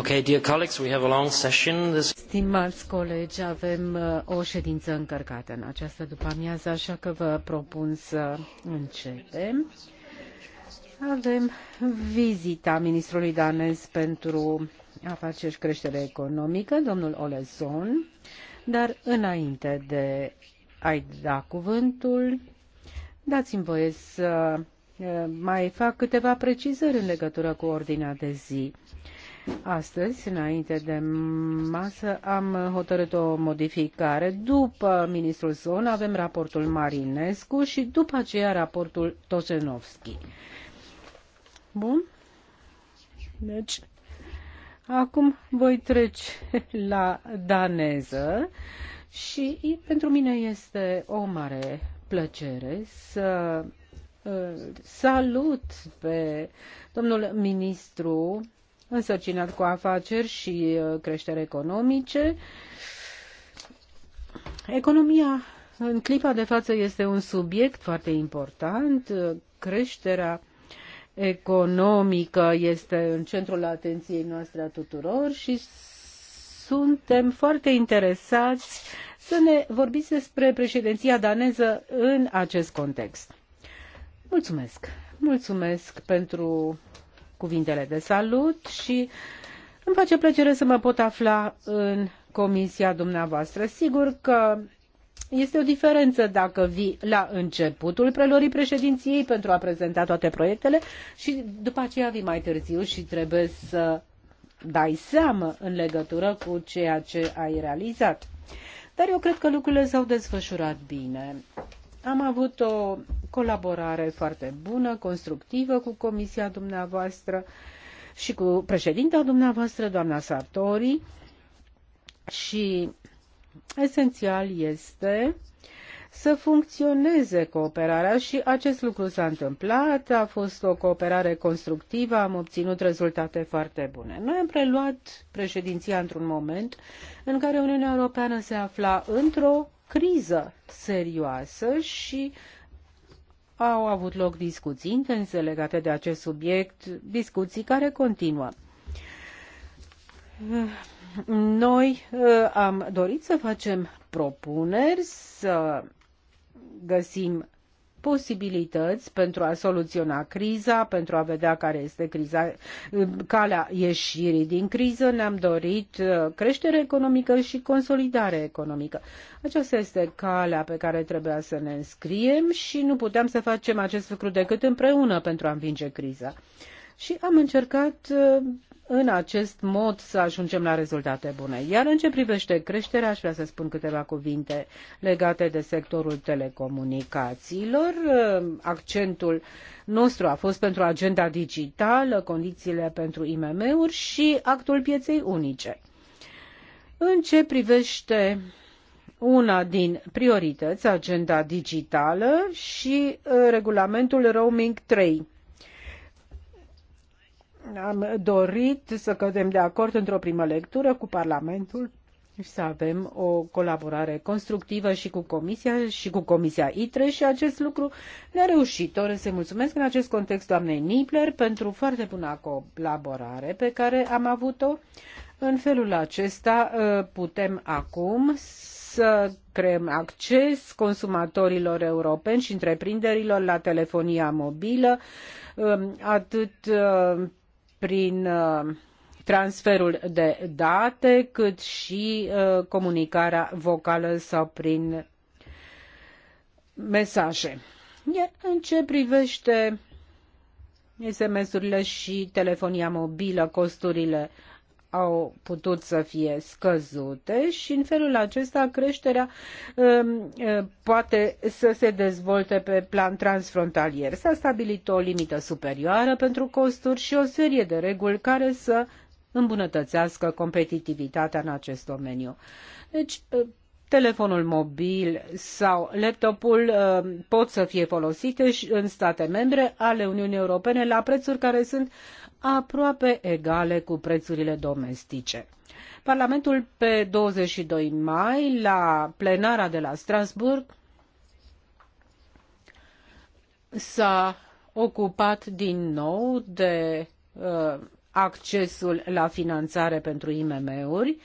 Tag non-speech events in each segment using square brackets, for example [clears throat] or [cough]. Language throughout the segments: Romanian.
Okay, dear colleagues, we have a long session. This... Stimați colegi, avem uh, o ședință încărcată în această după-amiază, așa că vă propun să începem. Avem vizita ministrului danez pentru afaceri și creștere economică, domnul Olezon, dar înainte de a-i da cuvântul, dați-mi voie să Eh, mai fac câteva precizări în legătură cu ordinea de zi. Astăzi, înainte de masă, am hotărât o modificare. După ministrul Zon avem raportul Marinescu și după aceea raportul Tosenovski. Bun? Deci, acum voi trece [laughs] la daneză și pentru mine este o mare plăcere să Salut pe domnul ministru însărcinat cu afaceri și uh, creștere economice. Economia în clipa de față este un subiect foarte important. Creșterea economică este în centrul atenției noastre a tuturor și suntem foarte interesați să ne vorbiți despre președinția daneză în acest context. Mulțumesc! Mulțumesc pentru cuvintele de salut și îmi face plăcere să mă pot afla în comisia dumneavoastră. Sigur că este o diferență dacă vii la începutul prelorii președinției pentru a prezenta toate proiectele și după aceea vii mai târziu și trebuie să dai seamă în legătură cu ceea ce ai realizat. Dar eu cred că lucrurile s-au desfășurat bine am avut o colaborare foarte bună, constructivă cu comisia dumneavoastră și cu președinta dumneavoastră, doamna Sartori, și esențial este să funcționeze cooperarea și acest lucru s-a întâmplat, a fost o cooperare constructivă, am obținut rezultate foarte bune. Noi am preluat președinția într-un moment în care Uniunea Europeană se afla într-o criză serioasă și au avut loc discuții intense legate de acest subiect, discuții care continuă. Noi eh, am dorit să facem propuneri, să găsim posibilități pentru a soluționa criza, pentru a vedea care este criza, calea ieșirii din criză. Ne-am dorit uh, creștere economică și consolidare economică. Aceasta este calea pe care trebuia să ne înscriem și nu puteam să facem acest lucru decât împreună pentru a învinge criza. Și am încercat uh, în acest mod să ajungem la rezultate bune. Iar în ce privește creșterea, aș vrea să spun câteva cuvinte legate de sectorul telecomunicațiilor. Eh, accentul nostru a fost pentru agenda digitală, condițiile pentru IMM-uri și actul pieței unice. În ce privește una din priorități, agenda digitală și eh, regulamentul roaming 3 am dorit să cădem de acord într-o primă lectură cu Parlamentul și să avem o colaborare constructivă și cu Comisia și cu Comisia ITRE și acest lucru ne-a reușit. Doresc să mulțumesc în acest context doamnei Nipler pentru foarte bună colaborare pe care am avut-o. În felul acesta uh, putem acum să creăm acces consumatorilor europeni și întreprinderilor la telefonia mobilă, um, atât uh, prin uh, transferul de date, cât și uh, comunicarea vocală sau prin mesaje. Iar în ce privește SMS-urile și telefonia mobilă, costurile au putut să fie scăzute și în felul acesta creșterea um, uh, poate să se dezvolte pe plan transfrontalier. S-a stabilit o limită superioară pentru costuri și o serie de reguli care să îmbunătățească competitivitatea în acest domeniu. Deci, uh, telefonul mobil sau laptopul uh, pot să fie folosite și în state membre ale Uniunii Europene la prețuri care sunt aproape egale cu prețurile domestice. Parlamentul pe 22 mai, la plenara de la Strasburg, s-a ocupat din nou de uh, accesul la finanțare pentru IMM-uri.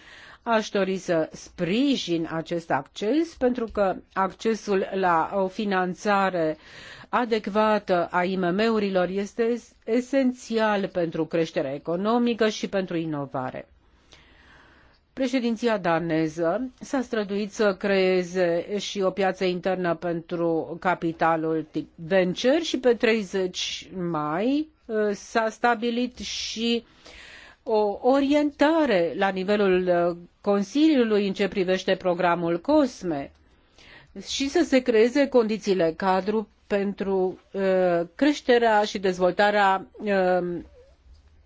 Aș dori să sprijin acest acces pentru că accesul la o finanțare uh, adecvată a IMM-urilor este esențial pentru creșterea economică și pentru inovare. Președinția daneză s-a străduit să creeze și o piață internă pentru capitalul tip venture și pe 30 mai uh, s-a stabilit și o orientare la nivelul uh, Consiliului în ce privește programul COSME și să se creeze condițiile cadru pentru uh, creșterea și dezvoltarea uh,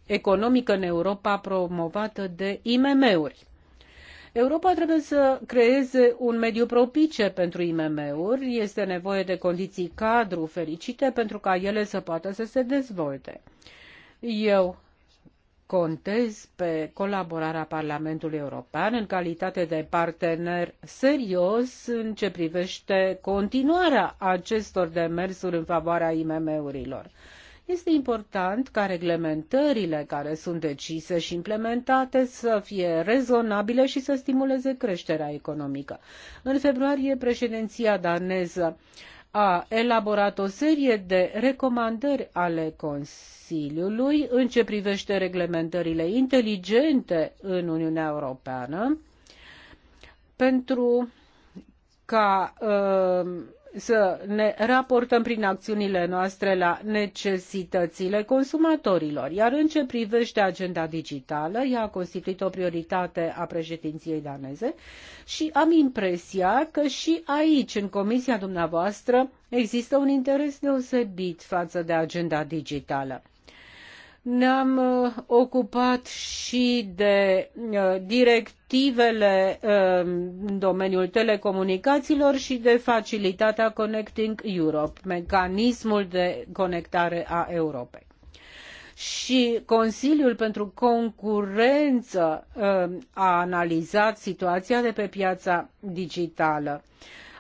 economică în Europa promovată de IMM-uri. Europa trebuie să creeze un mediu propice pentru IMM-uri, este nevoie de condiții cadru fericite pentru ca ele să poată să se dezvolte. Eu contez pe colaborarea Parlamentului European în calitate de partener serios în ce privește continuarea acestor demersuri în favoarea IMM-urilor. Este important ca reglementările care sunt decise și implementate să fie rezonabile și să stimuleze creșterea economică. În februarie, președinția daneză uh, a elaborat o serie de recomandări ale Consiliului în ce privește reglementările inteligente în Uniunea Europeană pentru ca uh, să ne raportăm prin acțiunile noastre la necesitățile consumatorilor. Iar în ce privește agenda digitală, ea a constituit o prioritate a președinției daneze și am impresia că și aici, în comisia dumneavoastră, există un interes deosebit față de agenda digitală. Ne-am uh, ocupat și de uh, directivele uh, în domeniul telecomunicațiilor și de facilitatea Connecting Europe, mecanismul de conectare a Europei și Consiliul pentru Concurență a analizat situația de pe piața digitală.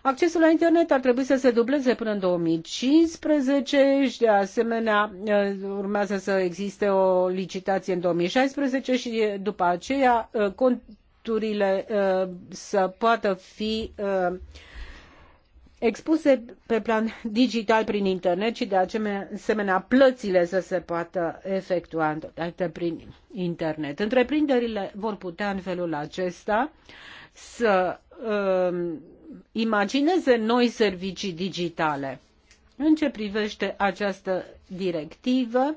Accesul la internet ar trebui să se dubleze până în 2015 și de asemenea eh, urmează să existe o licitație în 2016 și eh, după aceea eh, conturile să poată fi expuse pe plan digital prin internet și de asemenea plățile să se poată efectua întotdeauna prin internet. Întreprinderile vor putea în felul acesta să imagineze noi servicii digitale. În ce privește această directivă,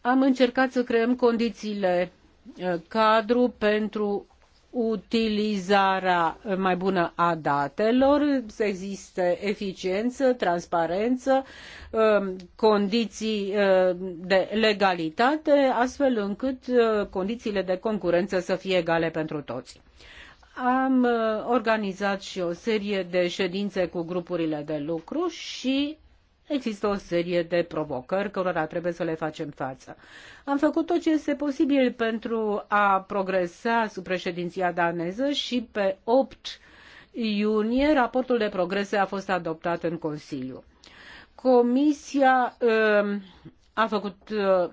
am încercat să creăm condițiile uh, cadru pentru utilizarea mai bună a datelor, să existe eficiență, transparență, uh, condiții uh, de legalitate, astfel încât condițiile de concurență să fie egale pentru toți am uh, organizat și o serie de ședințe cu grupurile de lucru și Există o serie de provocări cărora trebuie să le facem față. Am făcut tot ce este posibil pentru a progresa sub președinția daneză și pe 8 iunie raportul de progrese a fost adoptat în Consiliu. Comisia um, a făcut uh,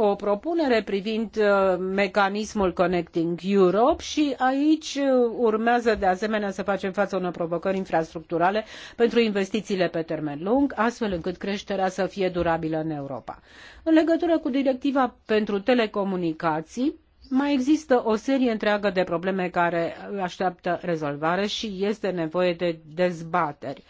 o propunere privind uh, mecanismul Connecting Europe și aici uh, urmează de asemenea să facem față unor provocări infrastructurale pentru investițiile pe termen lung, astfel încât creșterea să fie durabilă în Europa. În legătură cu directiva pentru telecomunicații, mai există o serie întreagă de probleme care așteaptă rezolvare și este nevoie de dezbateri.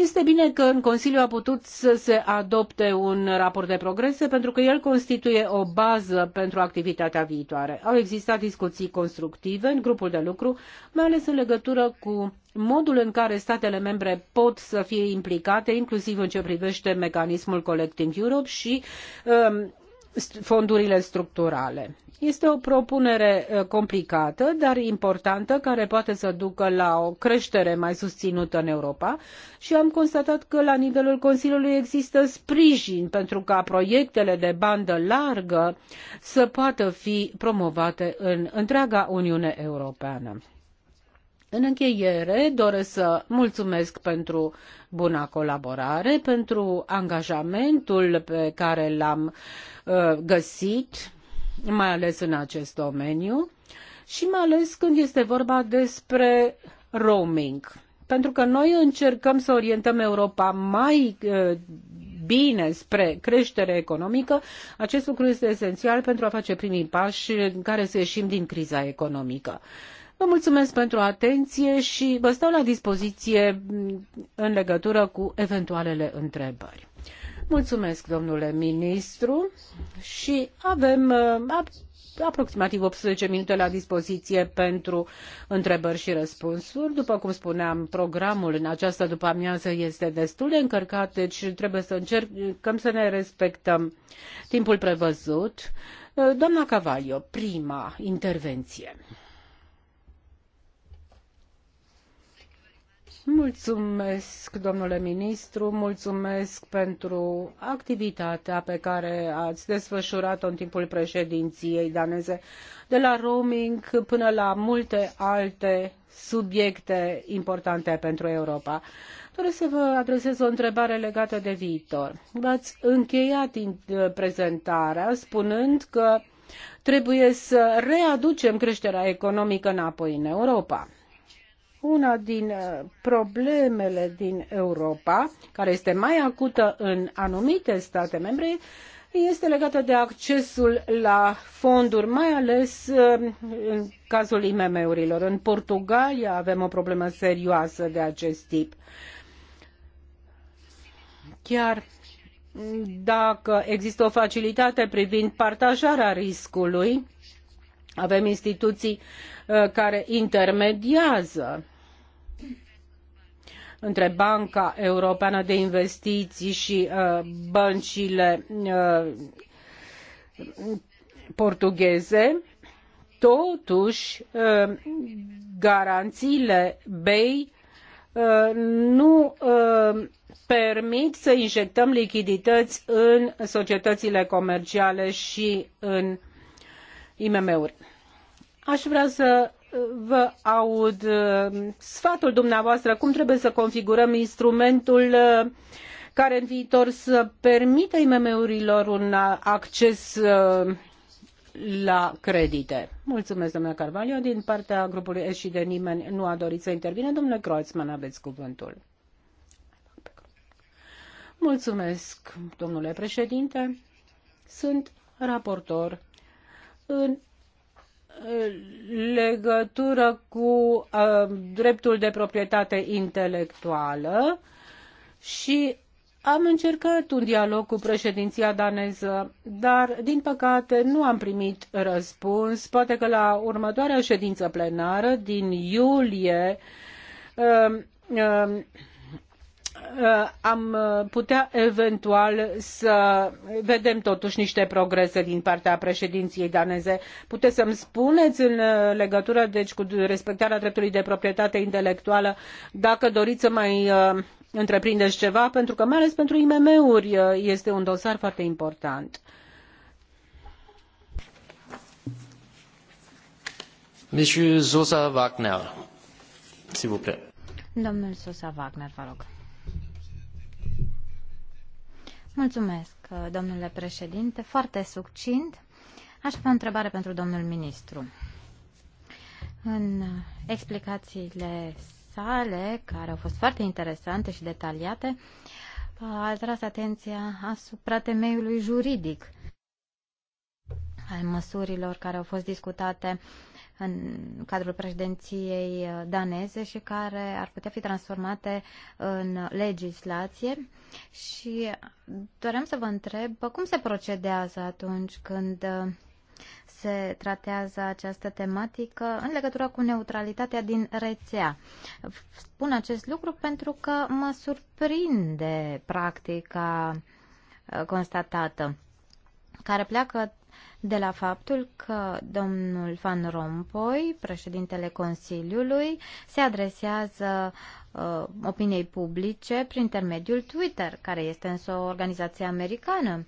Este bine că în Consiliu a putut să se adopte un raport de progrese pentru că el constituie o bază pentru activitatea viitoare. Au existat discuții constructive în grupul de lucru, mai ales în legătură cu modul în care statele membre pot să fie implicate, inclusiv în ce privește mecanismul Collecting Europe și um, fondurile structurale. Este o propunere complicată, dar importantă, care poate să ducă la o creștere mai susținută în Europa și am constatat că la nivelul Consiliului există sprijin pentru ca proiectele de bandă largă să poată fi promovate în întreaga Uniune Europeană. În încheiere, doresc să mulțumesc pentru buna colaborare, pentru angajamentul pe care l-am uh, găsit, mai ales în acest domeniu, și mai ales când este vorba despre roaming. Pentru că noi încercăm să orientăm Europa mai uh, bine spre creștere economică, acest lucru este esențial pentru a face primii pași în care să ieșim din criza economică. Vă mulțumesc pentru atenție și vă stau la dispoziție mm, în legătură cu eventualele întrebări. Mulțumesc, domnule ministru, și avem mm, aproximativ 18 minute la dispoziție pentru întrebări și răspunsuri. După cum spuneam, programul în această după-amiază este destul de încărcat, deci trebuie să încercăm să ne respectăm timpul prevăzut. Doamna Cavalio, prima intervenție. Mulțumesc, domnule ministru, mulțumesc pentru activitatea pe care ați desfășurat-o în timpul președinției daneze, de la roaming până la multe alte subiecte importante pentru Europa. Doresc să vă adresez o întrebare legată de viitor. V-ați încheiat prezentarea spunând că trebuie să readucem creșterea economică înapoi în Europa una din uh, problemele din Europa, care este mai acută în anumite state membre, este legată de accesul la fonduri, mai ales uh, în cazul IMM-urilor. În Portugalia avem o problemă serioasă de acest tip. Chiar dacă există o facilitate privind partajarea riscului, avem instituții uh, care intermediază între Banca Europeană de Investiții și uh, băncile uh, portugheze, totuși uh, garanțiile BEI nu permit să injectăm lichidități în societățile comerciale și în IMM-uri. Aș vrea să vă aud uh, sfatul dumneavoastră cum trebuie să configurăm instrumentul uh, care în viitor să permită imm urilor un uh, acces la credite. Mulțumesc, domnule Carvalho. Din partea grupului S și de nimeni nu a dorit să intervine. Domnule Croațman, aveți cuvântul. Mulțumesc, domnule președinte. Sunt raportor în legătură cu uh, dreptul de proprietate intelectuală și am încercat un dialog cu președinția daneză, dar, din păcate, nu am primit răspuns. Poate că la următoarea ședință plenară din iulie uh, uh, Uh, am uh, putea eventual să vedem totuși niște progrese din partea președinției daneze. Puteți să-mi spuneți în uh, legătură deci, cu respectarea dreptului de proprietate intelectuală dacă doriți să mai întreprindeți ceva, pentru că mai ales pentru IMM-uri este un dosar foarte important. Monsieur Sosa Wagner, s'il vous plaît. Domnul Sosa Wagner, vă rog. Mulțumesc, domnule președinte. Foarte succint. Aș avea o întrebare pentru domnul ministru. În explicațiile sale, care au fost foarte interesante și detaliate, a atras atenția asupra temeiului juridic al măsurilor care au fost discutate în cadrul președinției uh, daneze și care ar putea fi transformate în legislație. Și doream să vă întreb cum se procedează atunci când uh, se tratează această tematică în legătură cu neutralitatea din rețea. Spun acest lucru pentru că mă surprinde practica uh, constatată care pleacă de la faptul că domnul Van Rompuy, președintele Consiliului, se adresează uh, opiniei publice prin intermediul Twitter, care este însă o organizație americană.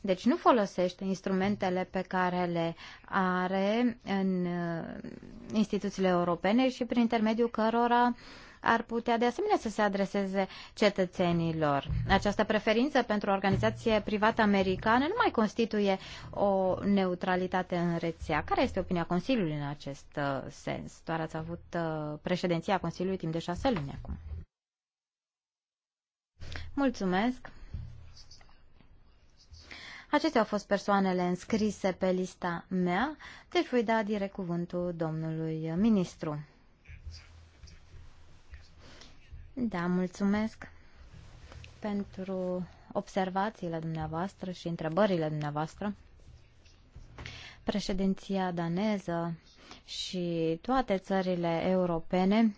Deci nu folosește instrumentele pe care le are în uh, instituțiile europene și prin intermediul cărora uh, ar putea de asemenea să se adreseze cetățenilor. Această preferință pentru o organizație privată americană nu mai constituie o neutralitate în rețea. Care este opinia Consiliului în acest uh, sens? Doar ați avut uh, președinția Consiliului timp de șase luni acum. Mulțumesc! Acestea au fost persoanele înscrise pe lista mea, deci voi da direct cuvântul domnului ministru. Da, mulțumesc pentru observațiile dumneavoastră și întrebările dumneavoastră. Președinția daneză și toate țările europene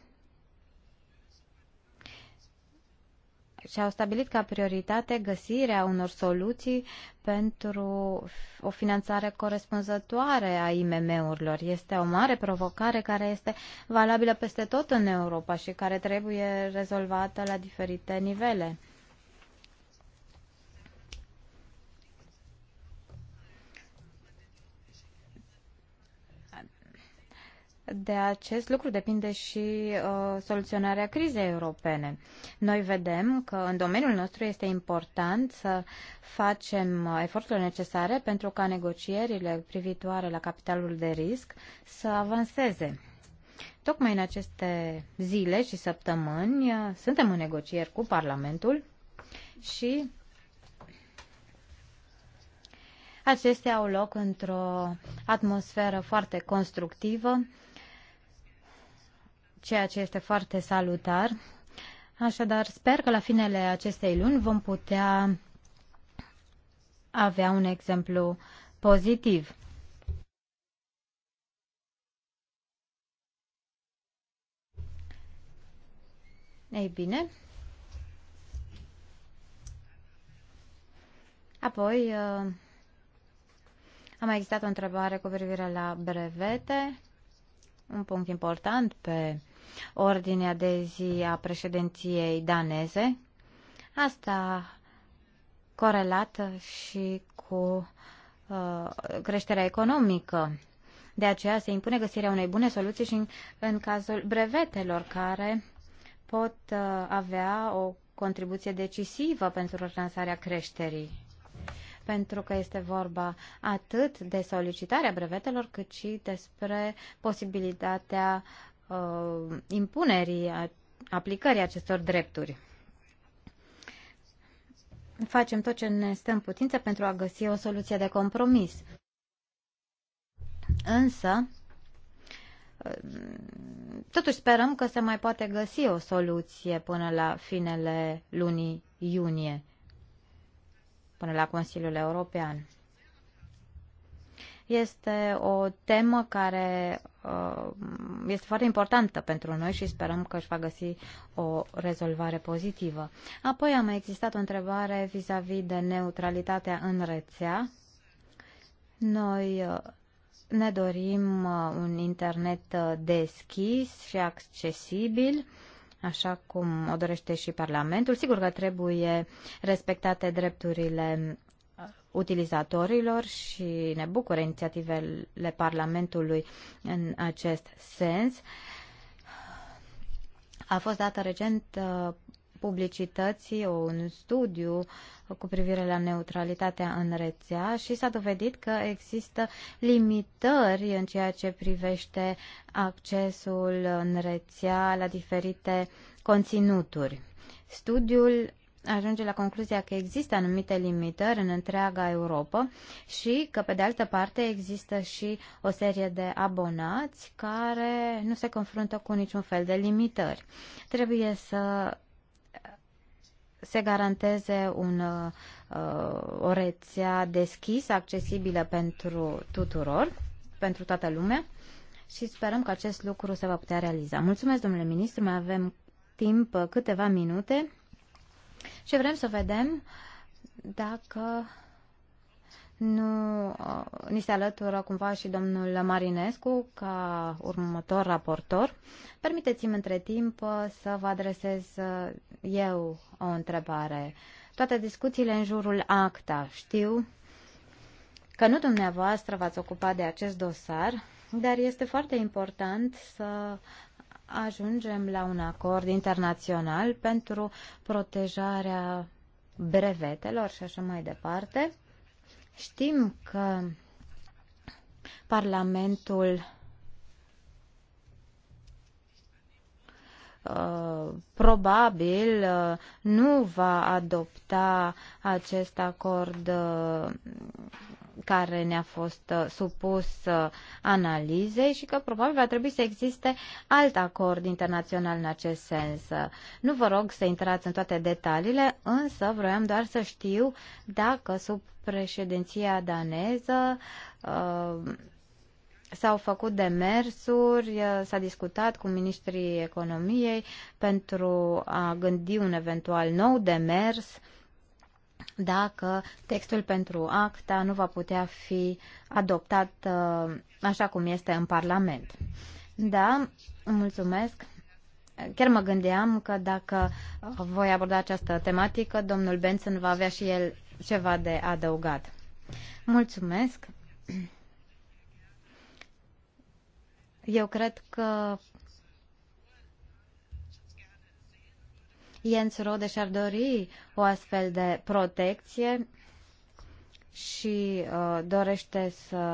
și-au stabilit ca prioritate găsirea unor soluții pentru o finanțare corespunzătoare a IMM-urilor. Este o mare provocare care este valabilă peste tot în Europa și care trebuie rezolvată la diferite nivele. de acest lucru depinde și uh, soluționarea crizei europene. Noi vedem că în domeniul nostru este important să facem uh, eforturile necesare pentru ca negocierile privitoare la capitalul de risc să avanseze. Tocmai în aceste zile și săptămâni uh, suntem în negocieri cu Parlamentul și acestea au loc într-o atmosferă foarte constructivă ceea ce este foarte salutar. Așadar, sper că la finele acestei luni vom putea avea un exemplu pozitiv. Ei bine. Apoi uh, a mai existat o întrebare cu privire la brevete, un punct important pe ordinea de zi a președinției daneze. Asta corelată și cu uh, creșterea economică. De aceea se impune găsirea unei bune soluții și în, în cazul brevetelor care pot uh, avea o contribuție decisivă pentru relansarea creșterii. Pentru că este vorba atât de solicitarea brevetelor, cât și despre posibilitatea uh, impunerii, a, aplicării acestor drepturi. Facem tot ce ne stă în putință pentru a găsi o soluție de compromis. Însă, uh, totuși sperăm că se mai poate găsi o soluție până la finele lunii iunie, până la Consiliul European. Este o temă care uh, este foarte importantă pentru noi și sperăm că își va găsi o rezolvare pozitivă. Apoi a mai existat o întrebare vis-a-vis -vis de neutralitatea în rețea. Noi uh, ne dorim uh, un internet deschis și accesibil, așa cum o dorește și Parlamentul. Sigur că trebuie respectate drepturile utilizatorilor și ne bucură inițiativele Parlamentului în acest sens. A fost dată recent uh, publicității un studiu cu privire la neutralitatea în rețea și s-a dovedit că există limitări în ceea ce privește accesul în rețea la diferite conținuturi. Studiul ajunge la concluzia că există anumite limitări în întreaga Europa și că, pe de altă parte, există și o serie de abonați care nu se confruntă cu niciun fel de limitări. Trebuie să se garanteze un, uh, o rețea deschisă, accesibilă pentru tuturor, pentru toată lumea și sperăm că acest lucru se va putea realiza. Mulțumesc, domnule ministru, mai avem timp uh, câteva minute și vrem să vedem dacă nu uh, ni se alătură cumva și domnul Marinescu ca următor raportor. Permiteți-mi între timp uh, să vă adresez uh, eu o întrebare. Toate discuțiile în jurul acta știu că nu dumneavoastră v-ați ocupat de acest dosar, dar este foarte important să ajungem la un acord internațional pentru protejarea brevetelor și așa mai departe. Știm că Parlamentul uh, probabil uh, nu va adopta acest acord uh, care ne-a fost uh, supus uh, analizei și că probabil va trebui să existe alt acord internațional în acest sens. Nu vă rog să intrați în toate detaliile, însă vroiam doar să știu dacă sub președinția daneză uh, s-au făcut demersuri, s-a discutat cu ministrii economiei pentru a gândi un eventual nou demers dacă textul pentru acta nu va putea fi adoptat uh, așa cum este în Parlament. Da, mulțumesc. Chiar mă gândeam că dacă voi aborda această tematică, domnul Benson va avea și el ceva de adăugat. Mulțumesc. Eu cred că Jens Rode și-ar dori o astfel de protecție și uh, dorește să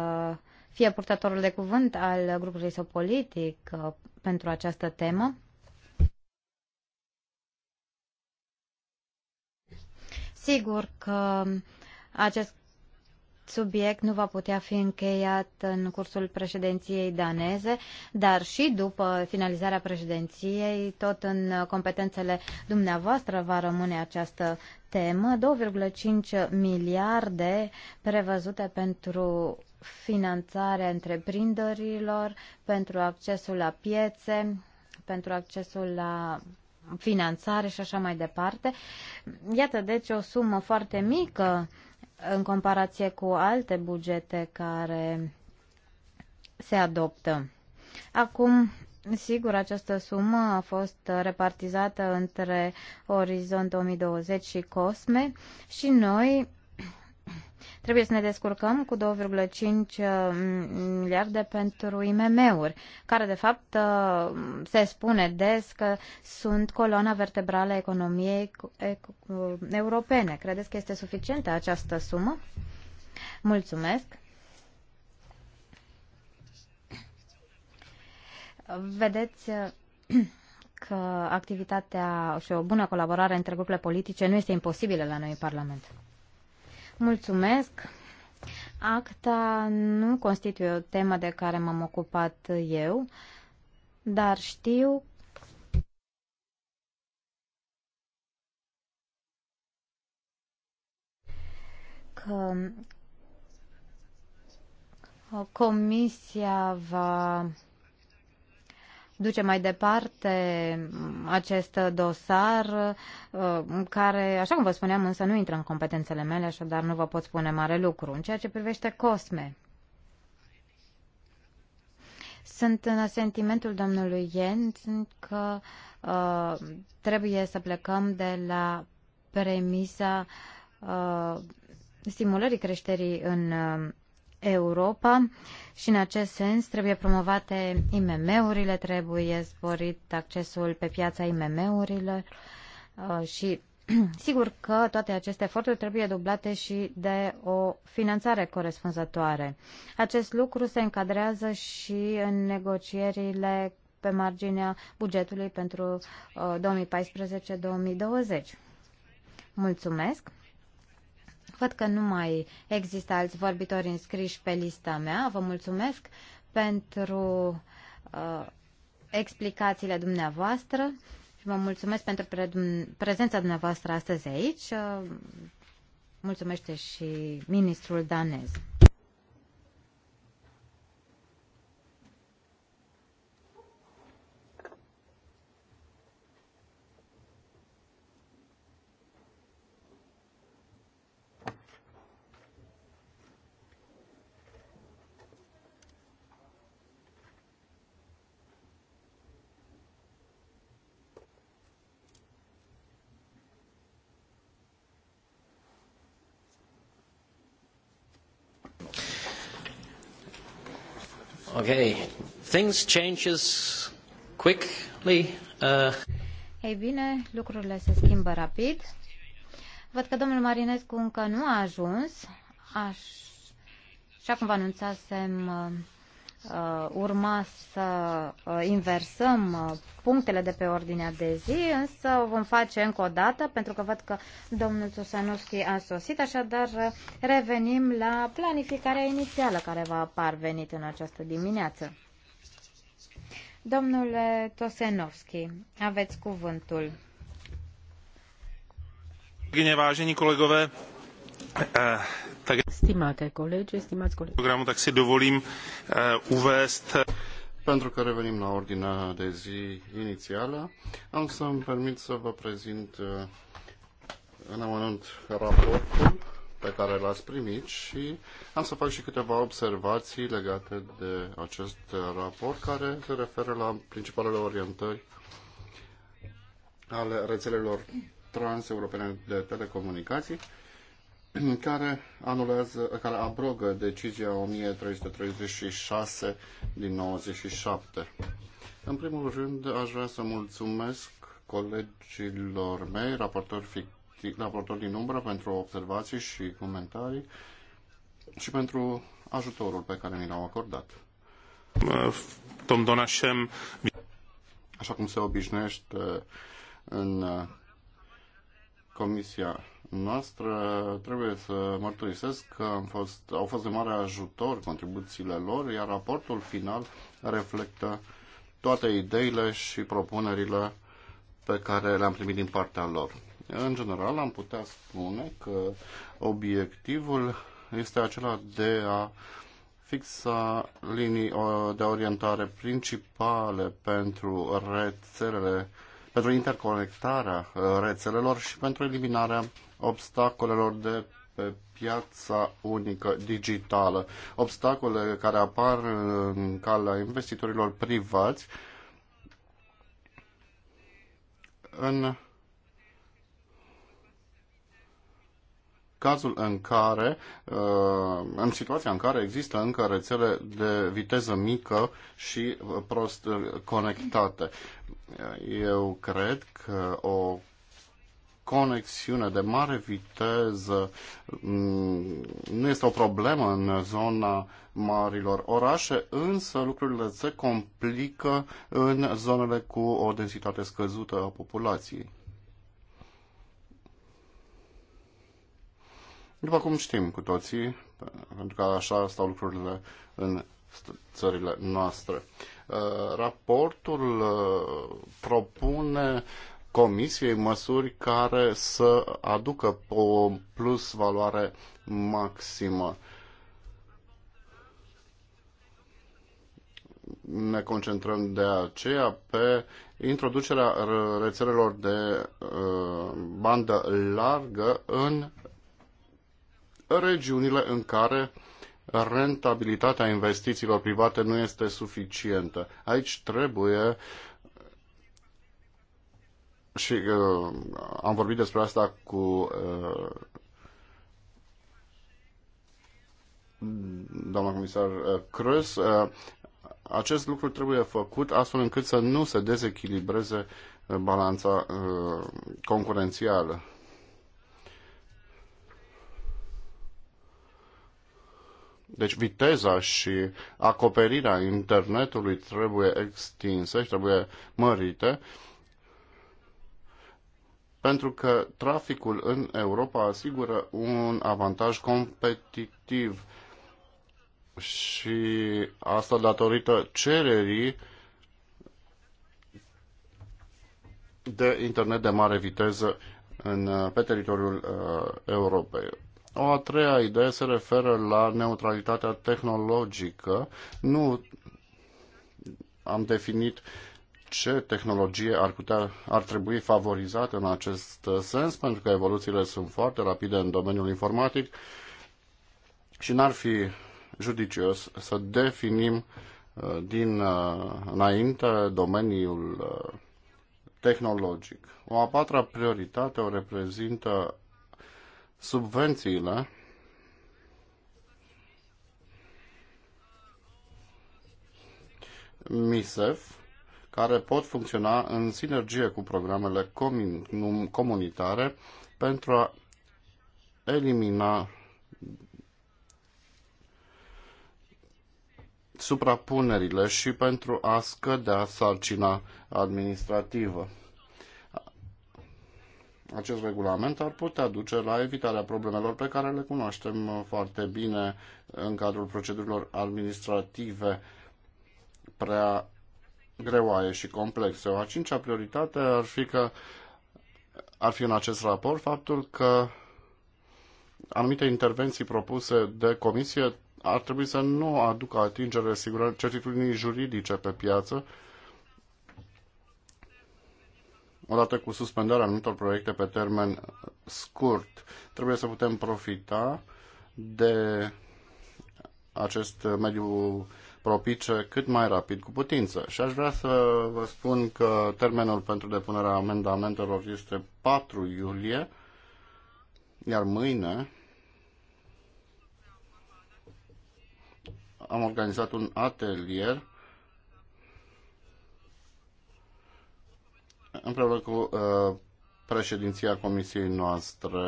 fie purtătorul de cuvânt al grupului său politic uh, pentru această temă. Sigur că acest subiect nu va putea fi încheiat în cursul președinției daneze, dar și după finalizarea președinției, tot în competențele dumneavoastră va rămâne această temă, 2,5 miliarde prevăzute pentru finanțarea întreprinderilor, pentru accesul la piețe, pentru accesul la finanțare și așa mai departe. Iată, deci, o sumă foarte mică în comparație cu alte bugete care se adoptă. Acum, sigur, această sumă a fost repartizată între Orizont 2020 și COSME și noi Trebuie să ne descurcăm cu 2,5 uh, miliarde pentru IMM-uri, care de fapt uh, se spune des că sunt coloana vertebrală a economiei europene. Credeți că este suficientă această sumă? Mulțumesc! Vedeți uh, că activitatea și o bună colaborare între grupurile politice nu este imposibilă la noi în Parlament. Mulțumesc! Acta nu constituie o temă de care m-am ocupat eu, dar știu că Comisia va duce mai departe acest dosar uh, care, așa cum vă spuneam, însă nu intră în competențele mele, așadar nu vă pot spune mare lucru. În ceea ce privește COSME, sunt în sentimentul domnului Jens că uh, trebuie să plecăm de la premisa uh, stimulării creșterii în uh, Europa și în acest sens trebuie promovate IMM-urile, trebuie sporit accesul pe piața IMM-urilor uh, și [clears throat] sigur că toate aceste eforturi trebuie dublate și de o finanțare corespunzătoare. Acest lucru se încadrează și în negocierile pe marginea bugetului pentru 2014-2020. Uh, Mulțumesc! Văd că nu mai există alți vorbitori înscriși pe lista mea. Vă mulțumesc pentru uh, explicațiile dumneavoastră și vă mulțumesc pentru pre- prezența dumneavoastră astăzi aici. Uh, mulțumește și ministrul danez. Okay. Things changes quickly. Uh... Ei bine, lucrurile se schimbă rapid. Văd că domnul Marinescu încă nu a ajuns, așa cum vă anunțasem uh, Uh, urma să uh, inversăm uh, punctele de pe ordinea de zi, însă o vom face încă o dată, pentru că văd că domnul Tusanovski a sosit, așadar revenim la planificarea inițială care va parvenit în această dimineață. Domnule Tosenovski, aveți cuvântul. Vážení kolegové, Eh, eh, colegi, stimați colegi. Programul, tak si dovolim eh, uvést... Pentru că revenim la ordinea de zi inițială, am să îmi permit să vă prezint în amănunt raportul pe care l-ați primit și am să fac și câteva observații legate de acest raport care se referă la principalele orientări ale rețelelor transeuropene de telecomunicații [clears throat] care anulează, care abrogă decizia 1336 din 97. În primul rând, aș vrea să mulțumesc colegilor mei, raportori, ficti, raportori din umbră, pentru observații și comentarii și pentru ajutorul pe care mi l-au acordat. Tomdonașem. Așa cum se obișnuiește în uh, Comisia noastră, trebuie să mărturisesc că am fost, au fost de mare ajutor contribuțiile lor, iar raportul final reflectă toate ideile și propunerile pe care le-am primit din partea lor. În general, am putea spune că obiectivul este acela de a fixa linii de orientare principale pentru rețelele pentru interconectarea uh, rețelelor și pentru eliminarea obstacolelor de pe piața unică digitală. Obstacole care apar în calea investitorilor privați în cazul în care, uh, în situația în care există încă rețele de viteză mică și uh, prost conectate. Eu cred că o conexiune de mare viteză mm, nu este o problemă în zona marilor orașe, însă lucrurile se complică în zonele cu o densitate scăzută a populației. După cum știm cu toții, pentru că așa stau lucrurile în țările noastre. Uh, raportul uh, propune Comisiei măsuri care să aducă o plus valoare maximă. ne concentrăm de aceea pe introducerea rețelelor de uh, bandă largă în regiunile în care rentabilitatea investițiilor private nu este suficientă. Aici trebuie și uh, am vorbit despre asta cu uh, doamna comisar uh, Crăs, uh, acest lucru trebuie făcut astfel încât să nu se dezechilibreze uh, balanța uh, concurențială. Deci viteza și acoperirea internetului trebuie extinse și trebuie mărite pentru că traficul în Europa asigură un avantaj competitiv și asta datorită cererii de internet de mare viteză în, pe teritoriul uh, Europei. O a treia idee se referă la neutralitatea tehnologică. Nu am definit ce tehnologie ar, putea, ar trebui favorizată în acest sens, pentru că evoluțiile sunt foarte rapide în domeniul informatic și n-ar fi judicios să definim uh, din uh, înainte domeniul uh, tehnologic. O a patra prioritate o reprezintă subvențiile MISEF, care pot funcționa în sinergie cu programele comunitare pentru a elimina suprapunerile și pentru a scădea sarcina administrativă acest regulament ar putea duce la evitarea problemelor pe care le cunoaștem foarte bine în cadrul procedurilor administrative prea greoaie și complexe. O a cincea prioritate ar fi că ar fi în acest raport faptul că anumite intervenții propuse de comisie ar trebui să nu aducă atingere certitudinii juridice pe piață, odată cu suspendarea anumitor proiecte pe termen scurt. Trebuie să putem profita de acest mediu propice cât mai rapid cu putință. Și aș vrea să vă spun că termenul pentru depunerea amendamentelor este 4 iulie, iar mâine am organizat un atelier împreună cu uh, președinția comisiei noastre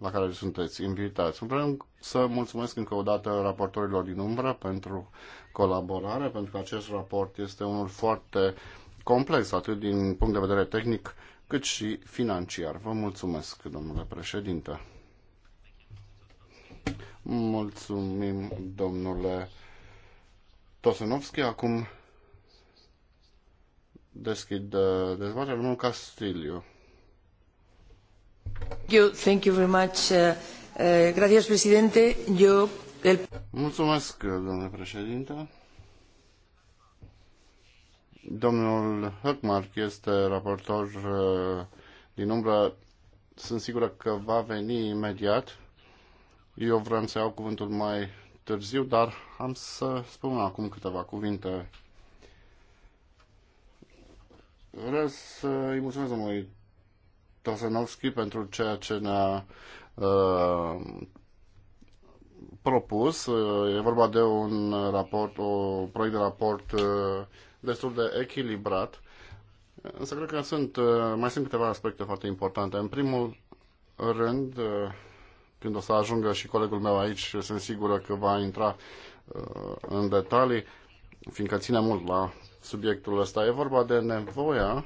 la care sunteți invitați. Vreau să mulțumesc încă o dată raportorilor din umbră pentru colaborare, pentru că acest raport este unul foarte complex, atât din punct de vedere tehnic, cât și financiar. Vă mulțumesc, domnule președinte. Mulțumim, domnule Tosenovski. Acum deschid uh, dezbaterea. Domnul castillo. Eu, thank you very much. Uh, uh gracias, presidente. Eu, el... Mulțumesc, uh, domnule președinte. Domnul Höckmark este raportor uh, din umbră. Sunt sigură că va veni imediat. Eu vreau să iau cuvântul mai târziu, dar am să spun acum câteva cuvinte Vreau să îi mulțumesc domnului Tosanovski pentru ceea ce ne-a uh, propus. E vorba de un raport, un proiect de raport uh, destul de echilibrat. Însă cred că sunt, uh, mai sunt câteva aspecte foarte importante. În primul rând, uh, când o să ajungă și colegul meu aici, sunt sigură că va intra uh, în detalii, fiindcă ține mult la subiectul ăsta. E vorba de nevoia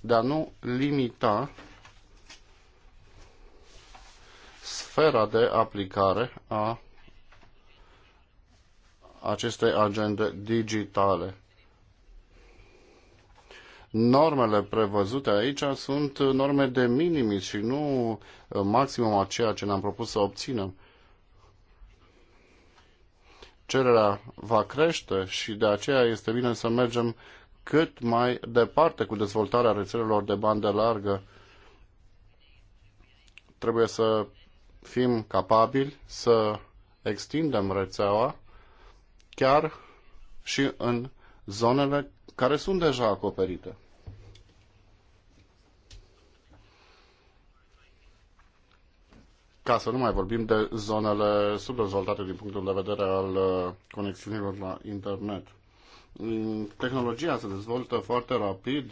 de a nu limita sfera de aplicare a acestei agende digitale. Normele prevăzute aici sunt norme de minimis și nu maximum a ceea ce ne-am propus să obținem cererea va crește și de aceea este bine să mergem cât mai departe cu dezvoltarea rețelelor de bandă largă. Trebuie să fim capabili să extindem rețeaua chiar și în zonele care sunt deja acoperite. ca să nu mai vorbim de zonele subdezvoltate din punctul de vedere al uh, conexiunilor la internet. Mm, tehnologia se dezvoltă foarte rapid,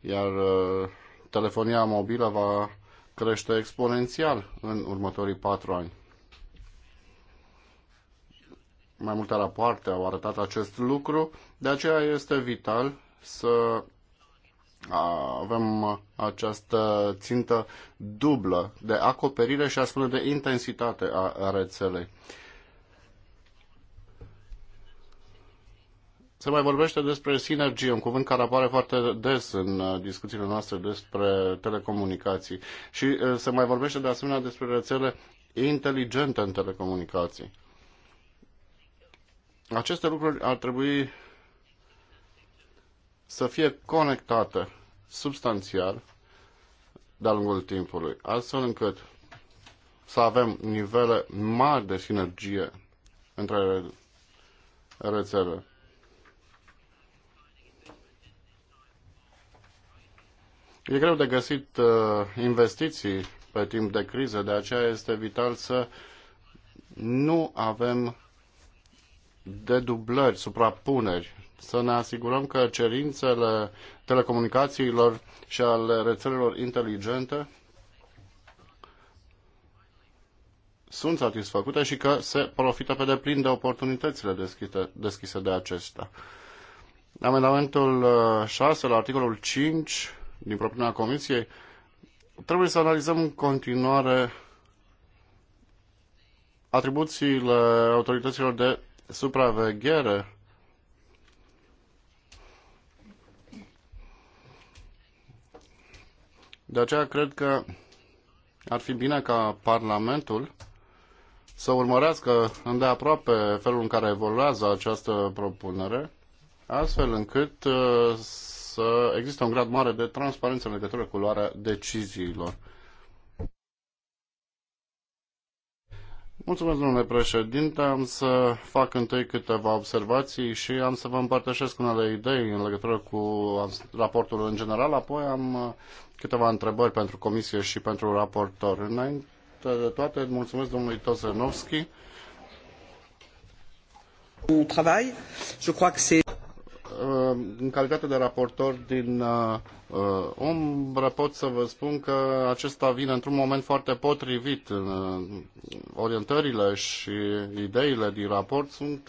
iar uh, telefonia mobilă va crește exponențial în următorii patru ani. Mai multe rapoarte au arătat acest lucru, de aceea este vital să avem uh, această țintă dublă de acoperire și a spune de intensitate a rețelei. Se mai vorbește despre sinergie, un cuvânt care apare foarte des în uh, discuțiile noastre despre telecomunicații și uh, se mai vorbește de asemenea despre rețele inteligente în telecomunicații. Aceste lucruri ar trebui să fie conectate substanțial de-a lungul timpului, astfel încât să avem nivele mari de sinergie între rețele. E greu de găsit uh, investiții pe timp de criză, de aceea este vital să nu avem dedublări, suprapuneri să ne asigurăm că cerințele telecomunicațiilor și ale rețelelor inteligente sunt satisfăcute și că se profită pe deplin de oportunitățile deschise, deschise de acestea. Amendamentul 6 uh, la articolul 5 din propunerea Comisiei trebuie să analizăm în continuare atribuțiile autorităților de supraveghere De aceea cred că ar fi bine ca Parlamentul să urmărească îndeaproape felul în care evoluează această propunere, astfel încât uh, să există un grad mare de transparență în legătură cu luarea deciziilor. Mulțumesc, domnule președinte. Am să fac întâi câteva observații și am să vă împărtășesc unele idei în legătură cu raportul în general, apoi am uh, câteva întrebări pentru comisie și pentru raportor. Înainte de toate, mulțumesc domnului Tozenovski. Travail. Je crois que Uh, în calitate de raportor din uh, uh, umbră, pot să vă spun că acesta vine într-un moment foarte potrivit. Orientările și ideile din raport sunt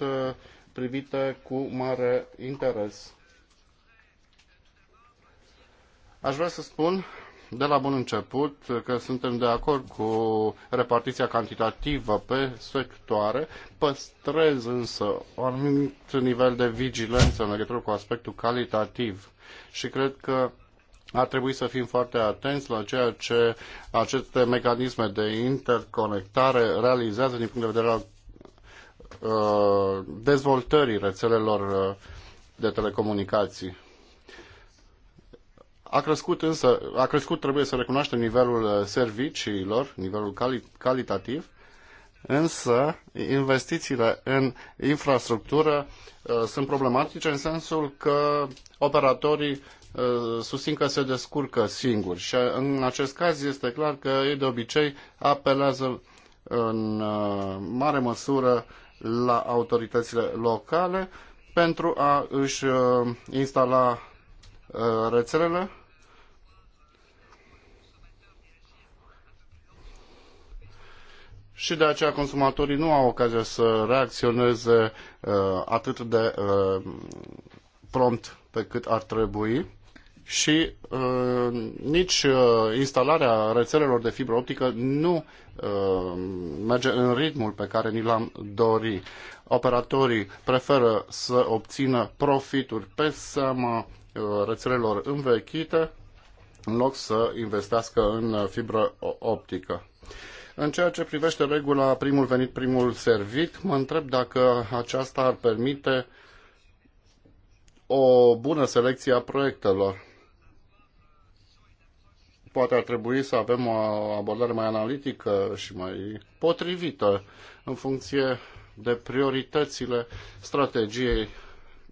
privite cu mare interes. Aș vrea să spun de la bun început că suntem de acord cu repartiția cantitativă pe sectoare, păstrez însă un anumit nivel de vigilență în legătură cu aspectul calitativ și cred că ar trebui să fim foarte atenți la ceea ce aceste mecanisme de interconectare realizează din punct de vedere al uh, dezvoltării rețelelor uh, de telecomunicații. A crescut însă, a crescut, trebuie să recunoaștem, nivelul uh, serviciilor, nivelul cali calitativ, însă investițiile în infrastructură uh, sunt problematice în sensul că operatorii uh, susțin că se descurcă singuri și uh, în acest caz este clar că ei de obicei apelează în uh, mare măsură la autoritățile locale pentru a își uh, instala rețelele și de aceea consumatorii nu au ocazia să reacționeze uh, atât de uh, prompt pe cât ar trebui și uh, nici uh, instalarea rețelelor de fibră optică nu uh, merge în ritmul pe care ni l-am dori. Operatorii preferă să obțină profituri pe seama uh, rețelelor învechite în loc să investească în uh, fibră optică. În ceea ce privește regula primul venit, primul servit, mă întreb dacă aceasta ar permite o bună selecție a proiectelor. Poate ar trebui să avem o abordare mai analitică și mai potrivită în funcție de prioritățile strategiei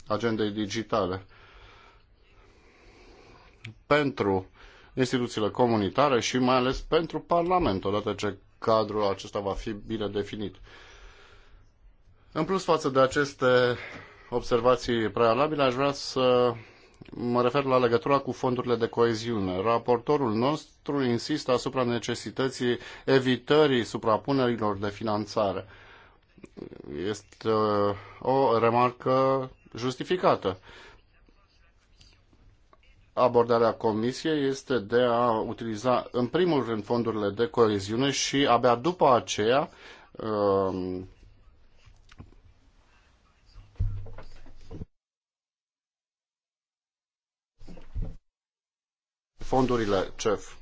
agendei digitale pentru instituțiile comunitare și mai ales pentru Parlament, odată ce cadrul acesta va fi bine definit. În plus față de aceste observații prealabile, aș vrea să mă refer la legătura cu fondurile de coeziune. Raportorul nostru insistă asupra necesității evitării suprapunerilor de finanțare. Este uh, o remarcă justificată abordarea Comisiei este de a utiliza în primul rând fondurile de coeziune și abia după aceea um, fondurile CEF.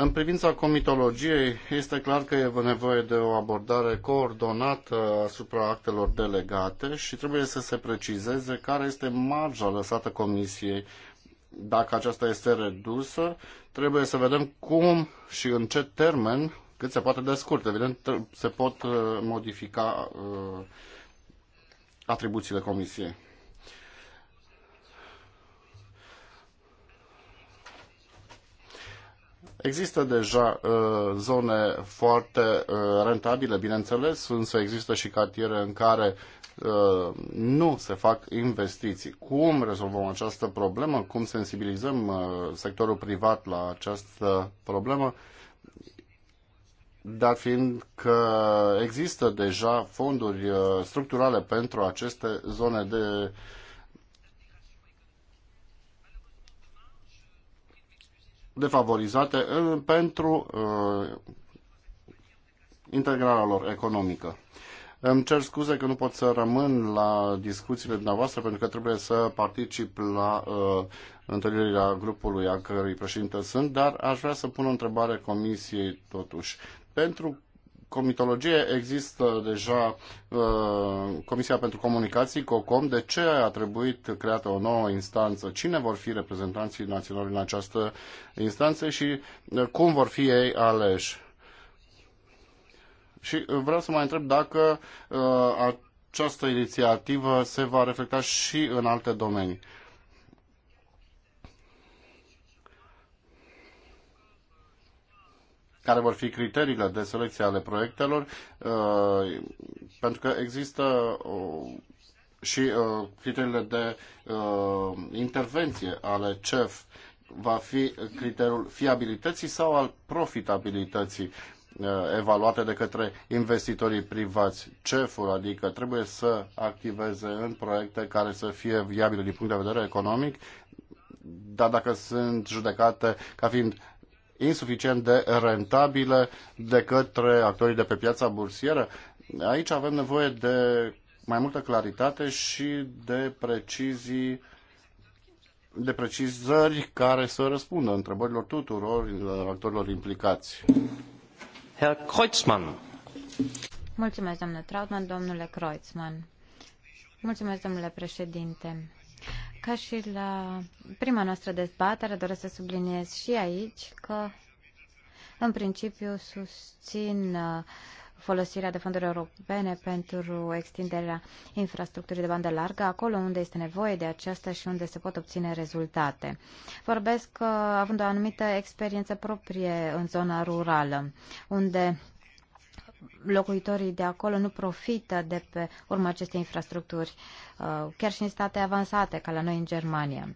În privința comitologiei, este clar că e nevoie de o abordare coordonată asupra actelor delegate și trebuie să se precizeze care este marja lăsată Comisiei. Dacă aceasta este redusă, trebuie să vedem cum și în ce termen, cât se poate de scurt. Evident, se pot uh, modifica uh, atribuțiile Comisiei. Există deja uh, zone foarte uh, rentabile, bineînțeles, însă există și cartiere în care uh, nu se fac investiții. Cum rezolvăm această problemă? Cum sensibilizăm uh, sectorul privat la această problemă? Dar fiind că există deja fonduri uh, structurale pentru aceste zone de defavorizate pentru uh, integrarea lor economică. Îmi cer scuze că nu pot să rămân la discuțiile dumneavoastră pentru că trebuie să particip la uh, întâlnirea grupului a cărui președinte sunt, dar aș vrea să pun o întrebare comisiei totuși. Pentru comitologie există deja uh, Comisia pentru Comunicații, COCOM. De ce a trebuit creată o nouă instanță? Cine vor fi reprezentanții naționali în această instanță și uh, cum vor fi ei aleși? Și uh, vreau să mai întreb dacă uh, această inițiativă se va reflecta și în alte domenii. care vor fi criteriile de selecție ale proiectelor, uh, pentru că există uh, și uh, criteriile de intervenție ale CEF va fi criteriul fiabilității sau al profitabilității evaluate de către investitorii privați. CEF-ul, adică trebuie să activeze în proiecte care să fie viabile din punct de vedere economic, dar dacă sunt judecate ca fiind insuficient de rentabile de către actorii de pe piața bursieră. Aici avem nevoie de mai multă claritate și de precizii de precizări care să răspundă întrebărilor tuturor actorilor implicați. Herr Kreuzmann. Mulțumesc, domnule Trautmann, domnule Kreuzmann. Mulțumesc, domnule președinte. Ca și la prima noastră dezbatere, doresc să subliniez și aici că, în principiu, susțin uh, folosirea de fonduri europene pentru extinderea infrastructurii de bandă largă, acolo unde este nevoie de aceasta și unde se pot obține rezultate. Vorbesc uh, având o anumită experiență proprie în zona rurală, unde locuitorii de acolo nu profită de pe urma acestei infrastructuri, uh, chiar și în state avansate, ca la noi în Germania.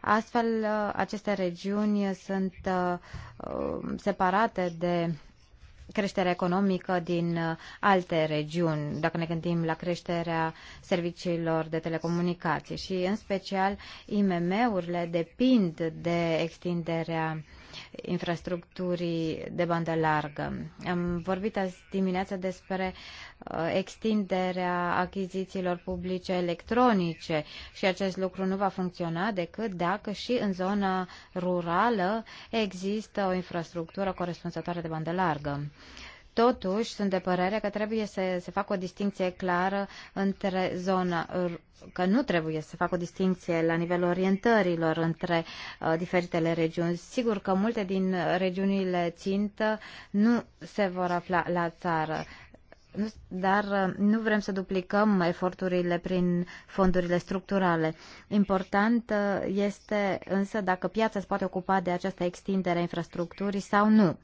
Astfel, uh, aceste regiuni sunt uh, separate de creșterea economică din alte regiuni, dacă ne gândim la creșterea serviciilor de telecomunicații, și, în special, IMM-urile depind de extinderea infrastructurii de bandă largă. Am vorbit azi dimineața despre uh, extinderea achizițiilor publice electronice și acest lucru nu va funcționa decât dacă și în zona rurală există o infrastructură corespunzătoare de bandă largă. Totuși, sunt de părere că trebuie să se facă o distinție clară între zona, că nu trebuie să facă o distinție la nivelul orientărilor între uh, diferitele regiuni. Sigur că multe din regiunile țintă nu se vor afla la țară. Dar uh, nu vrem să duplicăm eforturile prin fondurile structurale. Important uh, este însă dacă piața se poate ocupa de această extindere a infrastructurii sau nu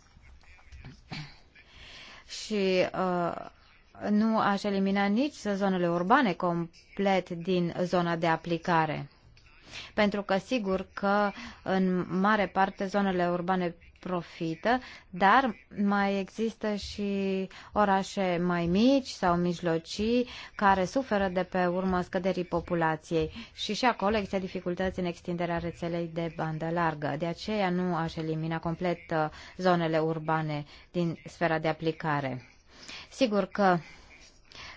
și uh, nu aș elimina nici zonele urbane complet din zona de aplicare. Pentru că sigur că în mare parte zonele urbane profită, dar mai există și orașe mai mici sau mijlocii care suferă de pe urmă scăderii populației și și acolo există dificultăți în extinderea rețelei de bandă largă. De aceea nu aș elimina complet uh, zonele urbane din sfera de aplicare. Sigur că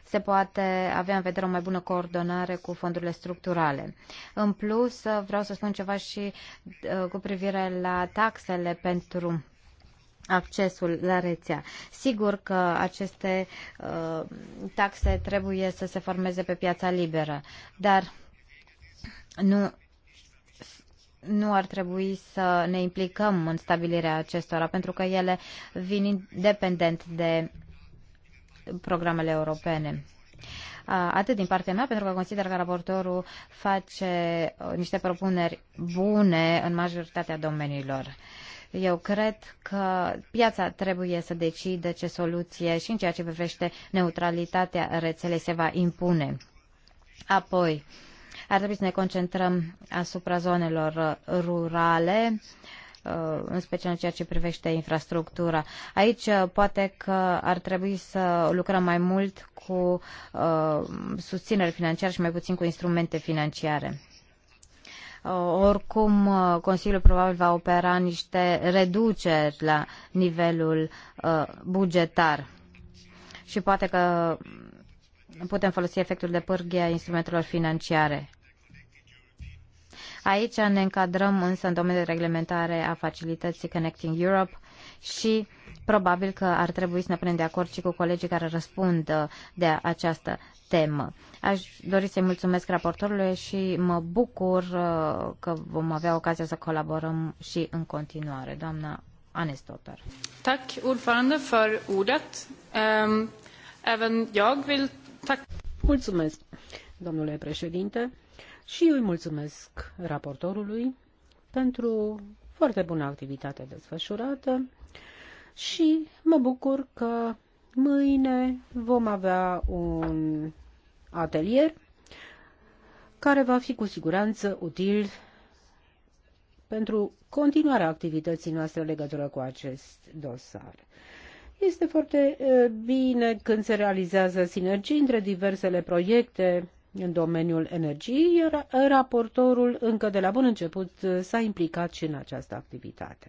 se poate avea în vedere o mai bună coordonare cu fondurile structurale. În plus, vreau să spun ceva și uh, cu privire la taxele pentru accesul la rețea. Sigur că aceste uh, taxe trebuie să se formeze pe piața liberă, dar nu nu ar trebui să ne implicăm în stabilirea acestora, pentru că ele vin independent de programele europene. Atât din partea mea, pentru că consider că raportorul face uh, niște propuneri bune în majoritatea domeniilor. Eu cred că piața trebuie să decide ce soluție și în ceea ce privește neutralitatea rețelei se va impune. Apoi, ar trebui să ne concentrăm asupra zonelor rurale, uh, Uh, în special în ceea ce privește infrastructura. Aici uh, poate că ar trebui să lucrăm mai mult cu uh, susținere financiară și mai puțin cu instrumente financiare. Oricum, Consiliul probabil va opera niște reduceri la nivelul bugetar. Și poate că putem folosi efectul de pârghie a instrumentelor financiare. Aici ne încadrăm însă în domeniul de reglementare a facilității Connecting Europe și probabil că ar trebui să ne punem de acord și cu colegii care răspund uh, de această temă. Aș dori să-i mulțumesc raportorului și mă bucur uh, că vom avea ocazia să colaborăm și în continuare. Doamna Anestotar. Tak, ordförande făr ordet. Ehm, även jag Mulțumesc, domnule președinte. Și eu îi mulțumesc raportorului pentru foarte bună activitate desfășurată și mă bucur că mâine vom avea un atelier care va fi cu siguranță util pentru continuarea activității noastre legătură cu acest dosar. Este foarte eh, bine când se realizează sinergii între diversele proiecte în domeniul energiei, raportorul încă de la bun început s-a implicat și în această activitate.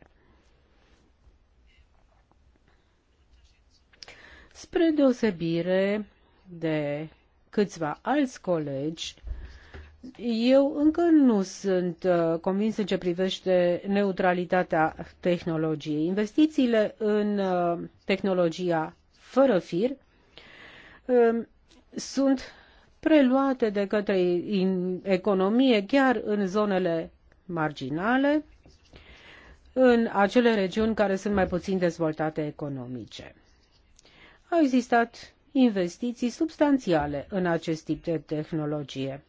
Spre deosebire de câțiva alți colegi, eu încă nu sunt uh, convins în ce privește neutralitatea tehnologiei. Investițiile în uh, tehnologia fără fir um, sunt preluate de către economie chiar în zonele marginale, în acele regiuni care sunt mai puțin dezvoltate economice. Au existat investiții substanțiale în acest tip de tehnologie.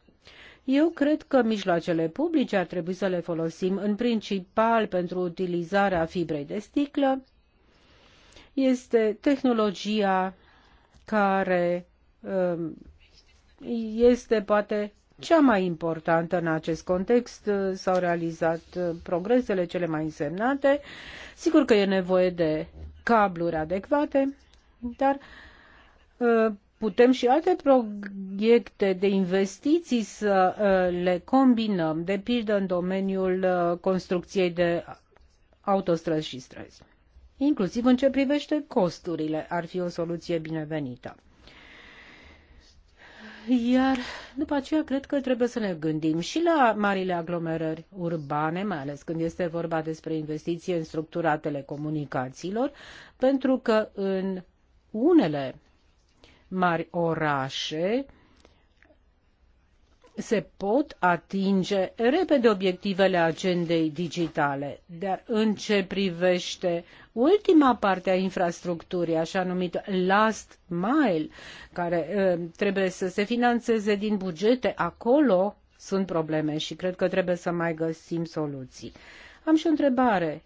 Eu cred că mijloacele publice ar trebui să le folosim în principal pentru utilizarea fibrei de sticlă. Este tehnologia care um, este poate cea mai importantă în acest context. S-au realizat progresele cele mai însemnate. Sigur că e nevoie de cabluri adecvate, dar uh, putem și alte proiecte de investiții să uh, le combinăm, de pildă în domeniul uh, construcției de autostrăzi și străzi. Inclusiv în ce privește costurile, ar fi o soluție binevenită. Iar după aceea cred că trebuie să ne gândim și la marile aglomerări urbane, mai ales când este vorba despre investiții în structura telecomunicațiilor, pentru că în unele mari orașe se pot atinge repede obiectivele agendei digitale. Dar în ce privește ultima parte a infrastructurii, așa numit last mile, care uh, trebuie să se finanțeze din bugete, acolo sunt probleme și cred că trebuie să mai găsim soluții. Am și o întrebare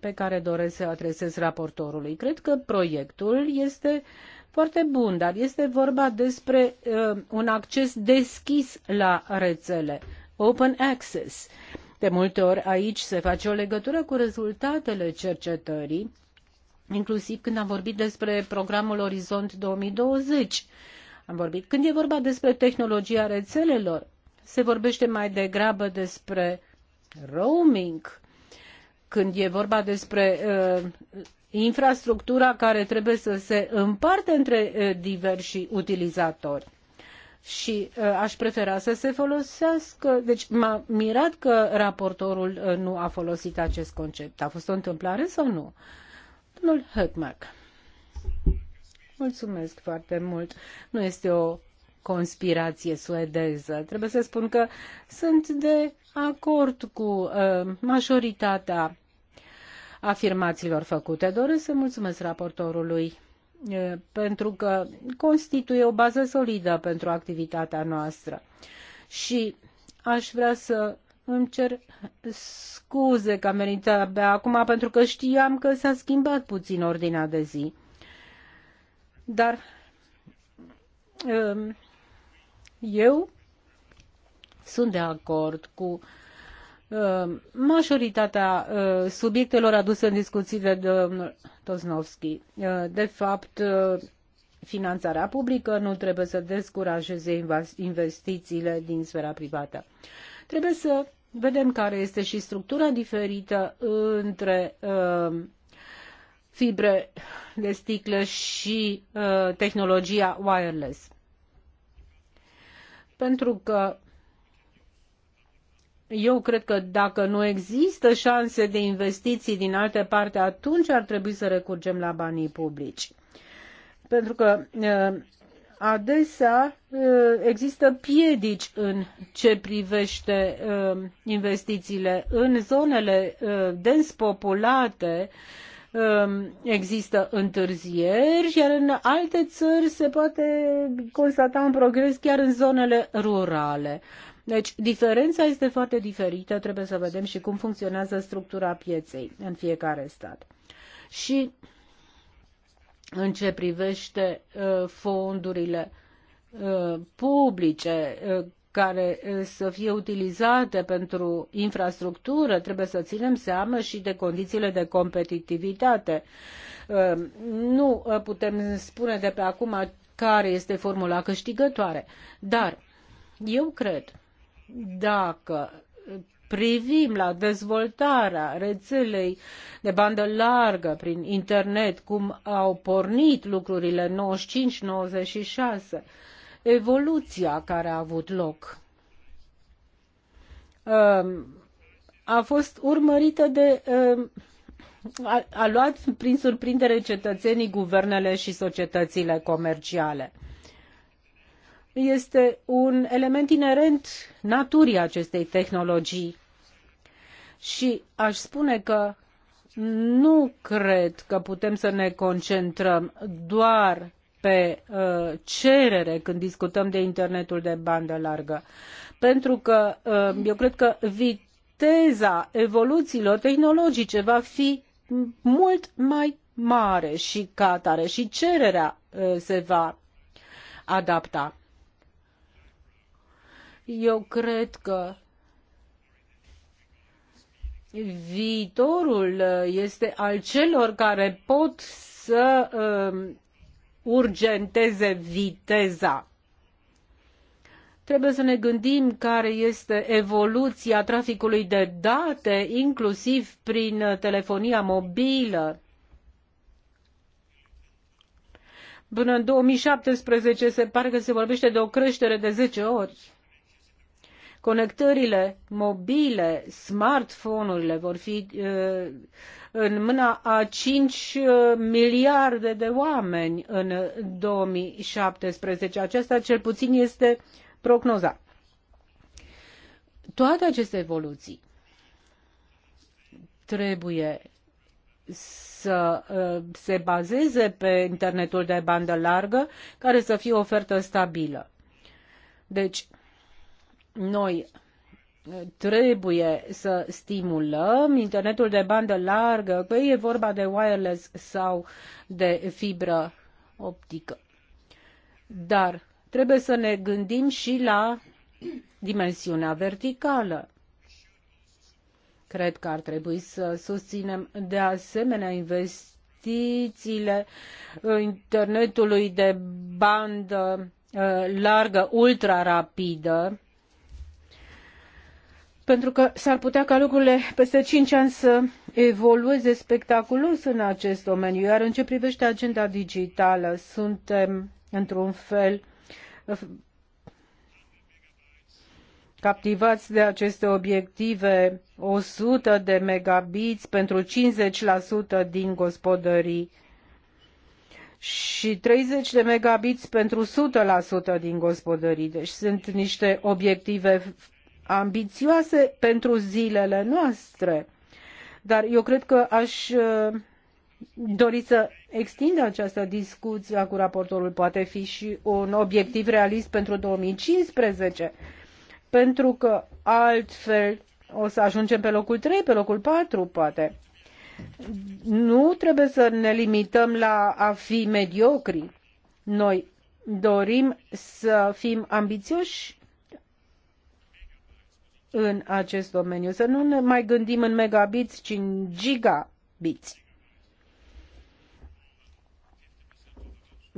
pe care doresc să adresez raportorului. Cred că proiectul este foarte bun, dar este vorba despre uh, un acces deschis la rețele, open access. Uh, de multe ori aici se face o legătură cu rezultatele cercetării, inclusiv când am vorbit despre programul Orizont 2020. Am vorbit când e vorba despre tehnologia rețelelor, se vorbește mai degrabă despre roaming, când e vorba despre uh, infrastructura care trebuie să se împartă între uh, diversi utilizatori și uh, aș prefera să se folosească. Deci m-a mirat că raportorul uh, nu a folosit acest concept. A fost o întâmplare sau nu? Domnul Höckmark. Mulțumesc foarte mult. Nu este o conspirație suedeză. Trebuie să spun că sunt de acord cu uh, majoritatea afirmațiilor făcute. Doresc să mulțumesc raportorului pentru că constituie o bază solidă pentru activitatea noastră. Și aș vrea să îmi cer scuze că am venit abia acum, pentru că știam că s-a schimbat puțin ordinea de zi. Dar eu sunt de acord cu majoritatea subiectelor aduse în discuțiile de domnul Toznovski, eh, De fapt, eh, finanțarea publică nu trebuie să descurajeze investițiile din sfera privată. Trebuie să vedem care este și structura diferită între uh, fibre de sticlă și uh, tehnologia wireless. Pentru că eu cred că dacă nu există șanse de investiții din alte parte, atunci ar trebui să recurgem la banii publici. Pentru că adesea există piedici în ce privește investițiile. În zonele dens populate există întârzieri, iar în alte țări se poate constata un progres chiar în zonele rurale. Deci, diferența este foarte diferită, trebuie să vedem și cum funcționează structura pieței în fiecare stat. Și în ce privește uh, fondurile uh, publice uh, care să fie utilizate pentru infrastructură, trebuie să ținem seama și de condițiile de competitivitate. Nu putem spune de pe acum care este formula câștigătoare, dar eu cred dacă privim la dezvoltarea rețelei de bandă largă prin internet, cum au pornit lucrurile 95-96, evoluția care a avut loc um, a fost urmărită de. Um, a, a luat prin surprindere cetățenii, guvernele și societățile comerciale este un element inerent naturii acestei tehnologii. Și aș spune că nu cred că putem să ne concentrăm doar pe uh, cerere când discutăm de internetul de bandă largă. Pentru că uh, eu cred că viteza evoluțiilor tehnologice va fi mult mai mare și ca atare și cererea uh, se va adapta. Eu cred că viitorul uh, este al celor care pot să uh, urgenteze viteza. Trebuie să ne gândim care este evoluția traficului de date, inclusiv prin uh, telefonia mobilă. Până în 2017 se pare că se vorbește de o creștere de 10 ori. Conectările mobile, smartphone-urile vor fi în mâna a 5 miliarde de oameni în 2017. Aceasta cel puțin este prognoza. Toate aceste evoluții trebuie să se bazeze pe internetul de bandă largă, care să fie o ofertă stabilă. Deci, noi uh, trebuie să stimulăm internetul de bandă largă, că e vorba de wireless sau de fibră optică. Dar trebuie să ne gândim și la dimensiunea verticală. Cred că ar trebui să susținem de asemenea investițiile internetului de bandă uh, largă ultra rapidă pentru că s-ar putea ca lucrurile peste 5 ani să evolueze spectaculos în acest domeniu. Iar în ce privește agenda digitală, suntem într-un fel uh, captivați de aceste obiective 100 de megabiți pentru 50% din gospodării și 30 de megabiți pentru 100% din gospodării. Deci sunt niște obiective ambițioase pentru zilele noastre. Dar eu cred că aș uh, dori să extind această discuție cu raportorul. Poate fi și un obiectiv realist pentru 2015, pentru că altfel o să ajungem pe locul 3, pe locul 4, poate. Nu trebuie să ne limităm la a fi mediocri. Noi dorim să fim ambițioși în acest domeniu. Să nu ne mai gândim în megabits, ci în gigabits.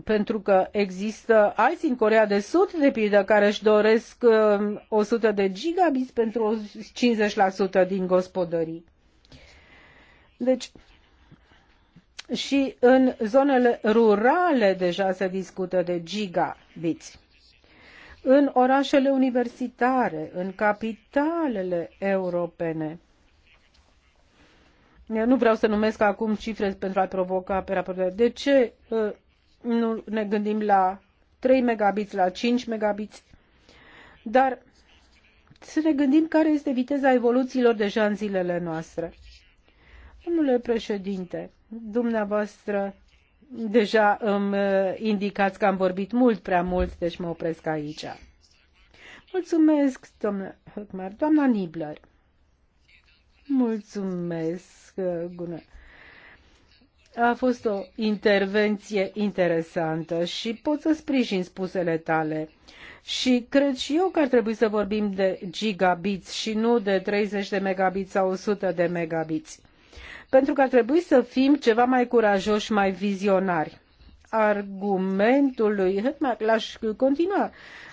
Pentru că există alții în Corea de Sud, de pildă, care își doresc 100 uh, de gigabits pentru 50% din gospodării. Deci, și în zonele rurale deja se discută de gigabits în orașele universitare, în capitalele europene. Eu nu vreau să numesc acum cifre pentru a provoca pe raportare. De ce ă, nu ne gândim la 3 megabits, la 5 megabits? Dar să ne gândim care este viteza evoluțiilor deja în zilele noastre. Domnule președinte, dumneavoastră Deja îmi uh, indicați că am vorbit mult prea mult, deci mă opresc aici. Mulțumesc, doamna Hăcmar. Doamna Nibler. Mulțumesc, uh, Gună. A fost o intervenție interesantă și pot să sprijin spusele tale. Și cred și eu că ar trebui să vorbim de gigabits și nu de 30 de megabits sau 100 de megabits pentru că ar trebui să fim ceva mai curajoși, mai vizionari. Argumentul lui Hetmac l-aș continua.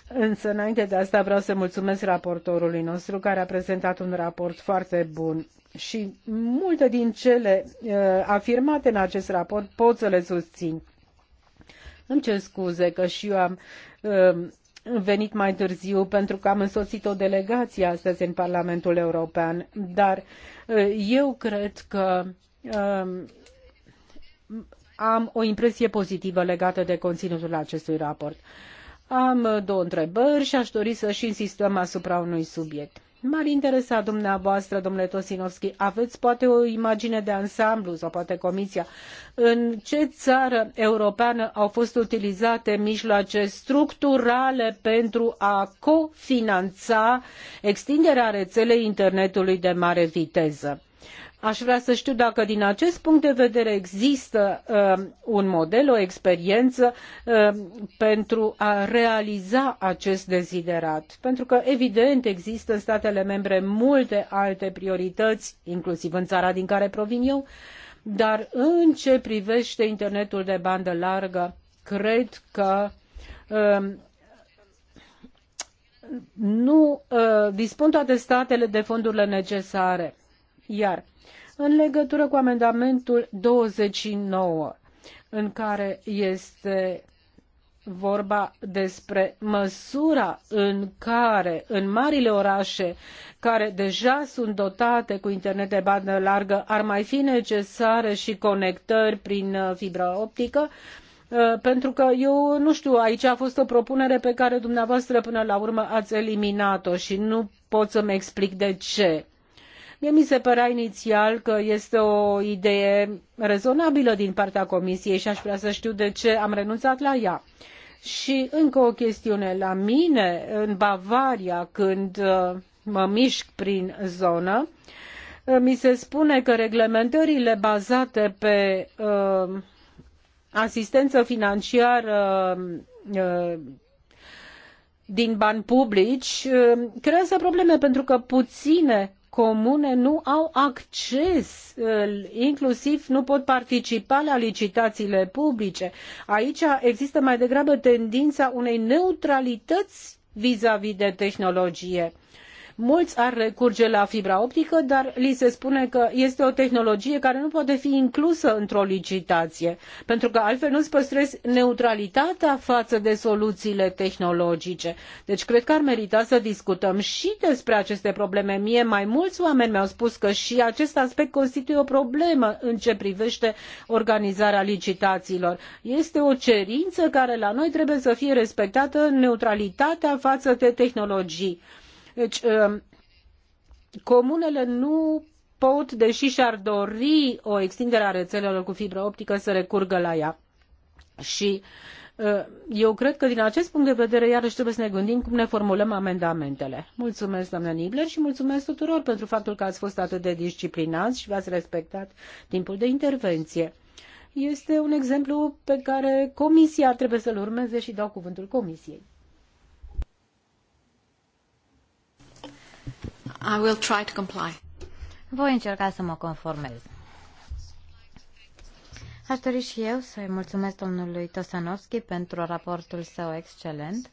Însă, înainte de asta, vreau să mulțumesc raportorului nostru care a prezentat un raport foarte bun și multe din cele uh, afirmate în acest raport pot să le susțin. Îmi cer scuze că și eu am uh, venit mai târziu pentru că am însoțit o delegație astăzi în Parlamentul European, dar uh, eu cred că uh, am o impresie pozitivă legată de conținutul acestui raport. Am două întrebări și aș dori să și insistăm asupra unui subiect M-ar interesa dumneavoastră, domnule Tosinovski, aveți poate o imagine de ansamblu sau poate comisia. În ce țară europeană au fost utilizate mijloace structurale pentru a cofinanța extinderea rețelei internetului de mare viteză? Aș vrea să știu dacă din acest punct de vedere există uh, un model, o experiență uh, pentru a realiza acest deziderat. Pentru că, evident, există în statele membre multe alte priorități, inclusiv în țara din care provin eu, dar în ce privește internetul de bandă largă, cred că uh, nu dispun toate statele de fondurile necesare iar în legătură cu amendamentul 29, în care este vorba despre măsura în care în marile orașe care deja sunt dotate cu internet de bandă largă ar mai fi necesare și conectări prin uh, fibra optică, uh, pentru că eu nu știu, aici a fost o propunere pe care dumneavoastră până la urmă ați eliminat-o și nu pot să-mi explic de ce. Mie mi se părea inițial că este o idee rezonabilă din partea Comisiei și aș vrea să știu de ce am renunțat la ea. Și încă o chestiune. La mine, în Bavaria, când uh, mă mișc prin zonă, uh, mi se spune că reglementările bazate pe uh, asistență financiară uh, din bani publici uh, creează probleme pentru că puține comune nu au acces, uh, inclusiv nu pot participa la licitațiile publice. Aici există mai degrabă tendința unei neutralități vis-a-vis de tehnologie Mulți ar recurge la fibra optică, dar li se spune că este o tehnologie care nu poate fi inclusă într-o licitație, pentru că altfel nu-ți păstrezi neutralitatea față de soluțiile tehnologice. Deci cred că ar merita să discutăm și despre aceste probleme. Mie mai mulți oameni mi-au spus că și acest aspect constituie o problemă în ce privește organizarea licitațiilor. Este o cerință care la noi trebuie să fie respectată neutralitatea față de tehnologii. Deci, um, comunele nu pot, deși și-ar dori o extindere a rețelelor cu fibră optică, să recurgă la ea. Și uh, eu cred că din acest punct de vedere, iarăși trebuie să ne gândim cum ne formulăm amendamentele. Mulțumesc, doamna Nibler, și mulțumesc tuturor pentru faptul că ați fost atât de disciplinați și v-ați respectat timpul de intervenție. Este un exemplu pe care comisia trebuie să-l urmeze și dau cuvântul comisiei. I will try to comply. Voi încerca să mă conformez. Aș dori și eu să-i mulțumesc domnului Tosanovski pentru raportul său excelent.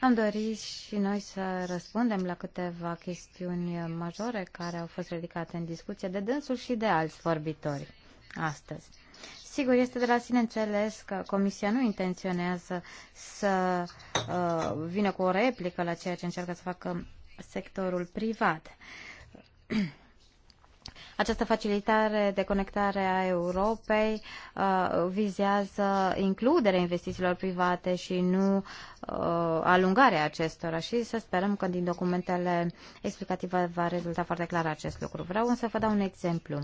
Am dorit și noi să răspundem la câteva chestiuni majore care au fost ridicate în discuție de dânsul și de alți vorbitori astăzi. Sigur, este de la sine înțeles că Comisia nu intenționează să uh, vină cu o replică la ceea ce încearcă să facă sectorul privat. [clears throat] Această facilitare de conectare a Europei uh, vizează includerea investițiilor private și nu uh, alungarea acestora și să sperăm că din documentele explicative va rezulta foarte clar acest lucru. Vreau însă să vă dau un exemplu.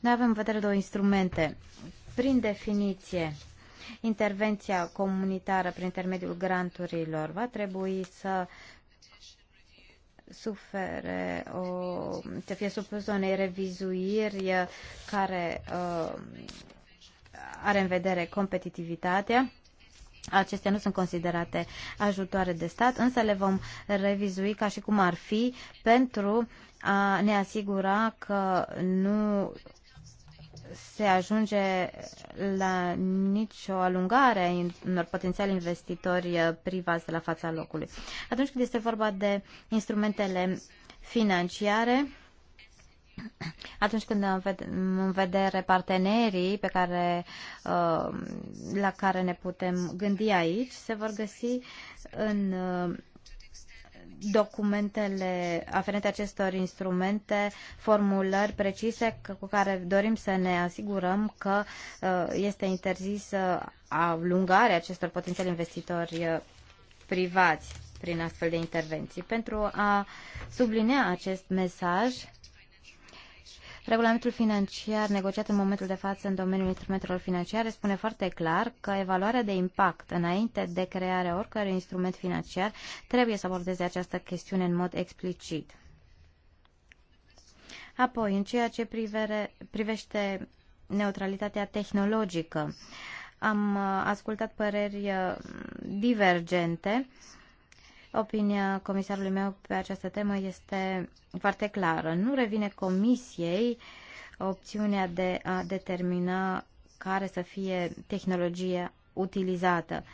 Noi avem în vedere două instrumente. Prin definiție, intervenția comunitară prin intermediul granturilor va trebui să sufere o, să fie supus unei revizuiri care uh, are în vedere competitivitatea. Acestea nu sunt considerate ajutoare de stat, însă le vom revizui ca și cum ar fi pentru a ne asigura că nu se ajunge la nicio alungare a unor potențiali investitori uh, privați de la fața locului. Atunci când este vorba de instrumentele financiare, atunci când în vedere partenerii pe care, uh, la care ne putem gândi aici, se vor găsi în uh, documentele aferente acestor instrumente formulări precise cu care dorim să ne asigurăm că uh, este interzisă alungarea acestor potențiali investitori uh, privați prin astfel de intervenții. Pentru a sublinea acest mesaj, Regulamentul financiar negociat în momentul de față în domeniul instrumentelor financiare spune foarte clar că evaluarea de impact înainte de crearea oricărui instrument financiar trebuie să abordeze această chestiune în mod explicit. Apoi, în ceea ce privere, privește neutralitatea tehnologică, am uh, ascultat păreri uh, divergente uh, Opinia comisarului meu pe această temă este foarte clară. Nu revine comisiei opțiunea de a determina care să fie tehnologia utilizată.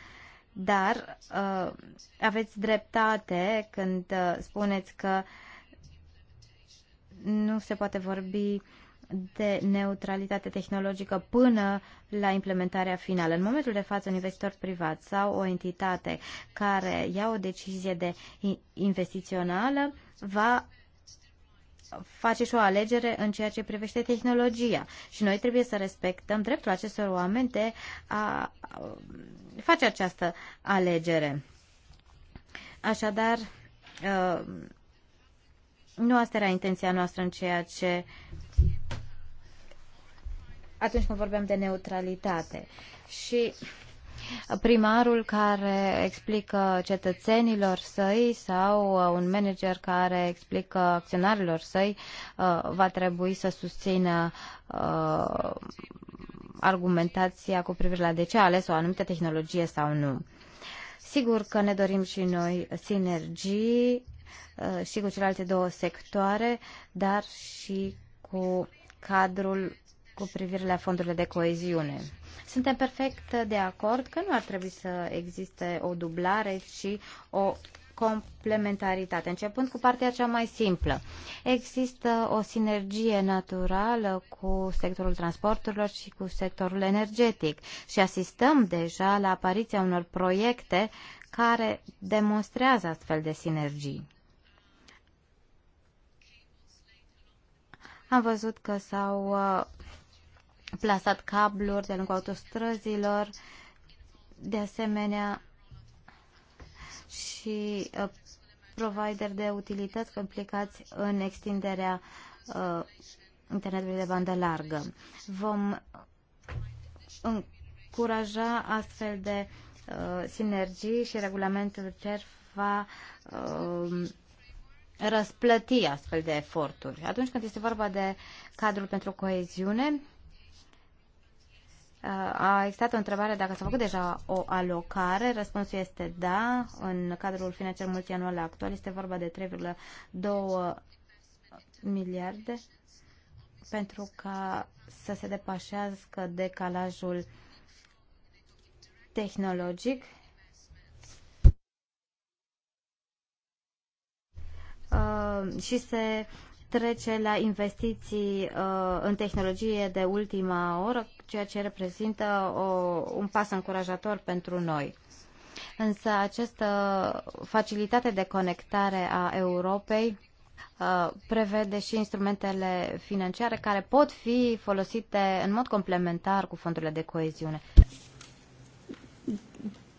Dar uh, aveți dreptate când uh, spuneți că nu se poate vorbi de neutralitate tehnologică până la implementarea finală. În momentul de față, un investitor privat sau o entitate care ia o decizie de investițională va face și o alegere în ceea ce privește tehnologia. Și noi trebuie să respectăm dreptul acestor oameni de a face această alegere. Așadar, ă, nu asta era intenția noastră în ceea ce atunci când vorbeam de neutralitate. Și primarul care explică cetățenilor săi sau uh, un manager care explică acționarilor săi uh, va trebui să susțină uh, argumentația cu privire la de ce a ales o anumită tehnologie sau nu. Sigur că ne dorim și noi sinergii și cu celelalte două sectoare, dar și cu cadrul cu privire la fondurile de coeziune. Suntem perfect de acord că nu ar trebui să existe o dublare, ci o complementaritate, începând cu partea cea mai simplă. Există o sinergie naturală cu sectorul transporturilor și cu sectorul energetic și asistăm deja la apariția unor proiecte care demonstrează astfel de sinergii. Am văzut că s-au uh, plasat cabluri de-a lungul autostrăzilor, de asemenea și uh, provider de utilități implicați în extinderea uh, internetului de bandă largă. Vom încuraja astfel de uh, sinergii și regulamentul CER va uh, răsplăti astfel de eforturi. Atunci când este vorba de cadrul pentru coeziune, a existat o întrebare dacă s-a făcut deja o alocare. Răspunsul este da. În cadrul financiar multianual actual este vorba de 3,2 miliarde pentru ca să se depășească decalajul tehnologic. și se trece la investiții uh, în tehnologie de ultima oră, ceea ce reprezintă o, un pas încurajator pentru noi. Însă această facilitate de conectare a Europei uh, prevede și instrumentele financiare care pot fi folosite în mod complementar cu fondurile de coeziune.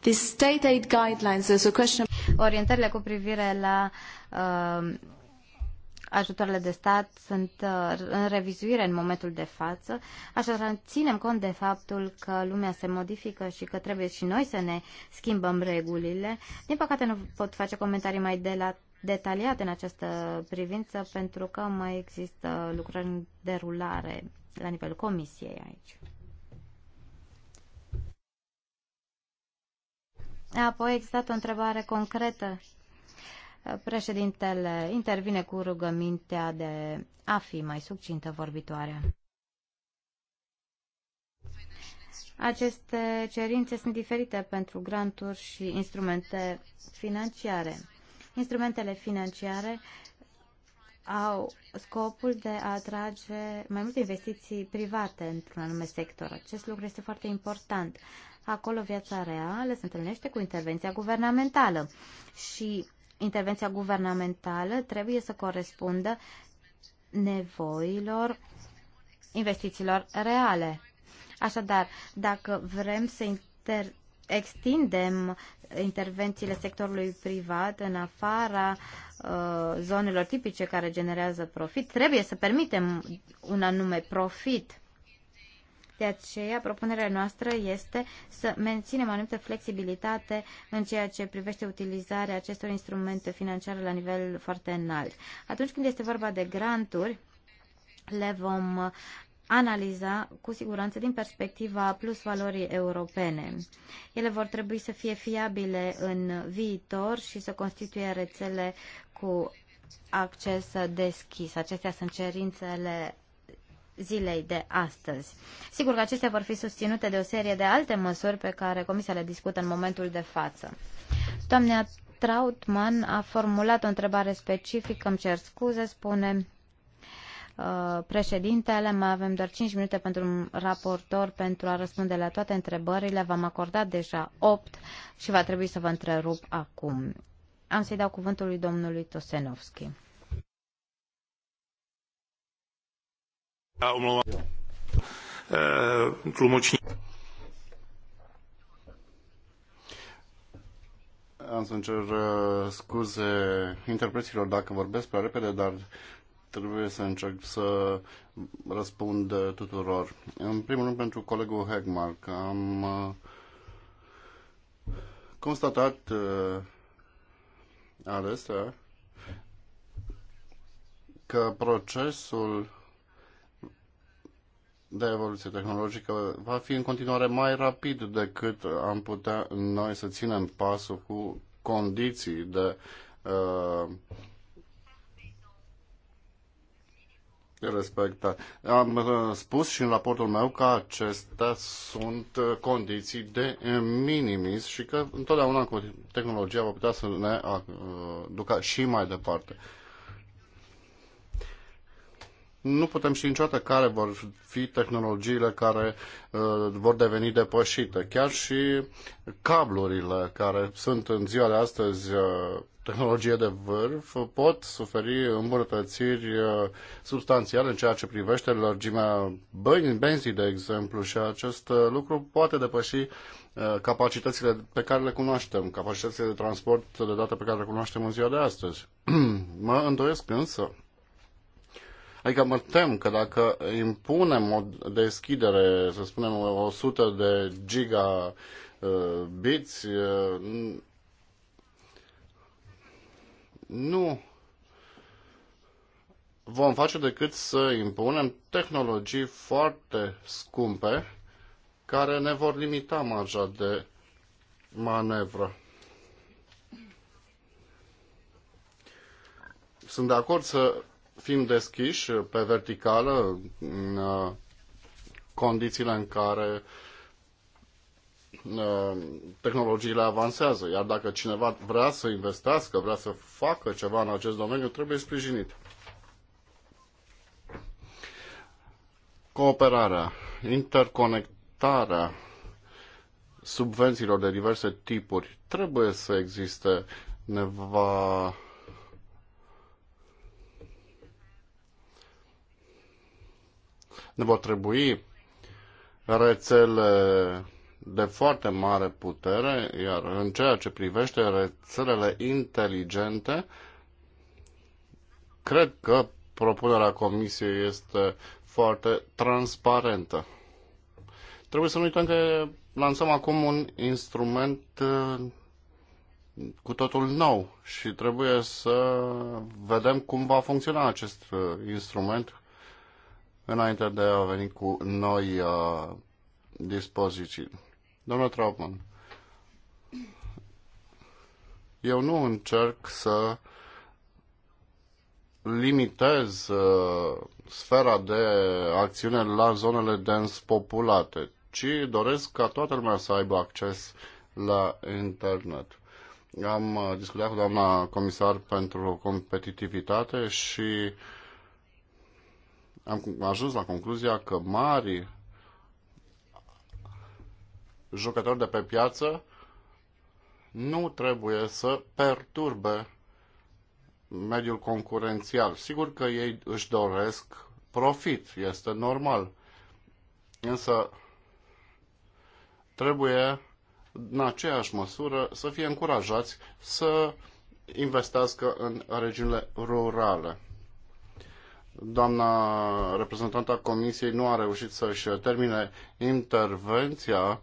The state aid guidelines, a question... Orientările cu privire la uh, ajutoarele de stat sunt uh, în revizuire în momentul de față, așa ținem cont de faptul că lumea se modifică și că trebuie și noi să ne schimbăm regulile. Din păcate nu pot face comentarii mai de la detaliate în această privință pentru că mai există lucrări în derulare la nivelul comisiei aici. Apoi a existat o întrebare concretă Președintele intervine cu rugămintea de a fi mai succintă vorbitoare. Aceste cerințe sunt diferite pentru granturi și instrumente financiare. Instrumentele financiare au scopul de a atrage mai multe investiții private într-un anume sector. Acest lucru este foarte important. Acolo viața reală se întâlnește cu intervenția guvernamentală și intervenția guvernamentală trebuie să corespundă nevoilor investițiilor reale. Așadar, dacă vrem să inter- extindem intervențiile sectorului privat în afara uh, zonelor tipice care generează profit, trebuie să permitem un anume profit de aceea, propunerea noastră este să menținem anumită flexibilitate în ceea ce privește utilizarea acestor instrumente financiare la nivel foarte înalt. Atunci când este vorba de granturi, le vom analiza cu siguranță din perspectiva plus valorii europene. Ele vor trebui să fie fiabile în viitor și să constituie rețele cu acces deschis. Acestea sunt cerințele zilei de astăzi. Sigur că acestea vor fi susținute de o serie de alte măsuri pe care Comisia le discută în momentul de față. Doamna Trautman a formulat o întrebare specifică, îmi cer scuze, spune uh, președintele, mai avem doar 5 minute pentru un raportor pentru a răspunde la toate întrebările. V-am acordat deja 8 și va trebui să vă întrerup acum. Am să-i dau cuvântul lui domnului Tosenovski. Am să încer scuze interpreților dacă vorbesc prea repede, dar trebuie să încerc să răspund tuturor. În primul rând pentru colegul Hegmark. Am constatat adesea că procesul de evoluție tehnologică va fi în continuare mai rapid decât am putea noi să ținem pasul cu condiții de uh, respectat. Am uh, spus și în raportul meu că acestea sunt uh, condiții de minimis și că întotdeauna cu tehnologia va putea să ne uh, ducă și mai departe nu putem ști niciodată care vor fi tehnologiile care uh, vor deveni depășite. Chiar și cablurile care sunt în ziua de astăzi uh, tehnologie de vârf pot suferi îmbunătățiri uh, substanțiale în ceea ce privește lărgimea benzii, de exemplu, și acest uh, lucru poate depăși uh, capacitățile pe care le cunoaștem, capacitățile de transport de date pe care le cunoaștem în ziua de astăzi. [clears throat] mă îndoiesc însă Adică mă tem că dacă impunem o deschidere, să spunem, 100 de giga uh, biți, uh, nu vom face decât să impunem tehnologii foarte scumpe care ne vor limita marja de manevră. Sunt de acord să fim deschiși pe verticală în uh, condițiile în care uh, tehnologiile avansează. Iar dacă cineva vrea să investească, vrea să facă ceva în acest domeniu, trebuie sprijinit. Cooperarea, interconectarea subvențiilor de diverse tipuri trebuie să existe. Ne va ne vor trebui rețele de foarte mare putere, iar în ceea ce privește rețelele inteligente, cred că propunerea Comisiei este foarte transparentă. Trebuie să nu uităm că lansăm acum un instrument uh, cu totul nou și trebuie să vedem cum va funcționa acest uh, instrument, înainte de a veni cu noi uh, dispoziții. Domnul Trautmann, eu nu încerc să limitez uh, sfera de acțiune la zonele dens populate, ci doresc ca toată lumea să aibă acces la internet. Am uh, discutat cu doamna comisar pentru competitivitate și uh, am ajuns la concluzia că mari jucători de pe piață nu trebuie să perturbe mediul concurențial. Sigur că ei își doresc profit, este normal. Însă trebuie în aceeași măsură să fie încurajați să investească în regiunile rurale doamna reprezentanta Comisiei nu a reușit să-și termine intervenția,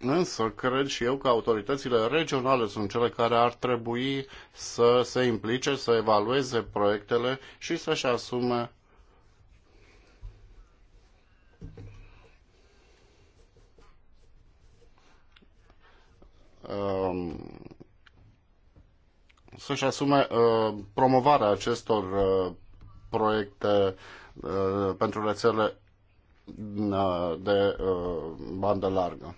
însă cred și eu că autoritățile regionale sunt cele care ar trebui să se implice, să evalueze proiectele și să-și asume um, să-și asume uh, promovarea acestor uh, proiecte uh, pentru rețele de bandă largă.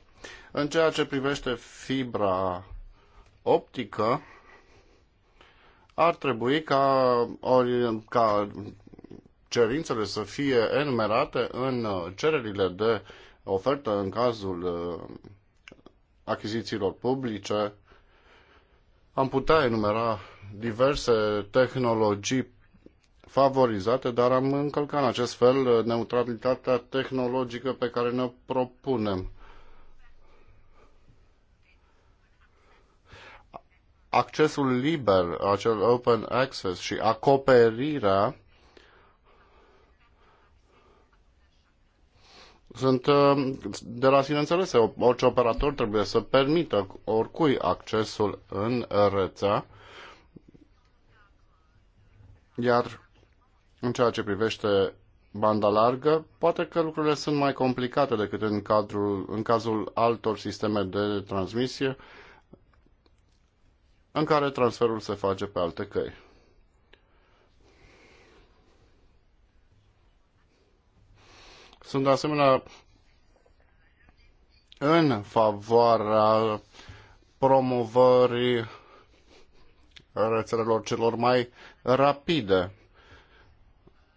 În ceea ce privește fibra optică, ar trebui ca, ori, ca cerințele să fie enumerate în cererile de ofertă în cazul achizițiilor publice am putea enumera diverse tehnologii favorizate, dar am încălcat în acest fel neutralitatea tehnologică pe care ne-o propunem. Accesul liber, acel open access și acoperirea sunt uh, de la sine înțelese. Orice operator trebuie să permită oricui accesul în rețea. Iar în ceea ce privește banda largă, poate că lucrurile sunt mai complicate decât în, cadrul, în cazul altor sisteme de transmisie în care transferul se face pe alte căi. Sunt de asemenea în favoarea promovării rețelelor celor mai rapide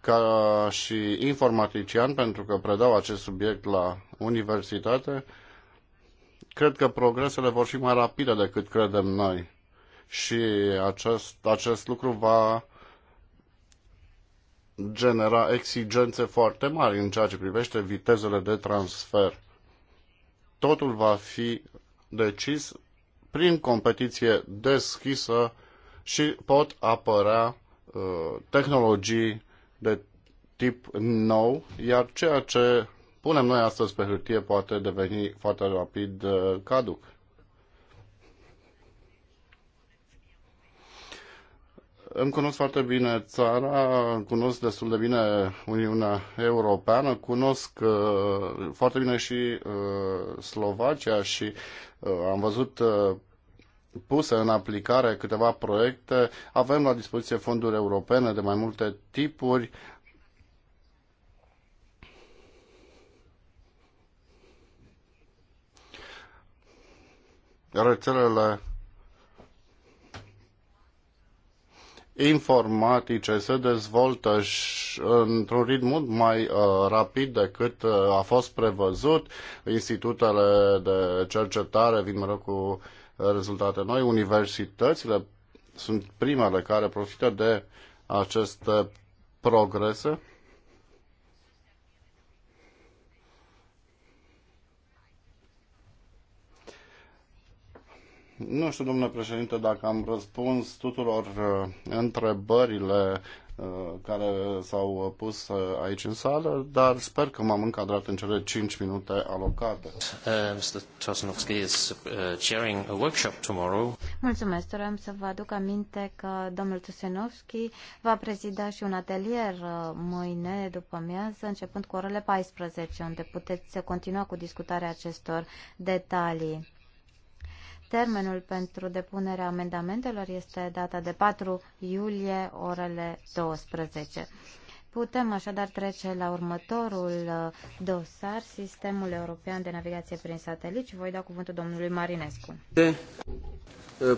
ca și informatician, pentru că predau acest subiect la universitate, cred că progresele vor fi mai rapide decât credem noi și acest, acest lucru va genera exigențe foarte mari în ceea ce privește vitezele de transfer. Totul va fi decis prin competiție deschisă și pot apărea uh, tehnologii de tip nou, iar ceea ce punem noi astăzi pe hârtie poate deveni foarte rapid uh, caduc. Îmi cunosc foarte bine țara, cunosc destul de bine Uniunea Europeană, cunosc uh, foarte bine și uh, Slovacia și uh, am văzut uh, puse în aplicare câteva proiecte. Avem la dispoziție fonduri europene de mai multe tipuri. Rețelele informatice se dezvoltă într-un ritm mult mai uh, rapid decât uh, a fost prevăzut. Institutele de cercetare vin mereu cu rezultate noi, universitățile sunt primele care profită de aceste progrese. Nu știu, domnule președinte, dacă am răspuns tuturor uh, întrebările uh, care s-au uh, pus aici în sală, dar sper că m-am încadrat în cele 5 minute alocate. Mr. is chairing a workshop tomorrow. Mulțumesc, doream să vă aduc aminte că domnul Tosanovski va prezida și un atelier mâine după amiază, începând cu orele 14, unde puteți continua cu discutarea acestor detalii. Termenul pentru depunerea amendamentelor este data de 4 iulie, orele 12. Putem așadar trece la următorul uh, dosar, Sistemul European de Navigație prin Satelit și voi da cuvântul domnului Marinescu. Uh,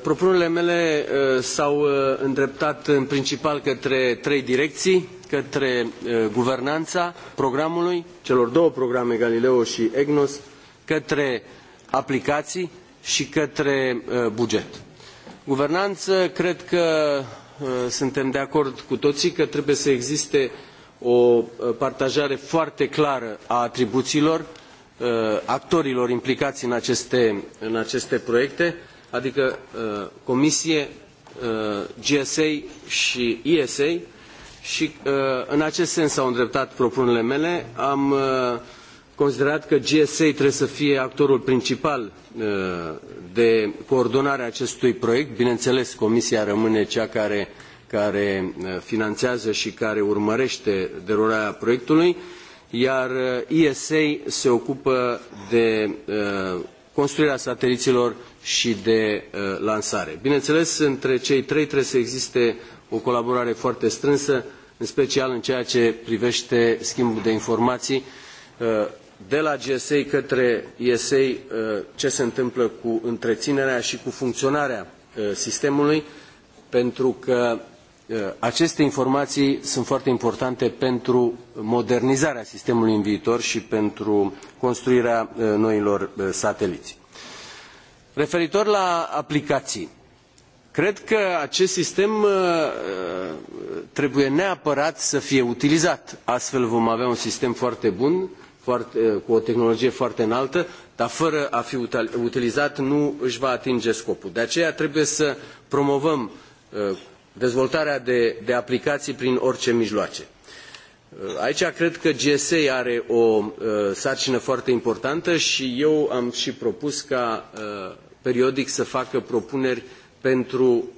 propunerile mele uh, s-au îndreptat în principal către trei direcții, către guvernanța programului, celor două programe Galileo și EGNOS, către aplicații și către uh, buget. Guvernanță, cred că uh, suntem de acord cu toții că trebuie să existe o uh, partajare foarte clară a atribuțiilor actorilor implicați în aceste, în aceste proiecte, adică Comisie, GSA și ESA și în acest sens au îndreptat propunerile mele. Am considerat că GSA trebuie să fie actorul principal uh, de coordonare a acestui proiect. Bineînțeles, Comisia rămâne cea care, care uh, finanțează și care urmărește derularea proiectului, iar uh, ESA se ocupă de construirea sateliților și de lansare. Bineînțeles, între cei trei trebuie să existe o colaborare foarte strânsă, în special în ceea ce privește schimbul de informații de la GSA către ESA uh, ce se întâmplă cu întreținerea și cu funcționarea uh, sistemului, pentru că uh, aceste informații sunt foarte importante pentru modernizarea sistemului în viitor și pentru construirea noilor sateliți. Referitor la aplicații, cred că acest sistem trebuie neapărat să fie utilizat. Astfel vom avea un sistem foarte bun foarte, cu o tehnologie foarte înaltă, dar fără a fi utilizat nu își va atinge scopul. De aceea trebuie să promovăm uh, dezvoltarea de, de aplicații prin orice mijloace. Uh, aici cred că GSA are o uh, sarcină foarte importantă și eu am și propus ca periodic să facă propuneri pentru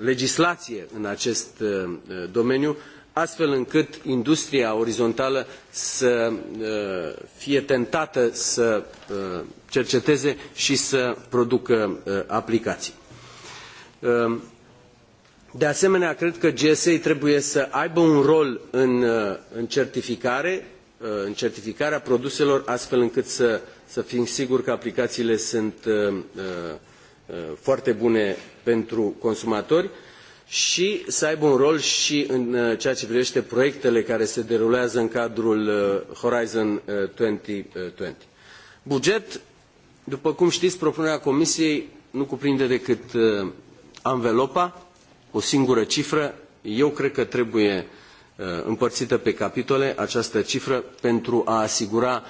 legislație în acest domeniu, astfel încât industria orizontală să uh, fie tentată să uh, cerceteze și să producă uh, aplicații. Um, de asemenea, cred că GSA trebuie să aibă un rol în, în certificare, în certificarea produselor, astfel încât să, să fim siguri că aplicațiile sunt foarte bune pentru consumatori și să aibă un rol și în uh, ceea ce privește proiectele care se derulează în cadrul uh, Horizon 2020. Uh, Buget, după cum știți, propunerea Comisiei nu cuprinde decât anvelopa, o singură cifră. Eu cred că trebuie împărțită pe capitole această cifră pentru a asigura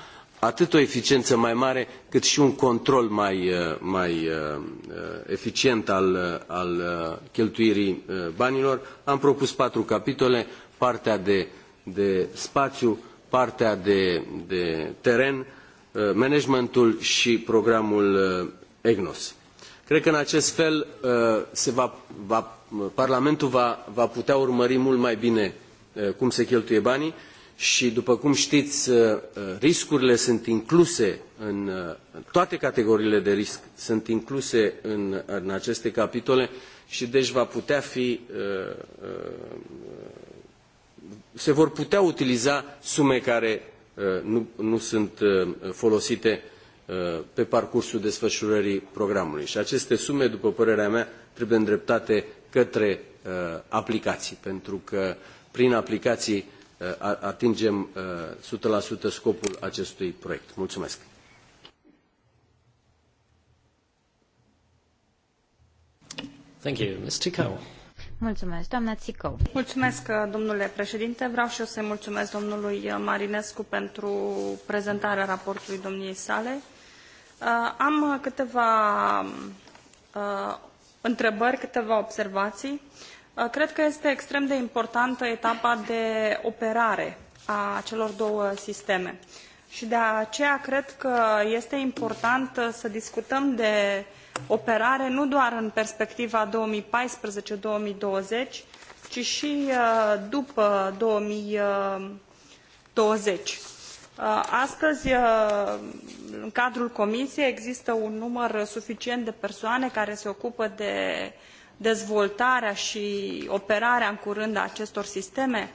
atât o eficiență mai mare, cât și un control mai, uh, mai uh, uh, eficient al, al cheltuirii banilor. Am propus patru capitole, partea de, de spațiu, partea de, de teren, managementul și programul EGNOS. Cred că în acest fel va, va, Parlamentul va, va putea urmări mult mai bine cum se cheltuie banii și, după cum știți, uh, uh, riscurile sunt incluse uh, în toate categoriile de risc, sunt incluse în, în aceste capitole și deci va putea fi, se vor putea utiliza sume care nu, nu sunt folosite pe parcursul desfășurării programului. Și aceste sume, după părerea mea, trebuie îndreptate către aplicații, pentru că prin aplicații Uh, atingem 100% uh, scopul acestui proiect. Mulțumesc! Thank you. Ms. Ticau. Mulțumesc, doamna Țicău. Mulțumesc, uh, domnule președinte. Vreau și eu să-i mulțumesc domnului Marinescu pentru prezentarea raportului domniei sale. Am câteva întrebări, câteva observații. Uh, cred că este extrem de importantă etapa de operare a celor două sisteme. Și de aceea cred că este important uh, să discutăm de operare nu doar în perspectiva 2014-2020, ci și uh, după 2020. Astăzi, în cadrul Comisiei, există un număr suficient de persoane care se ocupă de dezvoltarea i operarea în curând a acestor sisteme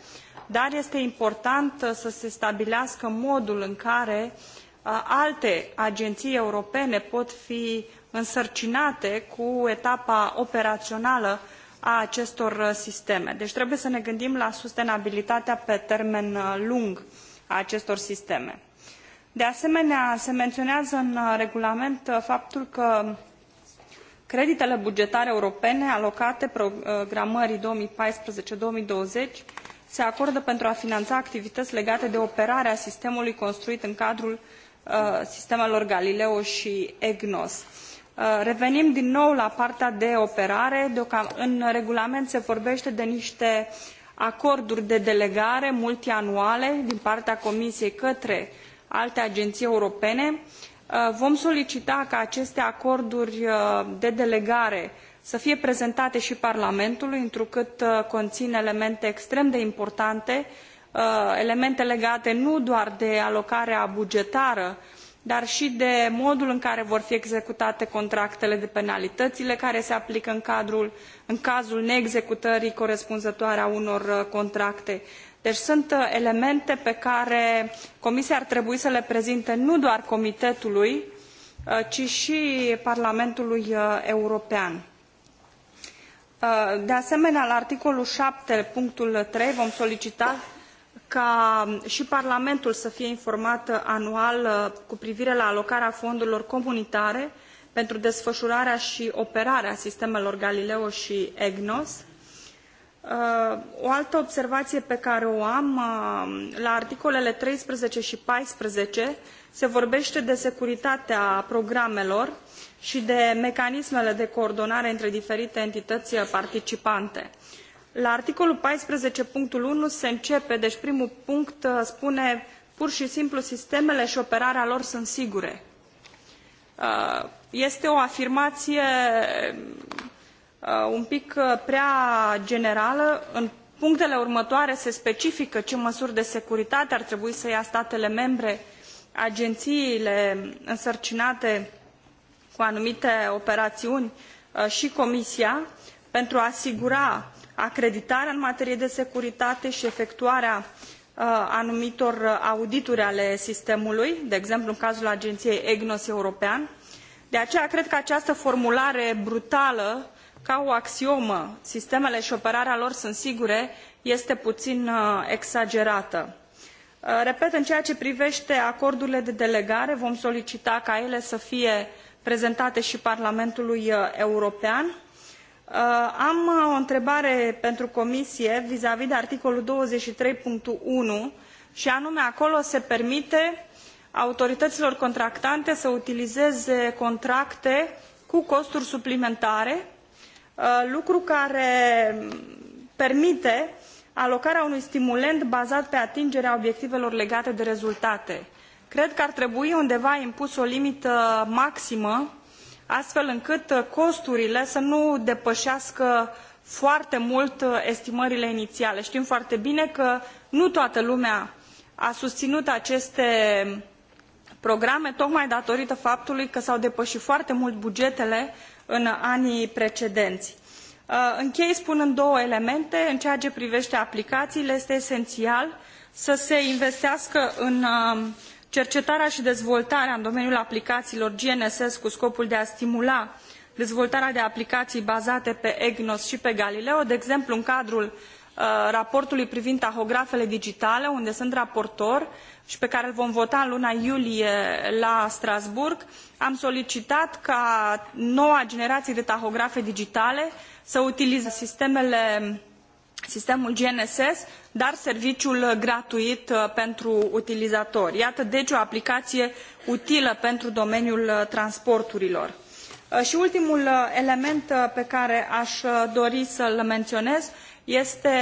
dar este important uh, să se stabilească modul în care uh, alte agenii europene pot fi însărcinate cu etapa operaională a acestor uh, sisteme deci trebuie să ne gândim la sustenabilitatea pe termen lung a acestor sisteme. de asemenea se menionează în regulament faptul că creditele bugetare europene alocate programării ă, două mii paisprezece două mii douăzeci se acordă pentru a finana activităi legate de operarea sistemului construit în cadrul ă, sistemelor galileo i egnos. Ă, revenim din nou la partea de operare în regulament se vorbete de nite acorduri de delegare multianuale din partea comisiei către alte agenii europene i Uh, vom solicita ca aceste acorduri uh, de delegare să fie prezentate și Parlamentului, întrucât uh, conțin elemente extrem de importante, elemente legate nu doar de alocarea bugetară, dar și de modul în care vor fi executate contractele de penalitățile care se aplică în, cadrul, în cazul neexecutării corespunzătoare a unor contracte deci sunt uh, elemente pe care comisia ar trebui să le prezinte nu doar comitetului uh, ci i parlamentului uh, european. de asemenea la articolul șapte punctul trei vom solicita ca um, i parlamentul să fie informat anual cu privire la alocarea fondurilor comunitare pentru desfăurarea i operarea sistemelor galileo i egnos Uh, o altă observație pe care o am, uh, la articolele 13 și 14 se vorbește de securitatea programelor și de mecanismele de coordonare între diferite entități participante. La articolul 14 punctul 1 se începe, deci primul punct uh, spune pur și simplu sistemele și operarea lor sunt sigure. Este o afirmație Uh, un pic uh, prea generală. În punctele următoare se specifică ce măsuri de securitate ar trebui să ia statele membre, ageniile însărcinate cu anumite operațiuni uh, și Comisia pentru a asigura acreditarea în materie de securitate și efectuarea anumitor audituri ale sistemului, de exemplu în cazul ageniei EGNOS European. De aceea cred că această formulare brutală ca o axiomă sistemele i operarea lor sunt sigure este puin uh, exagerată. Uh, repet în ceea ce privete acordurile de delegare vom solicita ca ele să fie prezentate i parlamentului uh, european. am o întrebare pentru comisie vizavi de articolul douăzeci și trei unu i anume acolo se permite autorităilor contractante să utilizeze contracte cu costuri suplimentare Uh, lucru care permite alocarea unui stimulent bazat pe atingerea obiectivelor legate de rezultate. cred că ar trebui undeva impus o limită maximă astfel încât costurile să nu depăească foarte mult estimările iniiale. tim foarte bine că nu toată lumea a susinut aceste programe tocmai datorită faptului că s au depăit foarte mult bugetele în anii precedeni. Uh, închei spunând două elemente în ceea ce privete aplicaiile este esenial să se investească în um, cercetarea i dezvoltarea în domeniul aplicaiilor gnss cu scopul de a stimula dezvoltarea de aplicaii bazate pe egnos i pe galileo de exemplu în cadrul uh, raportului privind tahografele digitale unde sunt raportor i i pe care îl vom vota în luna iulie la strasbourg am solicitat ca noua generaie de tahografe digitale să utilizeze sistemul gnss dar serviciul gratuit uh, pentru utilizatori. iată deci o aplicaie utilă pentru domeniul uh, transporturilor. Uh, i ultimul element pe care a dori să l menionez este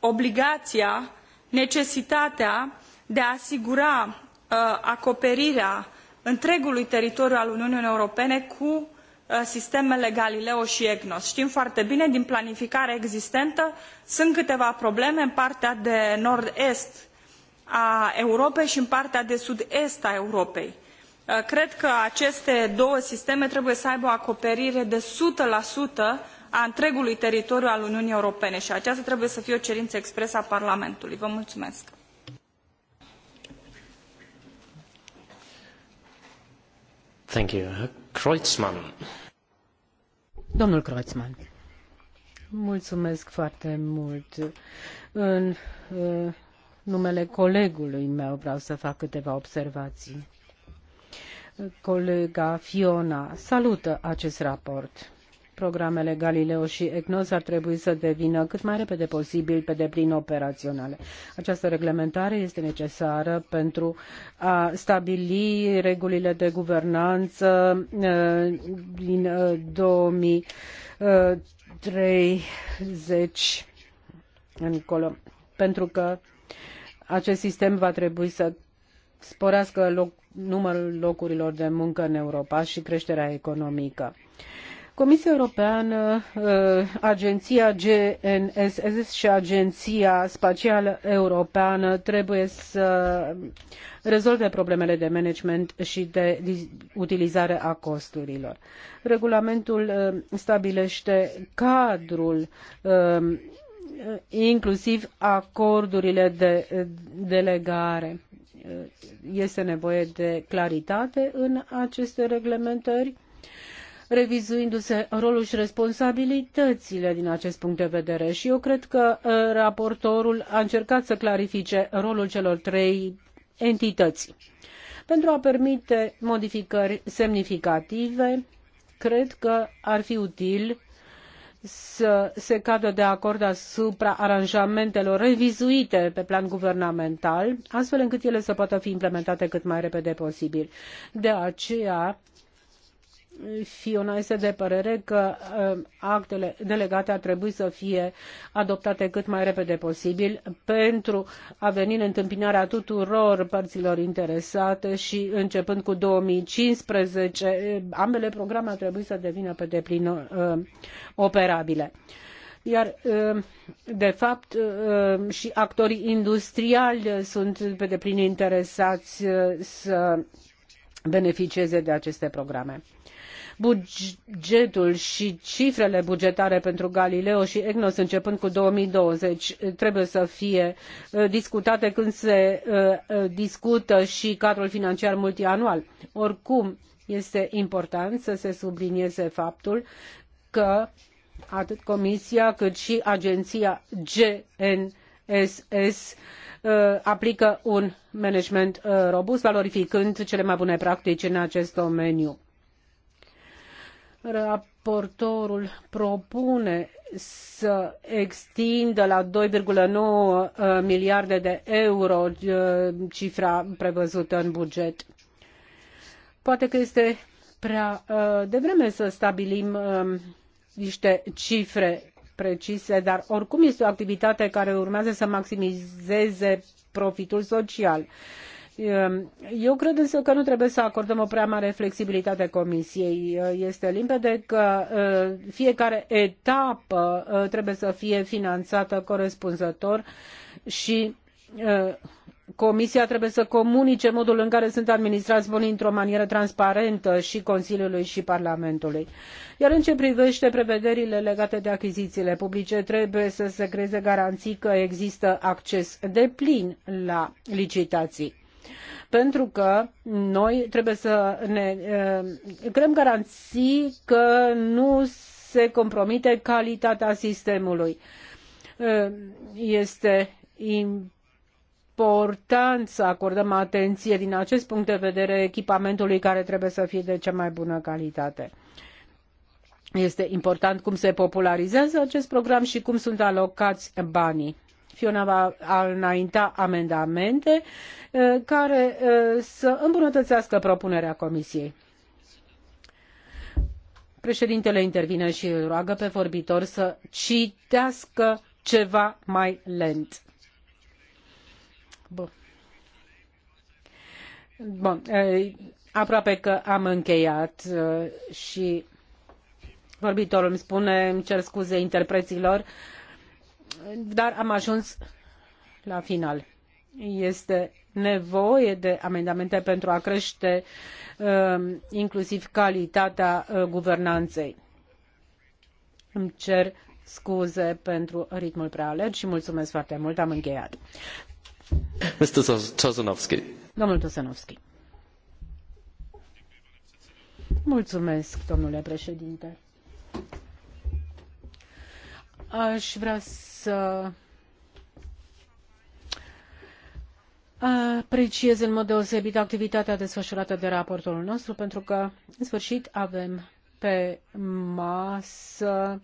obligaia necesitatea de a asigura uh, acoperirea întregului teritoriu al Uniunii Europene cu uh, sistemele Galileo și EGNOS. Știm foarte bine, din planificarea existentă, sunt câteva probleme în partea de nord-est a Europei și în partea de sud-est a Europei. Uh, cred că aceste două sisteme trebuie să aibă o acoperire de 100% a întregului teritoriu al Uniunii Europene și aceasta trebuie să fie o cerință expresă a Parlamentului. Vă mulțumesc! Domnule you. Mulțumesc foarte mult. În numele colegului meu vreau să fac câteva observații. Colega Fiona salută acest raport Programele Galileo și EGNOS ar trebui să devină cât mai repede posibil pe deplin operaționale. Această reglementare este necesară pentru a stabili regulile de guvernanță uh, din 2030 uh, uh, încolo, pentru că acest sistem va trebui să sporească loc, numărul locurilor de muncă în Europa și creșterea economică. Uh, Comisia Europeană, uh, Agenția GNSS și Agenția Spațială Europeană trebuie să rezolve problemele de management și de utilizare a costurilor. Regulamentul uh, stabilește cadrul uh, inclusiv acordurile de delegare. Este nevoie de claritate în aceste reglementări revizuindu-se rolul și responsabilitățile din acest punct de vedere. Și eu cred că uh, raportorul a încercat să clarifice rolul celor trei entități. Pentru a permite modificări semnificative, cred că ar fi util să se cadă de acord asupra aranjamentelor revizuite pe plan guvernamental, astfel încât ele să poată fi implementate cât mai repede posibil. De aceea Fiona este de părere că um, actele delegate ar trebui să fie adoptate cât mai repede posibil pentru a veni în întâmpinarea tuturor părților interesate și începând cu 2015 ambele programe ar trebui să devină pe deplin um, operabile iar um, de fapt și actorii industriali sunt pe deplin interesați uh, să beneficieze de aceste programe bugetul și cifrele bugetare pentru Galileo și EGNOS începând cu 2020 eh, trebuie să fie eh, discutate când se eh, discută și cadrul financiar multianual. Oricum, este important să se sublinieze faptul că atât Comisia cât și agenția GNSS aplică un management robust, valorificând cele mai bune practici în acest domeniu. Raportorul propune să extindă la 2,9 uh, miliarde de euro uh, cifra prevăzută în buget. Poate că este prea uh, devreme să stabilim um, niște cifre precise, dar oricum este o activitate care urmează să maximizeze profitul social. Uh, Ehm, eu cred însă că nu trebuie să acordăm o prea mare flexibilitate comisiei. Ehm, este limpede că ehm, fiecare etapă trebuie să fie finanțată corespunzător și comisia trebuie să comunice modul în care sunt administrați bunii într o manieră transparentă și consiliului și parlamentului iar în ce privește prevederile legate de achizițiile publice trebuie să se creeze garanții că există acces de plin la licitații pentru că noi trebuie să ne eh, creăm garanții că nu se compromite calitatea sistemului. Eh, este important să acordăm atenție din acest punct de vedere echipamentului care trebuie să fie de cea mai bună calitate. Este important cum se popularizează acest program și cum sunt alocați banii. Fiona va înainta amendamente uh, care uh, să îmbunătățească propunerea Comisiei. Președintele intervine și îl roagă pe vorbitor să citească ceva mai lent. Bun. Bun. Uh, aproape că am încheiat și vorbitorul îmi spune, îmi cer scuze interpreților, dar am ajuns la final. Este nevoie de amendamente pentru a crește um, inclusiv calitatea uh, guvernanței. Îmi cer scuze pentru ritmul prea alerg și mulțumesc foarte mult, am încheiat. Mr. Tosanovski. Domnul Tosanovski. Mulțumesc, domnule președinte. Aș vrea să apreciez în mod deosebit activitatea desfășurată de raportorul nostru pentru că, în sfârșit, avem pe masă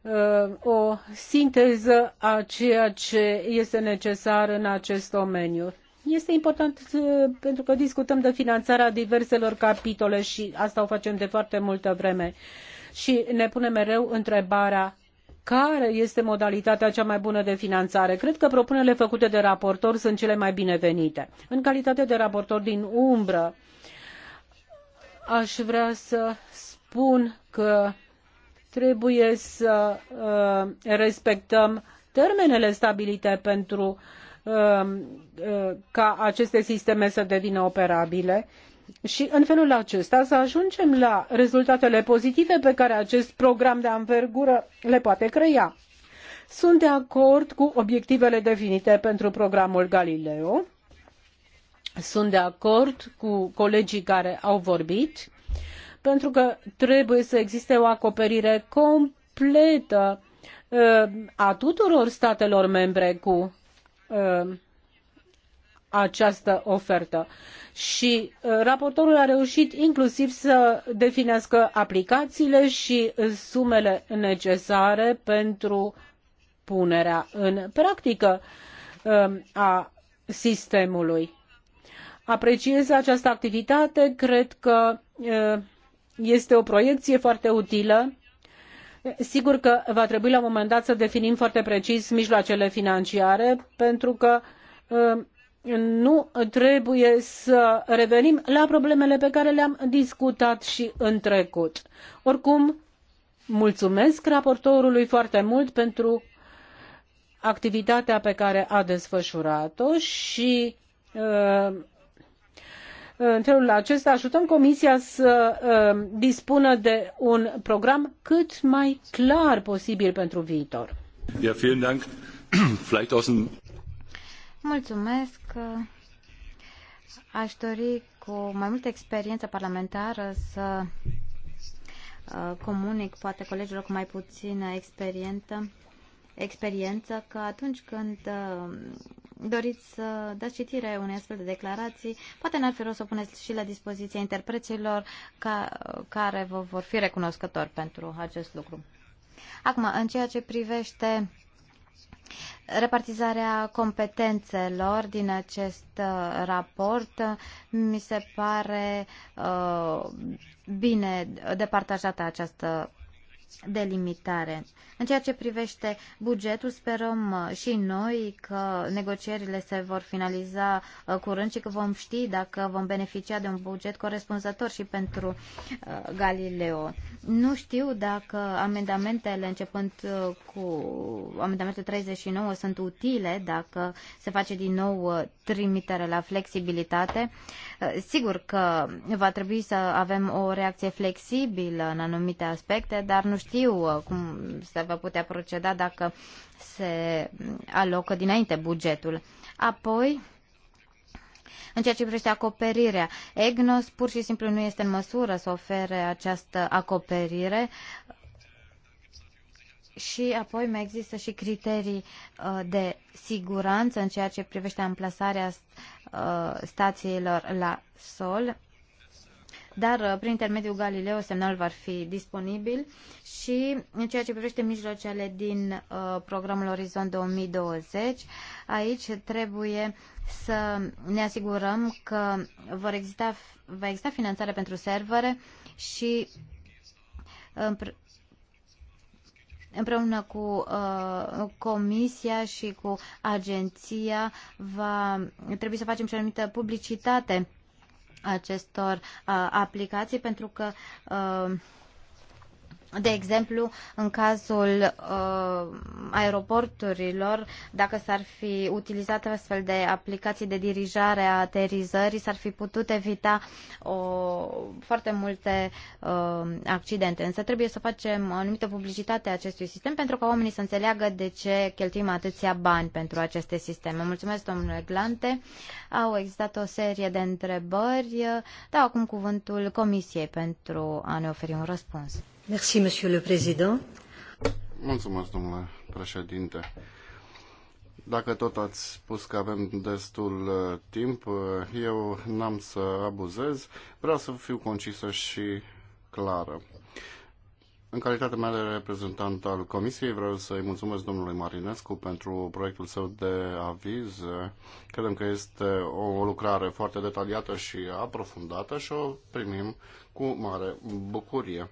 uh, o sinteză a ceea ce este necesar în acest domeniu. Este important uh, pentru că discutăm de finanțarea diverselor capitole și asta o facem de foarte multă vreme. Și ne punem mereu întrebarea care este modalitatea cea mai bună de finanțare. Cred că propunerile făcute de raportor sunt cele mai binevenite. În calitate de raportor din umbră, aș vrea să spun că trebuie să uh, respectăm termenele stabilite pentru uh, uh ca aceste sisteme să devină operabile și în felul acesta să ajungem la rezultatele pozitive pe care acest program de anvergură le poate crea. Sunt de acord cu obiectivele definite pentru programul Galileo. Sunt de acord cu colegii care au vorbit, pentru că trebuie să existe o acoperire completă uh, a tuturor statelor membre cu uh, această ofertă. Și uh, raportorul a reușit inclusiv să definească aplicațiile și uh, sumele necesare pentru punerea în practică um, a sistemului. Apreciez această activitate, cred că uh, este o proiecție foarte utilă sigur că va trebui la un moment dat să definim foarte precis mijloacele financiare pentru că um, nu trebuie să revenim la problemele pe care le-am discutat și în trecut. Oricum, mulțumesc raportorului foarte mult pentru activitatea pe care a desfășurat-o și uh, în felul acesta ajutăm Comisia să uh, dispună de un program cât mai clar posibil pentru viitor. Ja, vielen Dank. Vielleicht aus dem Mulțumesc. Aș dori cu mai multă experiență parlamentară să uh, comunic poate colegilor cu mai puțină experiență, experiență că atunci când uh, doriți să dați citire unei astfel de declarații, poate n-ar fi rost să o puneți și la dispoziția interpreților ca, care vă vor fi recunoscători pentru acest lucru. Acum, în ceea ce privește Repartizarea competențelor din acest uh, raport uh, mi se pare uh, bine departajată această delimitare. În ceea ce privește bugetul, sperăm uh, și noi că negocierile se vor finaliza uh, curând și că vom ști dacă vom beneficia de un buget corespunzător și pentru uh, Galileo. Nu știu dacă amendamentele începând cu amendamentul 39 sunt utile, dacă se face din nou trimitere la flexibilitate. Eh, sigur că va trebui să avem o reacție flexibilă în anumite aspecte, dar nu știu eh, cum se va putea proceda dacă se alocă dinainte bugetul. Apoi, în ceea ce privește acoperirea, EGNOS pur și simplu nu este în măsură să ofere această acoperire și apoi mai există și criterii uh, de siguranță în ceea ce privește amplasarea uh, stațiilor la sol, dar uh, prin intermediul Galileo semnalul va fi disponibil și în ceea ce privește mijlocele din programul Orizont 2020, aici trebuie să ne asigurăm că vor exista, va exista finanțare pentru servere și împreună cu uh, Comisia și cu agenția va trebui să facem și anumită publicitate acestor uh, aplicații pentru că uh, de exemplu, în cazul uh, aeroporturilor, dacă s-ar fi utilizat astfel de aplicații de dirijare a aterizării, s-ar fi putut evita o, foarte multe uh, accidente. Însă trebuie să facem anumită publicitate a acestui sistem pentru ca oamenii să înțeleagă de ce cheltuim atâția bani pentru aceste sisteme. Mulțumesc, domnule Glante. Au existat o serie de întrebări. Dau acum cuvântul Comisiei pentru a ne oferi un răspuns. Merci, Monsieur le Président. Mulțumesc, domnule președinte. Dacă tot ați spus că avem destul uh, timp, uh, eu n-am să abuzez. Vreau să fiu concisă și clară. În calitatea mea de reprezentant al Comisiei, vreau să-i mulțumesc domnului Marinescu pentru proiectul său de aviz. Credem că este o lucrare foarte detaliată și aprofundată și o primim cu mare bucurie.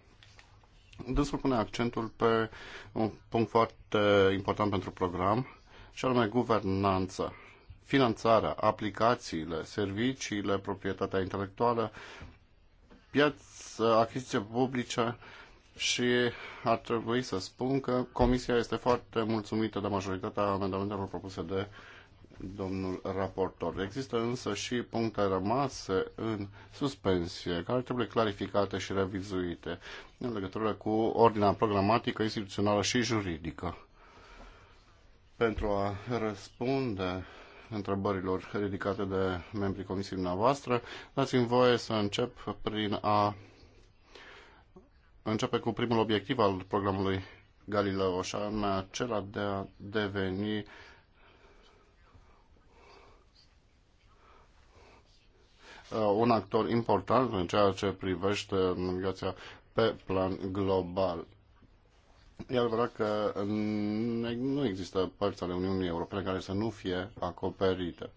Dânsul pune accentul pe un punct foarte important pentru program, și anume guvernanță, finanțarea, aplicațiile, serviciile, proprietatea intelectuală, piață, achiziție publice și ar trebui să spun că Comisia este foarte mulțumită de majoritatea amendamentelor propuse de uh, domnul raportor. Există însă și puncte rămase în suspensie, care trebuie clarificate și revizuite în legătură cu ordinea programatică, instituțională și juridică. Pentru a răspunde întrebărilor ridicate de membrii comisiei noastre, dați-mi voie să încep prin a începe cu primul obiectiv al programului Galileo, și anume acela de a deveni Uh, un actor important în ceea ce privește navigația pe plan global. E adevărat că nu există părți ale Uniunii Europene care să nu fie acoperite.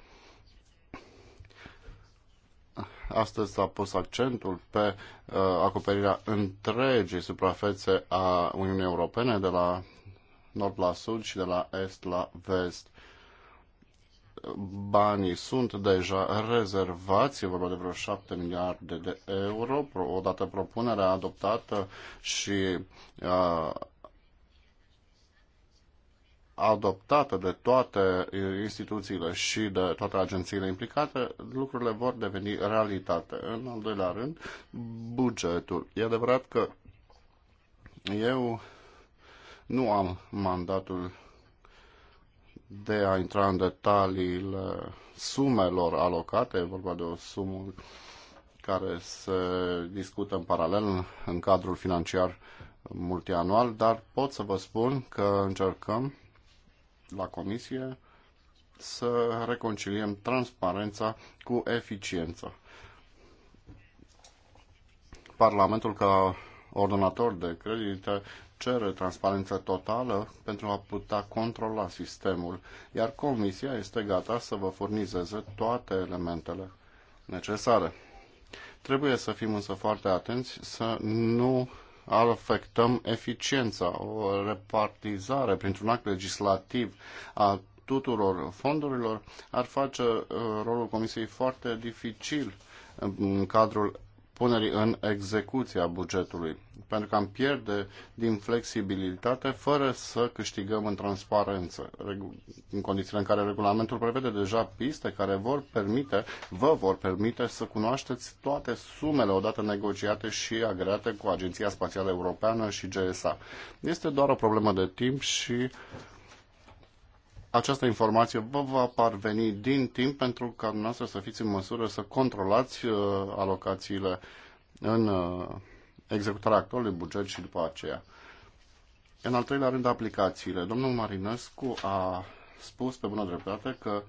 Astăzi s-a pus accentul pe uh, acoperirea întregii suprafețe a Uniunii Europene, de la nord la sud și de la est la vest banii sunt deja rezervați, e vorba de vreo 7 miliarde de euro, odată propunerea adoptată și uh, adoptată de toate instituțiile și de toate agențiile implicate, lucrurile vor deveni realitate. În al doilea rând, bugetul. E adevărat că eu nu am mandatul de a intra în detaliile sumelor alocate, e vorba de o sumă care se discută în paralel în cadrul financiar multianual, dar pot să vă spun că încercăm la comisie să reconciliem transparența cu eficiența. Parlamentul ca ordonator de credite cere transparență totală pentru a putea controla sistemul, iar Comisia este gata să vă furnizeze toate elementele necesare. Trebuie să fim însă foarte atenți să nu afectăm eficiența, o repartizare printr-un act legislativ a tuturor fondurilor ar face uh, rolul Comisiei foarte dificil în cadrul punerii în execuție a bugetului, pentru că am pierde din flexibilitate fără să câștigăm în transparență, în condițiile în care regulamentul prevede deja piste care vor permite, vă vor permite să cunoașteți toate sumele odată negociate și agreate cu Agenția Spațială Europeană și GSA. Este doar o problemă de timp și această informație vă va parveni din timp pentru ca dumneavoastră să fiți în măsură să controlați uh, alocațiile în uh, executarea actualului buget și după aceea. În al treilea rând, aplicațiile. Domnul Marinescu a spus pe bună dreptate că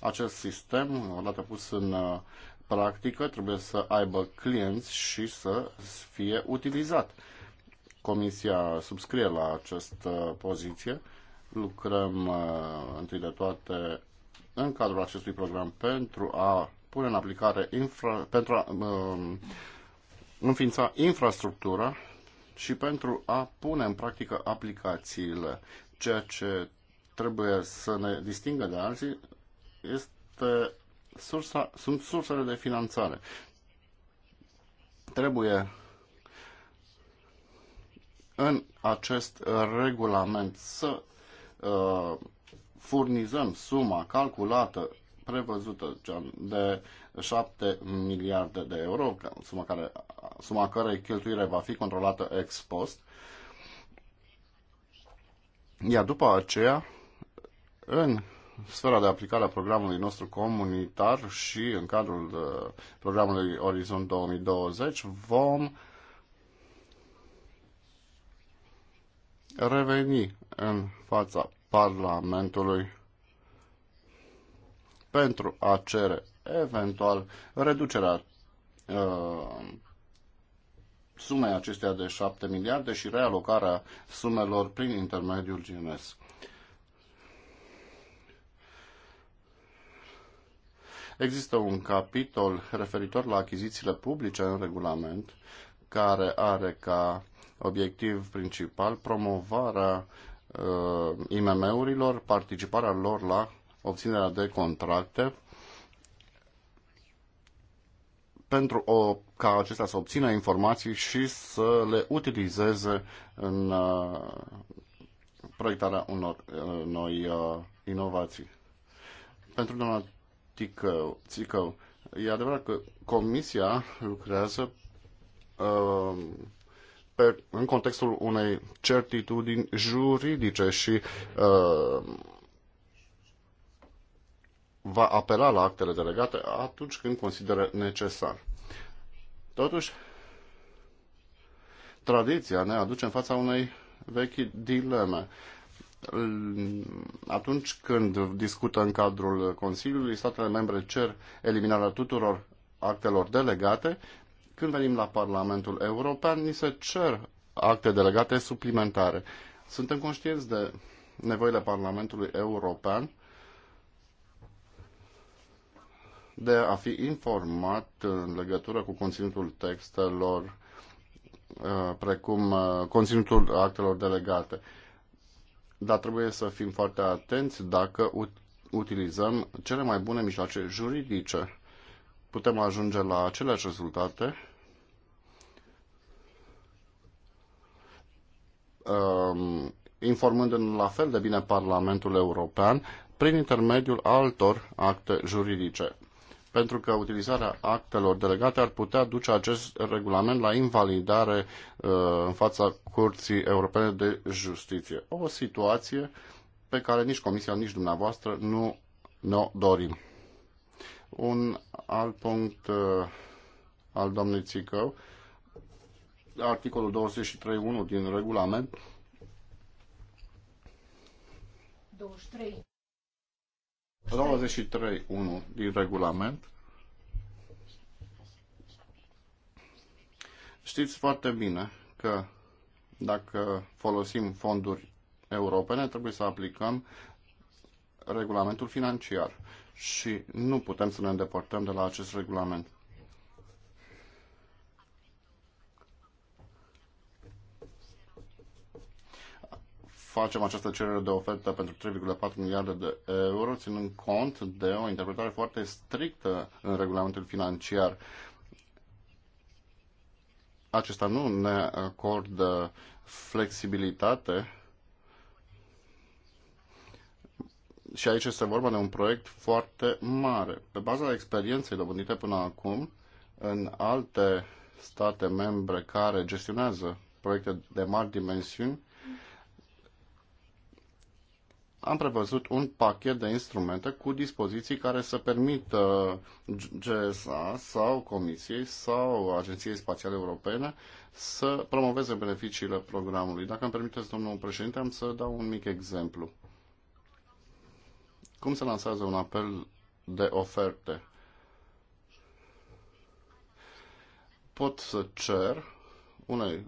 acest sistem, odată pus în uh, practică, trebuie să aibă clienți și să fie utilizat. Uh, Comisia subscrie la această poziție. Lucrăm uh, întâi de toate în cadrul acestui program pentru a pune în aplicare, infra, pentru a um, înființa infrastructura și pentru a pune în practică aplicațiile. Ceea ce trebuie să ne distingă de alții este sursa, sunt sursele de finanțare. Trebuie în acest uh, regulament să uh, furnizăm suma calculată prevăzută de 7 miliarde de euro, suma, care, suma cărei cheltuire va fi controlată ex post. Iar după aceea, în sfera de aplicare a programului nostru comunitar și în cadrul uh, programului Orizont 2020 vom reveni în fața Parlamentului pentru a cere eventual reducerea uh, sumei acesteia de 7 miliarde și realocarea sumelor prin intermediul GNS. Există un capitol referitor la achizițiile publice în regulament care are ca obiectiv principal promovarea uh, IMM-urilor, participarea lor la obținerea de contracte pentru o, ca acestea să obțină informații și să le utilizeze în uh, proiectarea unor uh, noi uh, inovații. Pentru doamna Ticău, Ticău, e adevărat că Comisia lucrează uh, pe, în contextul unei certitudini juridice și uh, va apela la actele delegate atunci când consideră necesar. Totuși, tradiția ne aduce în fața unei vechi dileme. Atunci când discută în cadrul Consiliului, statele membre cer eliminarea tuturor actelor delegate, când venim la Parlamentul European, ni se cer acte delegate suplimentare. Suntem conștienți de nevoile Parlamentului European de a fi informat în legătură cu conținutul textelor, uh, precum uh, conținutul actelor delegate. Dar trebuie să fim foarte atenți dacă utilizăm cele mai bune mijloace juridice. Putem ajunge la aceleași rezultate Um, informând în la fel de bine Parlamentul European prin intermediul altor acte juridice. Pentru că utilizarea actelor delegate ar putea duce acest regulament la invalidare uh, în fața Curții Europene de Justiție. O situație pe care nici Comisia, nici dumneavoastră nu ne-o dorim. Un alt punct uh, al domnului Țicău articolul 23.1 din regulament. 23.1 din regulament. Știți foarte bine că dacă folosim fonduri europene, trebuie să aplicăm regulamentul financiar și nu putem să ne îndepărtăm de la acest regulament. facem această cerere de ofertă pentru 3,4 miliarde de euro, ținând cont de o interpretare foarte strictă în regulamentul financiar. Acesta nu ne acordă flexibilitate și aici este vorba de un proiect foarte mare. Pe baza experienței dobândite până acum în alte state membre care gestionează proiecte de mari dimensiuni, am prevăzut un pachet de instrumente cu dispoziții care să permită GSA sau Comisiei sau Agenției Spațiale Europene să promoveze beneficiile programului. Dacă îmi permiteți, domnul președinte, am să dau un mic exemplu. Cum se lansează un apel de oferte? Pot să cer unei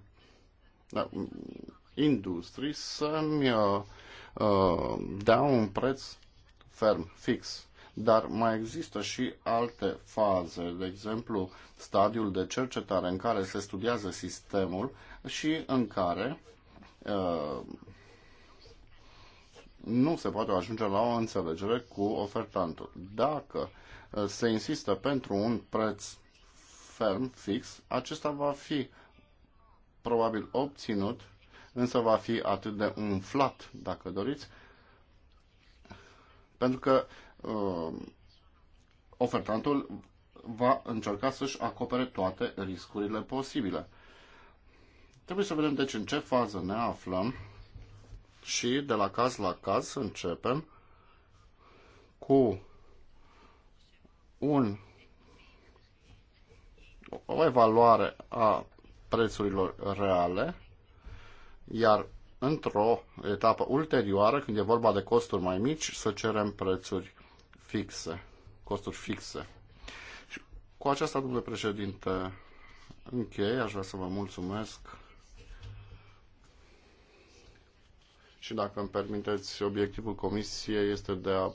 da, industrii să-mi uh, da un preț ferm, fix. Dar mai există și alte faze, de exemplu stadiul de cercetare în care se studiază sistemul și în care uh, nu se poate ajunge la o înțelegere cu ofertantul. Dacă uh, se insistă pentru un preț ferm, fix, acesta va fi probabil obținut însă va fi atât de umflat, dacă doriți, pentru că uh, ofertantul va încerca să-și acopere toate riscurile posibile. Trebuie să vedem deci în ce fază ne aflăm și de la caz la caz să începem cu un, o evaluare a prețurilor reale iar într-o etapă ulterioară, când e vorba de costuri mai mici, să cerem prețuri fixe, costuri fixe. Și cu aceasta, domnule președinte, închei, aș vrea să vă mulțumesc și dacă îmi permiteți, obiectivul comisiei este de a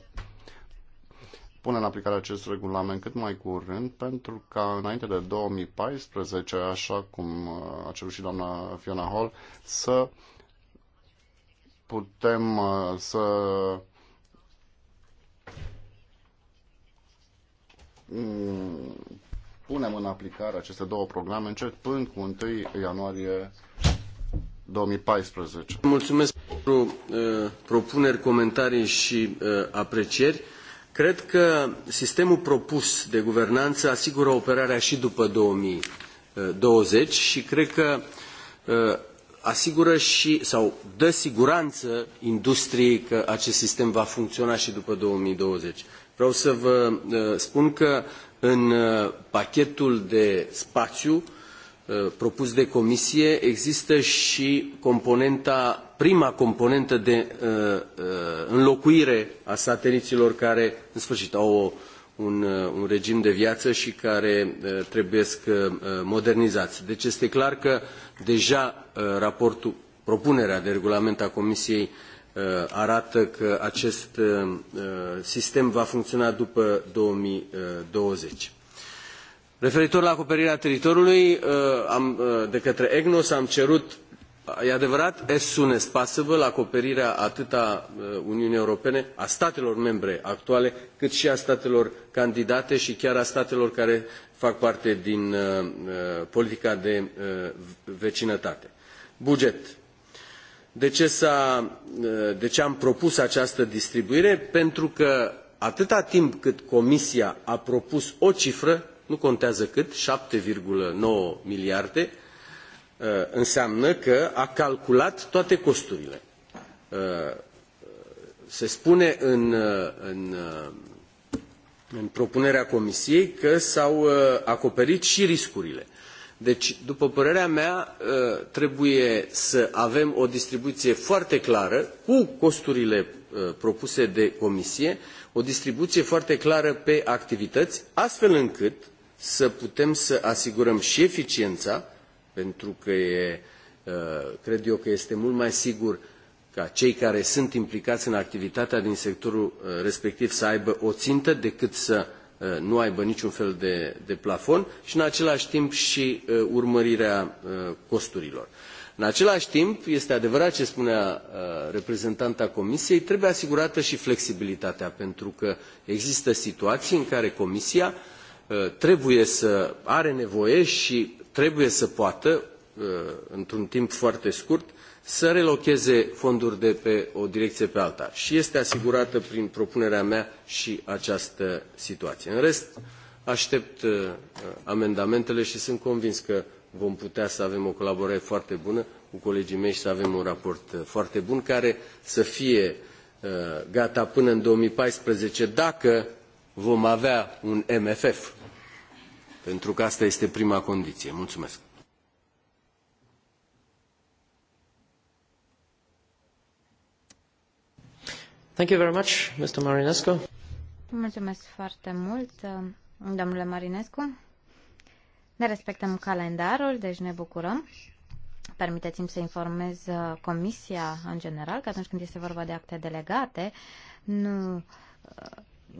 pune în aplicare acest regulament cât mai curând, pentru ca înainte de 2014, așa cum uh, a cerut și doamna Fiona Hall, să putem uh, să mm, punem în aplicare aceste două programe începând cu 1 ianuarie 2014. Mulțumesc pentru uh, propuneri, comentarii și uh, aprecieri. Cred că sistemul propus de guvernanță asigură operarea și după 2020 uh, și cred că uh, asigură și sau dă siguranță industriei că acest sistem va funcționa și după 2020. Vreau să vă uh, spun că în pachetul de spațiu propus de comisie există și componenta prima componentă de uh, uh, înlocuire a sateliților care, în sfârșit, au un, uh, un regim de viață și care trebuie modernizați. Deci este clar că deja raportul, propunerea de regulament a Comisiei arată că acest sistem va funcționa după 2020. Referitor la acoperirea teritoriului, de către EGNOS am cerut e adevărat, as soon as possible, acoperirea atât a uh, Uniunii Europene, a statelor membre actuale, cât și a statelor candidate și chiar a statelor care fac parte din uh, uh, politica de vecinătate. Buget. De ce, de ce am propus această distribuire? Pentru că atâta timp cât Comisia a propus o cifră, nu contează cât, 7,9 miliarde, Uh, înseamnă că a calculat toate costurile. Uh, se spune în, uh, în, în propunerea Comisiei că s-au acoperit și riscurile. Deci, după părerea mea, trebuie să avem o distribuție foarte clară cu costurile propuse de comisie, o distribuție foarte clară pe activități, astfel încât să putem să asigurăm și eficiența pentru că e, uh, cred eu că este mult mai sigur ca cei care sunt implicați în activitatea din sectorul uh, respectiv să aibă o țintă decât să uh, nu aibă niciun fel de, de plafon și în același timp și urmărirea costurilor. În același timp, este adevărat ce spunea reprezentanta Comisiei, trebuie asigurată și flexibilitatea, pentru că există situații în care Comisia trebuie să are nevoie și trebuie să poată, uh, într-un timp foarte scurt, să relocheze fonduri de pe o direcție pe alta. Și este asigurată prin propunerea mea și această situație. În rest, aștept uh, amendamentele și sunt convins că vom putea să avem o colaborare foarte bună cu colegii mei și să avem un raport uh, foarte bun care să fie gata până în 2014 dacă vom avea un MFF pentru că asta este prima condiție. Mulțumesc! Thank you very much, Mr. Marinescu. Mulțumesc foarte mult, domnule Marinescu. Ne respectăm calendarul, deci ne bucurăm. Permiteți-mi să informez uh, Comisia în general că atunci când este vorba de acte delegate, nu uh,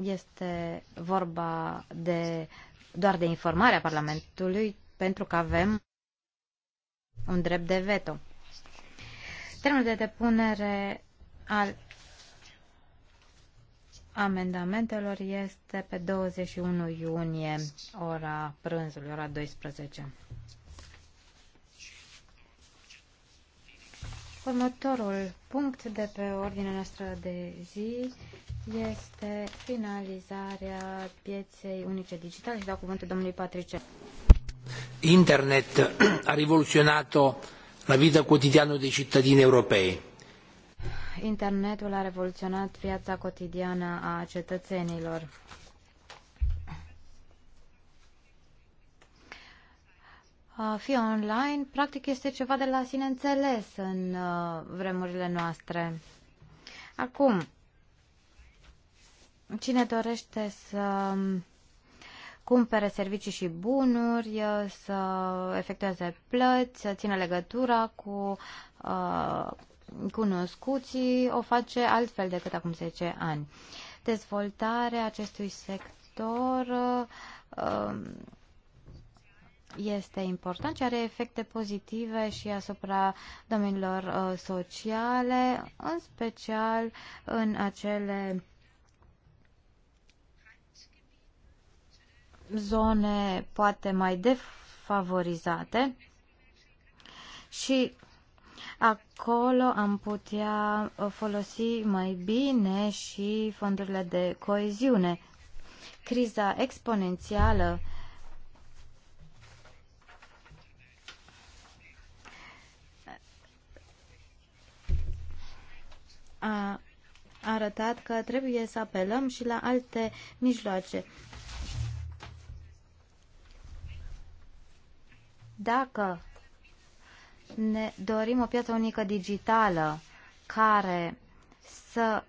este vorba de doar de informare a Parlamentului, pentru că avem un drept de veto. Termenul de depunere al amendamentelor este pe 21 iunie, ora prânzului, ora 12. Următorul punct de pe ordinea noastră de zi este finalizarea pieței unice digitale și dau cuvântul domnului Patrice. Internet a revoluționat-o la vida cotidiană de cittadini europei. Internetul a revoluționat viața cotidiană a cetățenilor. A fi online, practic, este ceva de la sine înțeles în uh, vremurile noastre. Acum, Cine dorește să cumpere servicii și bunuri, să efectueze plăți, să țină legătura cu uh, cunoscuții, o face altfel decât acum 10 ani. Dezvoltarea acestui sector uh, este important și are efecte pozitive și asupra domeniilor uh, sociale, în special în acele zone poate mai defavorizate și acolo am putea uh, folosi mai bine și fondurile de coeziune. Criza exponențială a arătat că trebuie să apelăm și la alte mijloace Dacă ne dorim o piață unică digitală care să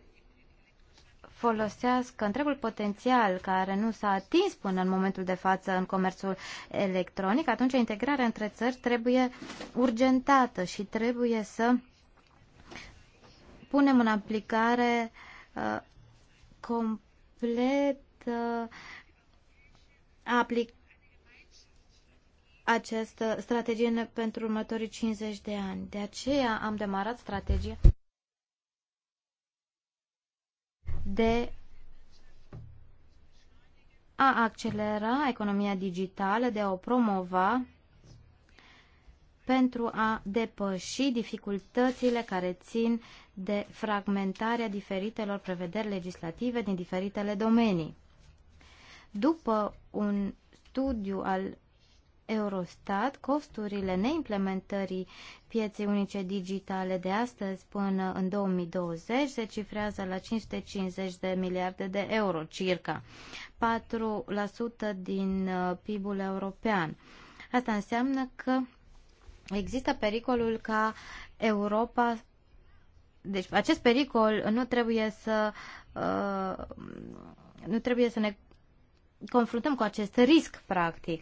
folosească întregul potențial care nu s-a atins până în momentul de față în comerțul electronic, atunci integrarea între țări trebuie urgentată și trebuie să punem în aplicare uh, complet uh, aplic această strategie pentru următorii 50 de ani. De aceea am demarat strategia de a accelera economia digitală, de a o promova pentru a depăși dificultățile care țin de fragmentarea diferitelor prevederi legislative din diferitele domenii. După un studiu al Eurostat, costurile neimplementării pieței unice digitale de astăzi până în 2020 se cifrează la 550 de miliarde de euro, circa 4% din uh, PIB-ul european. Asta înseamnă că există pericolul ca Europa deci acest pericol nu trebuie să uh, nu trebuie să ne confruntăm cu acest risc practic.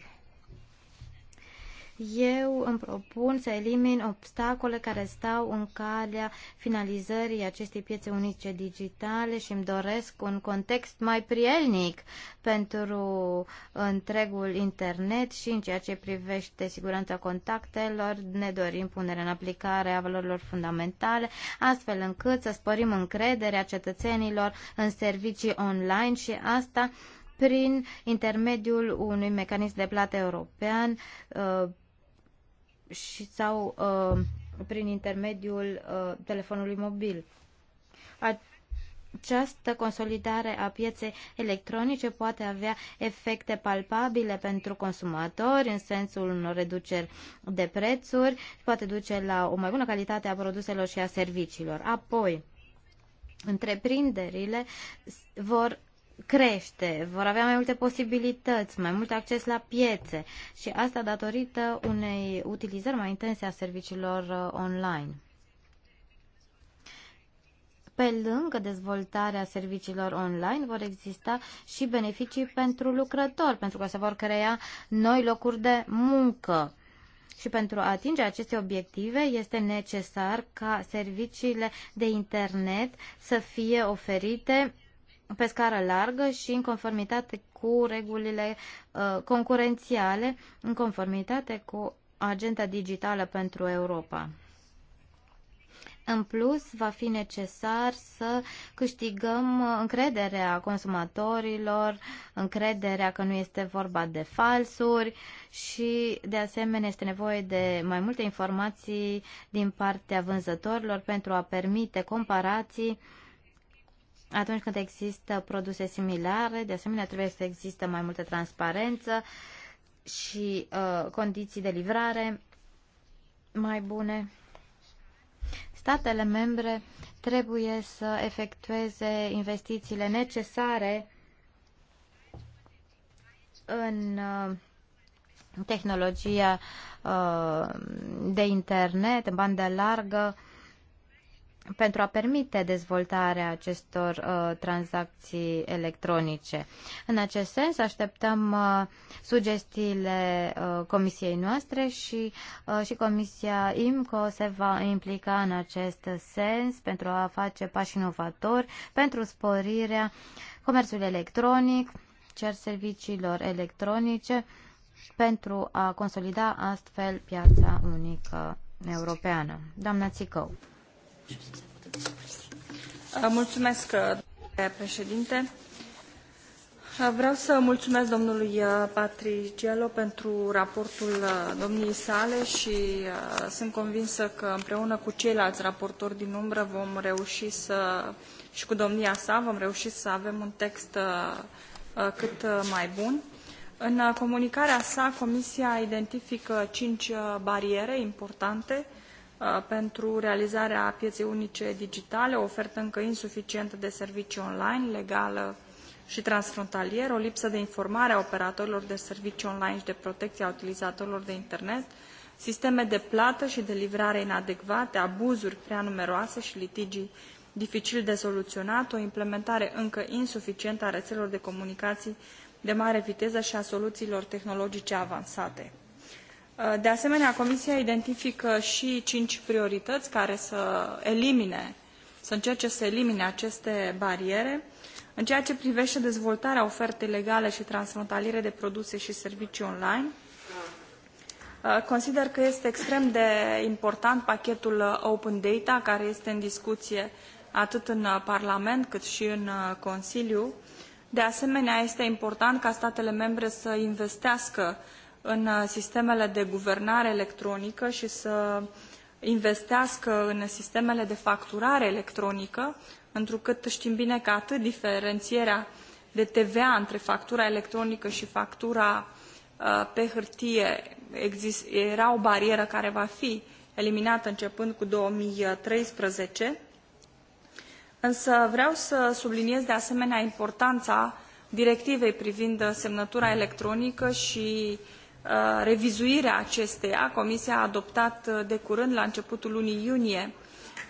Eu îmi propun să elimin obstacole care stau în calea finalizării acestei piețe unice digitale și îmi doresc un context mai prielnic pentru întregul internet și în ceea ce privește siguranța contactelor, ne dorim punerea în aplicare a valorilor fundamentale, astfel încât să sporim încrederea cetățenilor în servicii online și asta prin intermediul unui mecanism de plată european uh, și sau uh, prin intermediul uh, telefonului mobil. Această consolidare a pieței electronice poate avea efecte palpabile pentru consumatori în sensul unor reduceri de prețuri, poate duce la o mai bună calitate a produselor și a serviciilor. Apoi, întreprinderile vor crește, vor avea mai multe posibilități, mai mult acces la piețe și asta datorită unei utilizări mai intense a serviciilor uh, online. Pe lângă dezvoltarea serviciilor online vor exista și beneficii pentru lucrători, pentru că se vor crea noi locuri de muncă. Și pentru a atinge aceste obiective este necesar ca serviciile de internet să fie oferite pe scară largă și în conformitate cu regulile uh, concurențiale, în conformitate cu agenda digitală pentru Europa. În plus, va fi necesar să câștigăm încrederea consumatorilor, încrederea că nu este vorba de falsuri și, de asemenea, este nevoie de mai multe informații din partea vânzătorilor pentru a permite comparații uh, atunci când există produse similare, de asemenea trebuie să există mai multă transparență și uh, condiții de livrare mai bune. Statele membre trebuie să efectueze investițiile necesare în uh, tehnologia uh, de internet, în bandă largă, uh, pentru a permite dezvoltarea acestor uh, tranzacții electronice. În acest sens, așteptăm uh, sugestiile uh, comisiei noastre și, uh, și comisia IMCO se va implica în acest sens pentru a face pași inovatori pentru sporirea comerțului electronic, cer serviciilor electronice pentru a consolida astfel piața unică europeană. Doamna Țicău. Uh, mulțumesc, uh, președinte. Uh, vreau să mulțumesc domnului Patriciello pentru raportul domniei sale și sunt convinsă că împreună cu ceilalți raportori din umbră vom reuși să, și cu domnia sa, vom reuși să avem un text cât mai bun. În comunicarea sa, Comisia identifică cinci bariere importante uh, Uh, pentru realizarea pieței unice digitale, o ofertă încă insuficientă de servicii online, legală și transfrontalier, o lipsă de informare a operatorilor de servicii online și de protecție a utilizatorilor de internet, sisteme de plată și de livrare inadecvate, abuzuri prea numeroase și litigii dificil de soluționat, o implementare încă insuficientă a rețelor de comunicații de mare viteză și a soluțiilor tehnologice avansate. De asemenea, Comisia identifică și cinci priorități care să elimine, să încerce să elimine aceste bariere. În ceea ce privește dezvoltarea ofertei legale și transfrontaliere de produse și servicii online, uh, consider că este extrem de important pachetul Open Data, care este în discuție atât în Parlament cât și în uh, Consiliu. De asemenea, este important ca statele membre să investească în uh, sistemele de guvernare electronică și să investească în sistemele de facturare electronică, întrucât știm bine că atât diferențierea de TVA între factura electronică și factura uh, pe hârtie era o barieră care va fi eliminată începând cu 2013, însă vreau să subliniez de asemenea importanța directivei privind semnătura electronică și uh, Uh, revizuirea acesteia. Comisia a adoptat uh, de curând, la începutul lunii iunie,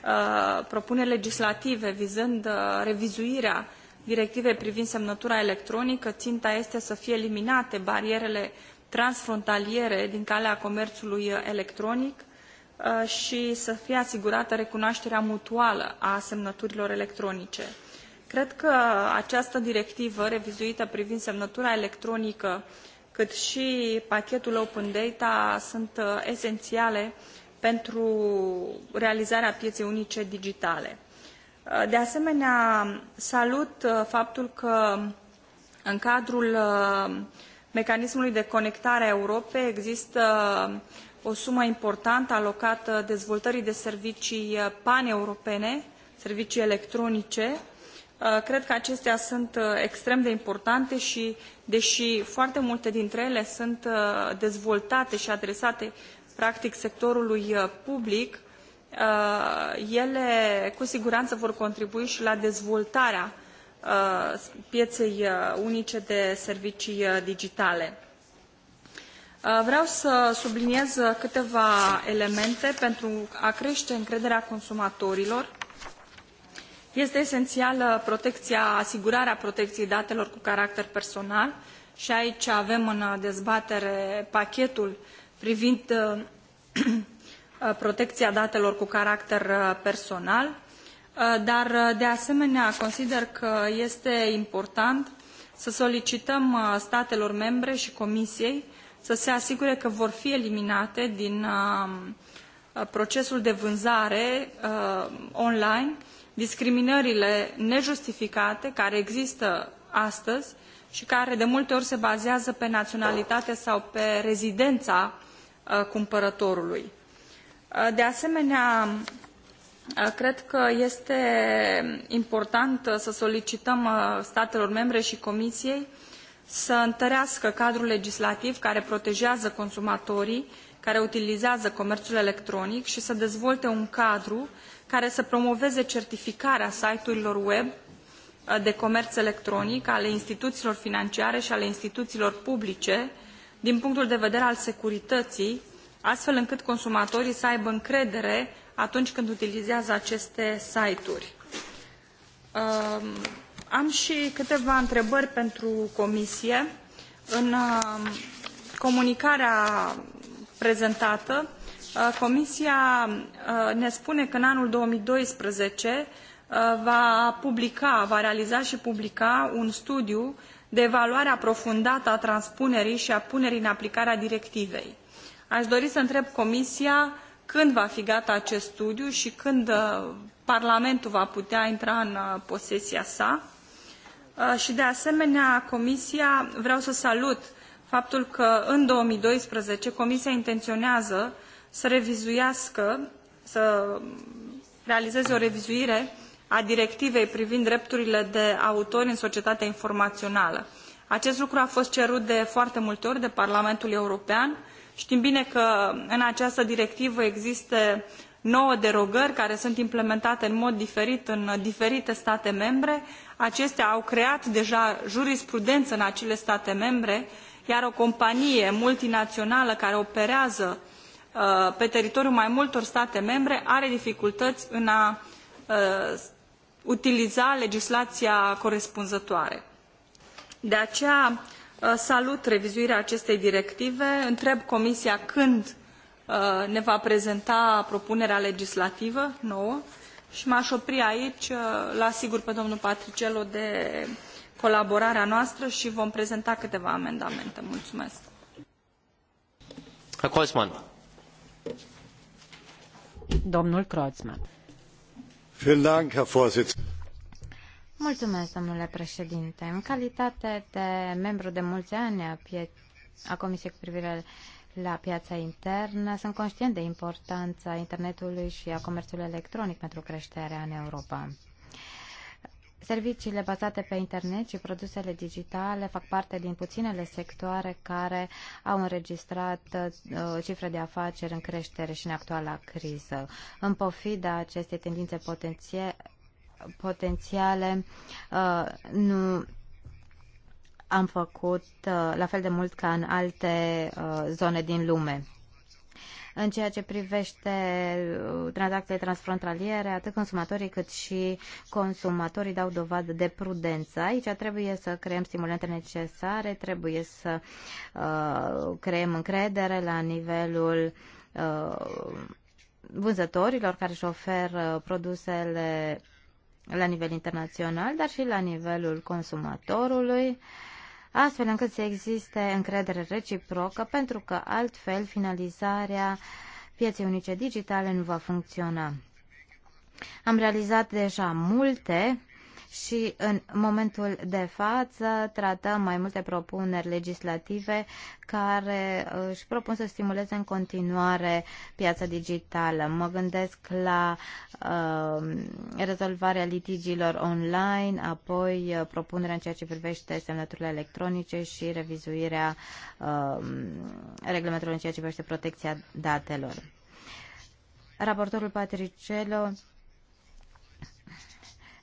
uh, propuneri legislative vizând revizuirea directivei privind semnătura electronică. Ținta este să fie eliminate barierele transfrontaliere din calea comerțului electronic și să fie asigurată recunoașterea mutuală a semnăturilor electronice. Cred că această directivă revizuită privind semnătura electronică cât și pachetul Open Data sunt uh, esențiale pentru realizarea pieței unice digitale. Uh, de asemenea, salut uh, faptul că în cadrul mecanismului de conectare a Europei există o sumă importantă alocată dezvoltării de servicii paneuropene, servicii electronice, Uh, cred că acestea sunt uh, extrem de importante și, deși foarte multe dintre ele sunt uh, dezvoltate și adresate practic sectorului public, ele cu siguranță vor contribui și la dezvoltarea pieței unice de servicii digitale. Vreau să subliniez câteva elemente pentru a crește încrederea consumatorilor este esențială protecția, asigurarea protecției datelor cu caracter personal și aici avem în dezbatere pachetul privind uh, [clears throat] protecția datelor cu caracter uh, personal, uh, dar de asemenea consider că este important să solicităm statelor membre și Comisiei să se asigure că vor fi eliminate din procesul de vânzare online discriminările nejustificate care există astăzi și care de multe ori se bazează pe naționalitate sau pe rezidența uh, cumpărătorului. Uh, de asemenea, uh, cred că este important să solicităm statelor membre și Comisiei să întărească cadrul legislativ care protejează consumatorii care utilizează comerțul electronic și să dezvolte un cadru care să promoveze certificarea site-urilor web uh, de comerț electronic ale instituțiilor financiare și ale instituțiilor publice din punctul de vedere al securității, astfel încât consumatorii să aibă încredere atunci când utilizează aceste site-uri. Um, am și câteva întrebări pentru Comisie. În um, comunicarea prezentată, Uh, comisia uh, ne spune că în anul 2012 uh, va publica, va realiza și publica un studiu de evaluare aprofundată a transpunerii și a punerii în aplicare a directivei. Aș dori să întreb Comisia când va fi gata acest studiu și când Parlamentul va putea intra în posesia sa. Și de asemenea, Comisia, vreau să salut faptul că în 2012 Comisia intenționează să revizuiască, să realizeze o revizuire a directivei privind drepturile de autor în societatea informațională. Acest lucru a fost cerut de foarte multe ori de Parlamentul European. Știm bine că în această directivă există nouă derogări care sunt implementate în mod diferit în diferite state membre. Acestea au creat deja jurisprudență în acele state membre, iar o companie multinațională care operează Uh, pe teritoriul mai multor state membre are dificultăți în a uh, utiliza legislația corespunzătoare. De aceea uh, salut revizuirea acestei directive, întreb Comisia când ne va prezenta propunerea legislativă nouă și m-aș opri aici, la asigur pe domnul Patricello de colaborarea noastră și vom prezenta câteva amendamente. Mulțumesc. Herr Mulțumesc, domnule președinte. În calitate de membru de mulți ani a, a Comisiei cu privire la piața internă, sunt conștient de importanța internetului și a comerțului electronic pentru creșterea în Europa. Serviciile bazate pe internet și produsele digitale fac parte din puținele sectoare care au înregistrat uh, cifre de afaceri în creștere și în actuala criză. În pofida acestei tendințe potenție, potențiale, uh, nu am făcut uh, la fel de mult ca în alte uh, zone din lume în ceea ce privește uh, tranzacțiile transfrontaliere, atât consumatorii cât și consumatorii dau dovadă de prudență. Aici trebuie să creăm stimulente necesare, trebuie să uh, creăm încredere la nivelul uh, vânzătorilor care își oferă produsele la nivel internațional, dar și la nivelul consumatorului. Uh, astfel încât să existe încredere reciprocă, pentru că altfel finalizarea pieței unice digitale nu va funcționa. Am realizat deja multe și în momentul de față tratăm mai multe propuneri legislative care uh, își propun să stimuleze în continuare piața digitală. Mă gândesc la uh, rezolvarea litigiilor online, apoi uh, propunerea în ceea ce privește semnăturile electronice și revizuirea uh, reglementului în ceea ce privește protecția datelor. Raportorul Patricello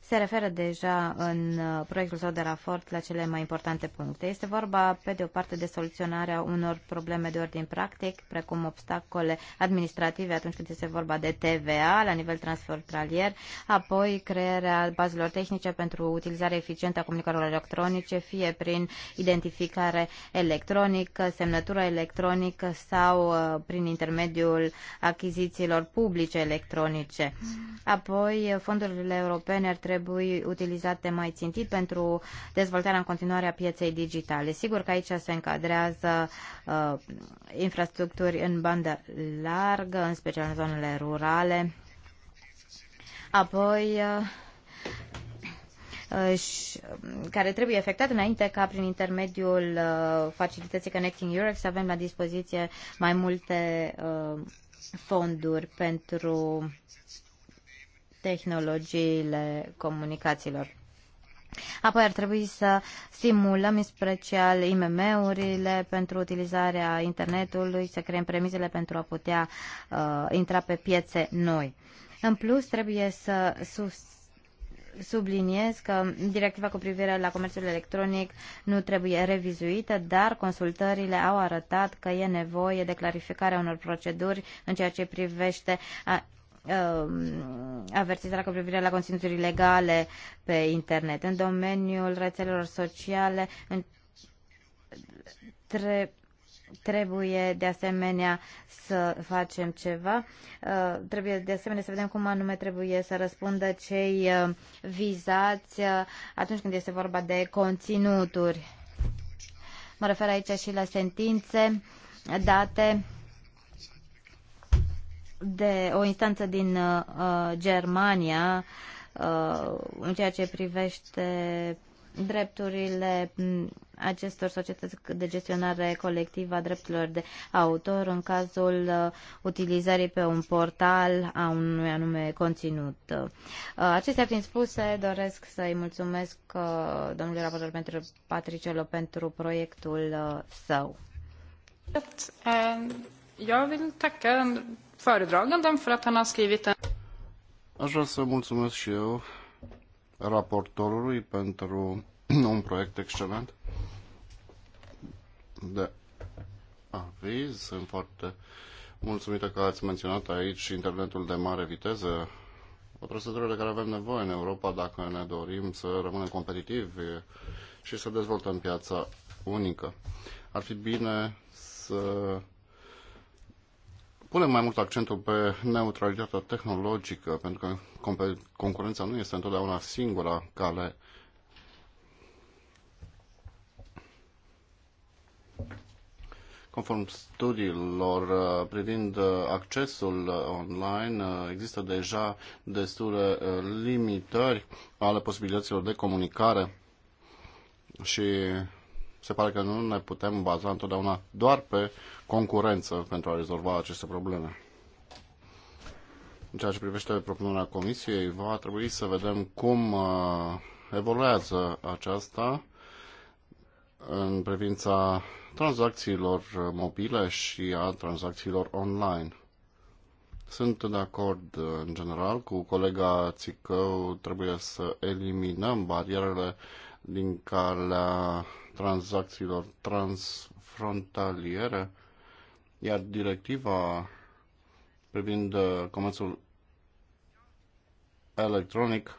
se referă deja în uh, proiectul său de raport la cele mai importante puncte. Este vorba, pe de o parte, de soluționarea unor probleme de ordin practic, precum obstacole administrative atunci când este vorba de TVA la nivel transfrontalier, apoi crearea bazelor tehnice pentru utilizarea eficientă a comunicărilor electronice, fie prin identificare electronică, semnătură electronică sau uh, prin intermediul achizițiilor publice electronice. Apoi, fondurile europene ar trebui trebui utilizate mai țintit pentru dezvoltarea în continuare a pieței digitale. Sigur că aici se încadrează uh, infrastructuri în bandă largă, în special în zonele rurale. Apoi, uh, uh um, care trebuie efectuat înainte ca prin intermediul uh, facilității Connecting Europe să avem la dispoziție mai multe uh, fonduri pentru tehnologiile comunicațiilor. Apoi ar trebui să simulăm în special IMM-urile pentru utilizarea internetului, să creăm premisele pentru a putea uh, intra pe piețe noi. În plus, trebuie să sus subliniez că directiva cu privire la comerțul electronic nu trebuie revizuită, dar consultările au arătat că e nevoie de clarificarea unor proceduri în ceea ce privește uh, Um, avertizarea cu privire la conținuturi ilegale pe internet. În domeniul rețelelor sociale tre- trebuie de asemenea să facem ceva. Uh, trebuie de asemenea să vedem cum anume trebuie să răspundă cei uh, vizați uh, atunci când este vorba de conținuturi. Mă refer aici și la sentințe date de o instanță din uh, Germania uh, în ceea ce privește drepturile acestor societăți de gestionare colectivă a drepturilor de autor în cazul uh, utilizării pe un portal a unui anume conținut. Uh, acestea fiind spuse, doresc să-i mulțumesc uh, domnului raportor pentru Patricelo pentru proiectul uh, său. Eu vă mulțumesc föredraganden för att han har skrivit en... Aș vrea să mulțumesc și eu raportorului pentru [clears throat] un proiect excelent de aviz. Sunt foarte mulțumită că ați menționat aici internetul de mare viteză, o trăsătură de care avem nevoie în Europa dacă ne dorim să rămânem competitivi și să dezvoltăm piața unică. Ar fi bine să punem mai mult accentul pe neutralitatea tehnologică, pentru că concurența nu este întotdeauna singura cale Conform studiilor uh, privind uh, accesul uh, online, există deja destule limitări ale posibilităților de comunicare și se pare că nu ne putem baza întotdeauna doar pe concurență pentru a rezolva aceste probleme. În ceea ce privește propunerea Comisiei, va trebui să vedem cum uh, evoluează aceasta în privința tranzacțiilor uh, mobile și a tranzacțiilor online. Sunt de acord uh, în general cu colega Țicău, trebuie să eliminăm barierele din calea tranzacțiilor transfrontaliere, iar directiva privind uh, comerțul electronic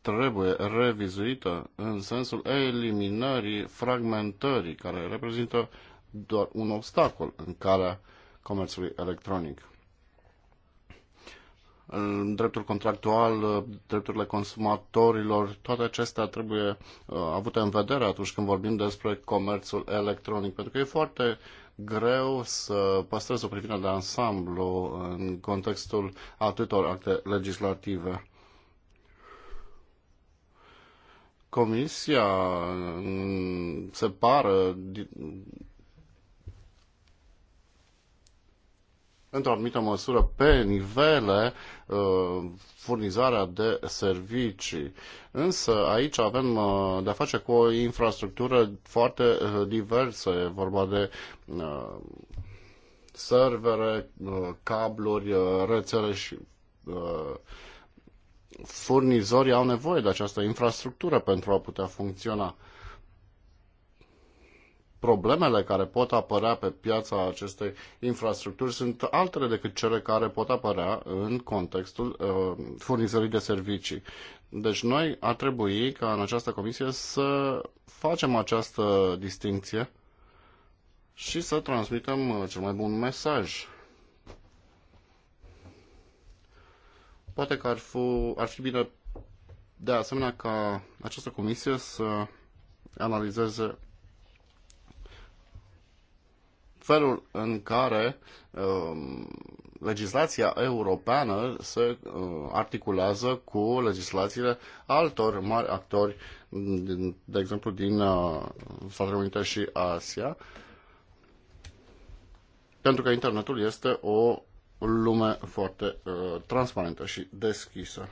trebuie revizuită în sensul eliminării fragmentării, care reprezintă doar un obstacol în calea comerțului electronic dreptul contractual, drepturile consumatorilor, toate acestea trebuie uh, avute în vedere atunci când vorbim despre comerțul electronic, pentru că e foarte greu să păstrezi o privire de ansamblu în contextul atâtor acte legislative. Comisia mm, se pară într-o anumită măsură pe nivele uh, furnizarea de servicii. Însă aici avem uh, de-a face cu o infrastructură foarte uh, diversă. E vorba de servere, cabluri, rețele și furnizorii au nevoie de această infrastructură pentru a putea funcționa problemele care pot apărea pe piața acestei infrastructuri sunt altele decât cele care pot apărea în contextul uh, furnizării de servicii. Deci noi ar trebui ca în această comisie să facem această distinție și să transmitem uh, cel mai bun mesaj. Poate că ar fi, ar fi bine de asemenea ca această comisie să analizeze felul în care um, legislația europeană se uh, articulează cu legislațiile altor mari actori, de exemplu din uh, Statele Unite și Asia, pentru că internetul este o lume foarte uh, transparentă și deschisă.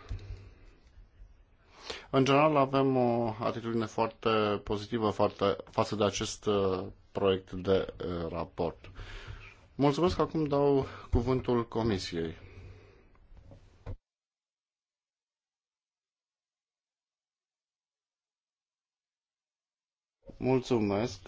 În general avem o atitudine foarte pozitivă foarte, față de acest proiect de uh, raport. Mulțumesc, acum dau cuvântul Comisiei. Mulțumesc.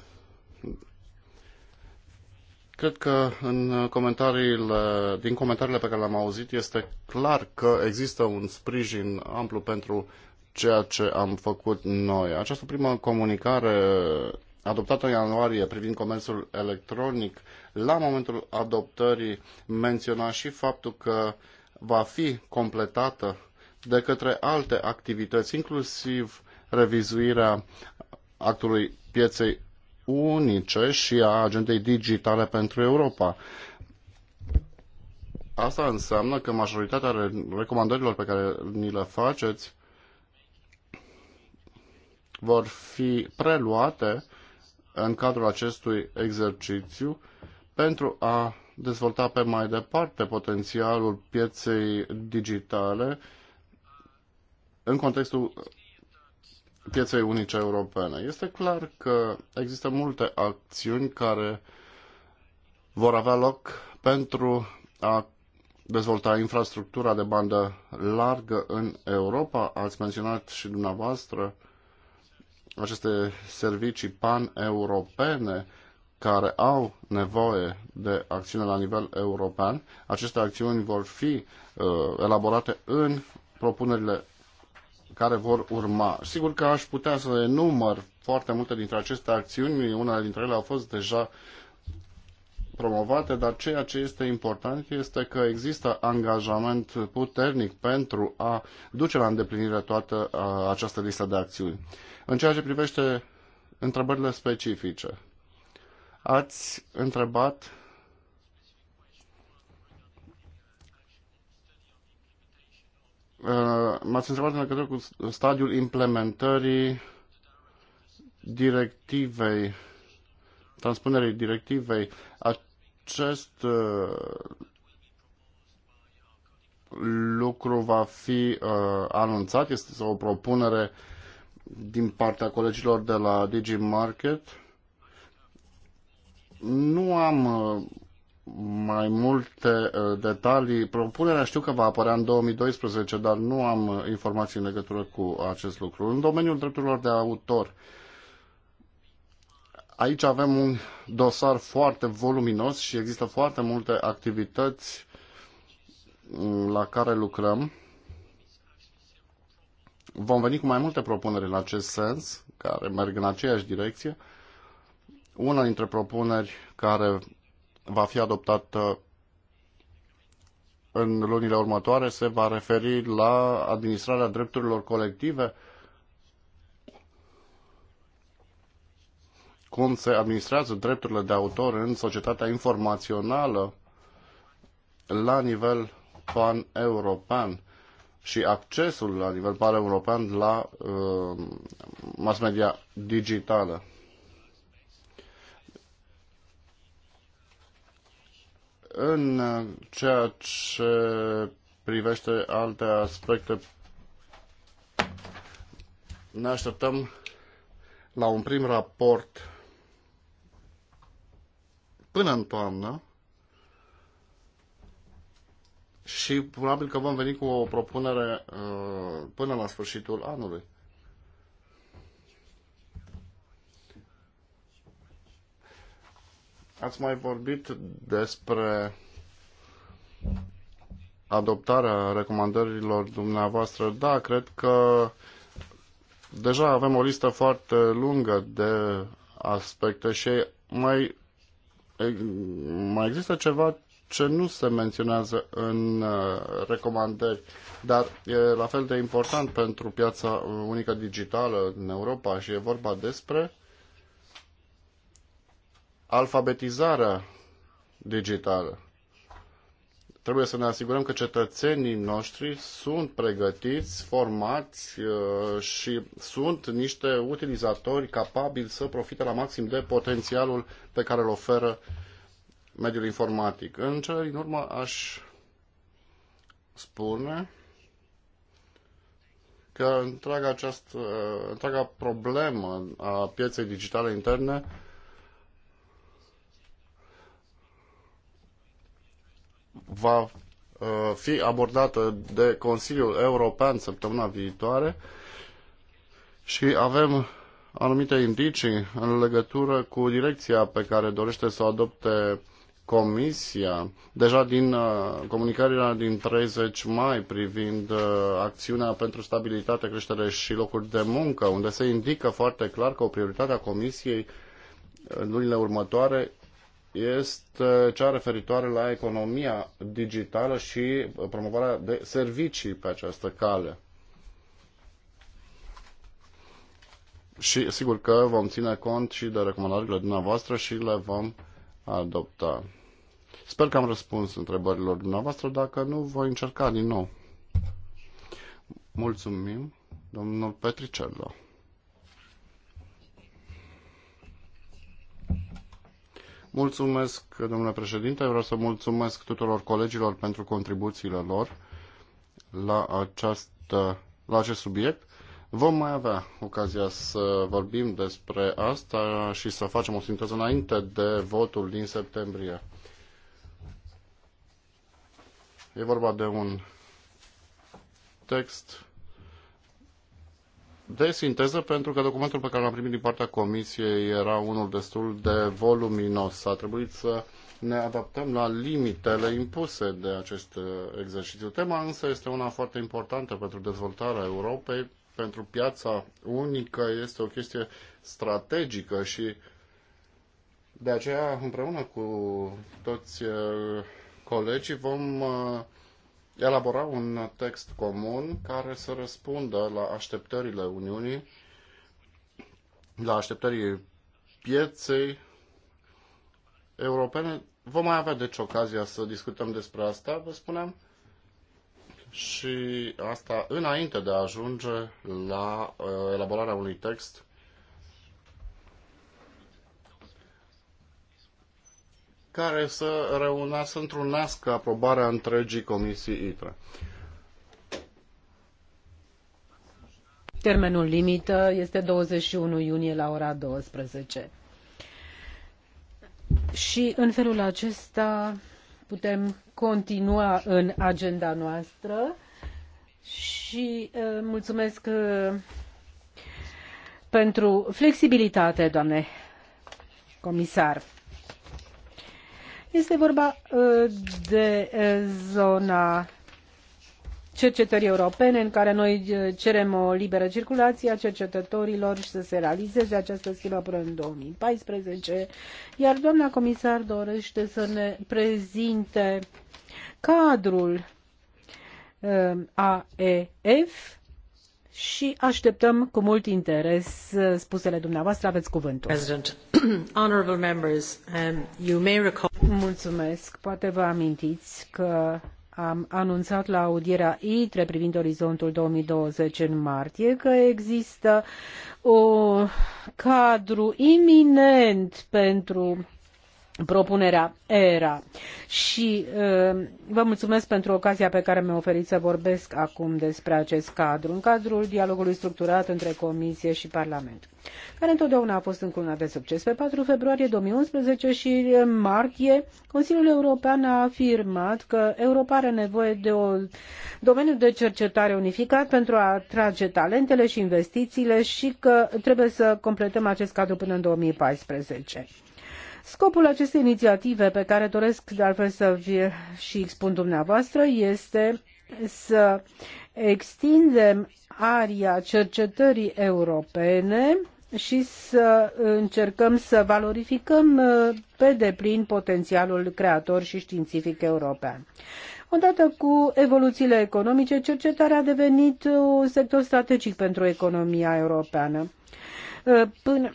Cred că în comentariile, din comentariile pe care le-am auzit este clar că există un sprijin amplu pentru ceea ce am făcut noi. Această primă comunicare adoptată în ianuarie privind comerțul electronic, la momentul adoptării menționa și faptul că va fi completată de către alte activități, inclusiv revizuirea actului pieței unice și a agendei digitale pentru Europa. Asta înseamnă că majoritatea recomandărilor pe care ni le faceți vor fi preluate în cadrul acestui exercițiu pentru a dezvolta pe mai departe potențialul pieței digitale în contextul pieței unice europene. Este clar că există multe acțiuni care vor avea loc pentru a dezvolta infrastructura de bandă largă în Europa. Ați menționat și dumneavoastră uh, aceste servicii pan-europene care au nevoie de acțiune la nivel european. Aceste acțiuni vor fi uh, elaborate în propunerile care vor urma. Sigur că aș putea să enumăr foarte multe dintre aceste acțiuni, unele dintre ele au fost deja promovate, dar ceea ce este important este că există angajament puternic pentru a duce la îndeplinire toată uh, această listă de acțiuni. În ceea ce privește întrebările specifice, ați întrebat uh, m-ați întrebat în legătură cu stadiul implementării directivei, transpunerii directivei. Acest uh, lucru va fi uh, anunțat, este o propunere din partea colegilor de la DigiMarket. Nu am uh, mai multe uh, detalii. Propunerea știu că va apărea în 2012, dar nu am uh, informații în legătură cu acest lucru. În domeniul drepturilor de autor, aici avem un dosar foarte voluminos și există foarte multe activități mm, la care lucrăm. Vom veni cu mai multe propuneri în acest sens, care merg în aceeași direcție. Una dintre propuneri care va fi adoptată în lunile următoare se va referi la administrarea drepturilor colective, cum se administrează drepturile de autor în societatea informațională la nivel pan-european și accesul la nivel european la uh, mass media digitală. În ceea ce privește alte aspecte, ne așteptăm la un prim raport până în toamnă și probabil că vom veni cu o propunere uh, până la sfârșitul anului. Ați mai vorbit despre adoptarea recomandărilor dumneavoastră. Da, cred că deja avem o listă foarte lungă de aspecte și mai, mai există ceva ce nu se menționează în uh, recomandări, dar e la fel de important pentru piața unică digitală în Europa și e vorba despre alfabetizarea digitală. Trebuie să ne asigurăm că cetățenii noștri sunt pregătiți, formați uh, și sunt niște utilizatori capabili să profite la maxim de potențialul pe care îl oferă uh, mediul informatic. În cele din urmă aș spune că întreaga, această, întreaga problemă a pieței digitale interne va uh, fi abordată de Consiliul European săptămâna viitoare și avem anumite indicii în legătură cu direcția pe care dorește să o adopte Comisia, deja din uh, comunicarea din 30 mai privind uh, acțiunea pentru stabilitate, creștere și locuri de muncă, unde se indică foarte clar că o prioritate a Comisiei uh, în lunile următoare este cea referitoare la economia digitală și promovarea de servicii pe această cale. Și sigur că vom ține cont și de recomandările dumneavoastră și le vom adopta. Sper că am răspuns întrebărilor dumneavoastră, dacă nu, voi încerca din nou. Mulțumim, domnul Petricello. Mulțumesc, domnule președinte. Vreau să mulțumesc tuturor colegilor pentru contribuțiile lor la, această, la acest subiect. Vom mai avea ocazia să vorbim despre asta și să facem o sinteză înainte de votul din septembrie. E vorba de un text de sinteză, pentru că documentul pe care l-am primit din partea Comisiei era unul destul de voluminos. A trebuit să ne adaptăm la limitele impuse de acest uh, exercițiu. Tema însă este una foarte importantă pentru dezvoltarea Europei, pentru piața unică, este o chestie strategică și de aceea, împreună cu toți uh, colegii vom uh, elabora un text comun care să răspundă la așteptările Uniunii, la așteptării pieței europene. Vom mai avea deci ocazia să discutăm despre asta, vă spunem. și asta înainte de a ajunge la uh, elaborarea unui text care să reunească într-un nască aprobarea întregii comisii ITRE. Termenul limită este 21 iunie la ora 12. Și în felul acesta putem continua în agenda noastră și uh, mulțumesc uh, pentru flexibilitate, doamne comisar. Este vorba uh, de uh, zona cercetării europene în care noi uh, cerem o liberă circulație a cercetătorilor și să se realizeze această schimbă până în 2014, iar doamna comisar dorește să ne prezinte cadrul AEF și așteptăm cu mult interes uh, spusele dumneavoastră. Aveți cuvântul. [clears throat] members, um, you may recall... Mulțumesc. Poate vă amintiți că am anunțat la audierea ITRE privind orizontul 2020 în martie că există un cadru iminent pentru propunerea ERA. Și vă mulțumesc pentru ocazia pe care mi-a oferit să vorbesc acum despre acest cadru, în cadrul dialogului structurat între Comisie și Parlament, care întotdeauna a fost încununat de succes. Pe 4 februarie 2011 și în martie, Consiliul European a afirmat că Europa are nevoie de un domeniu de cercetare unificat pentru a atrage talentele și investițiile și că trebuie să completăm acest cadru până în 2014. Scopul acestei inițiative, pe care doresc de altfel să vi și expun dumneavoastră, este să extindem aria cercetării europene și să încercăm să valorificăm uh, pe deplin potențialul creator și științific european. Odată cu evoluțiile economice, cercetarea a devenit uh, un sector strategic pentru economia europeană. Uh, până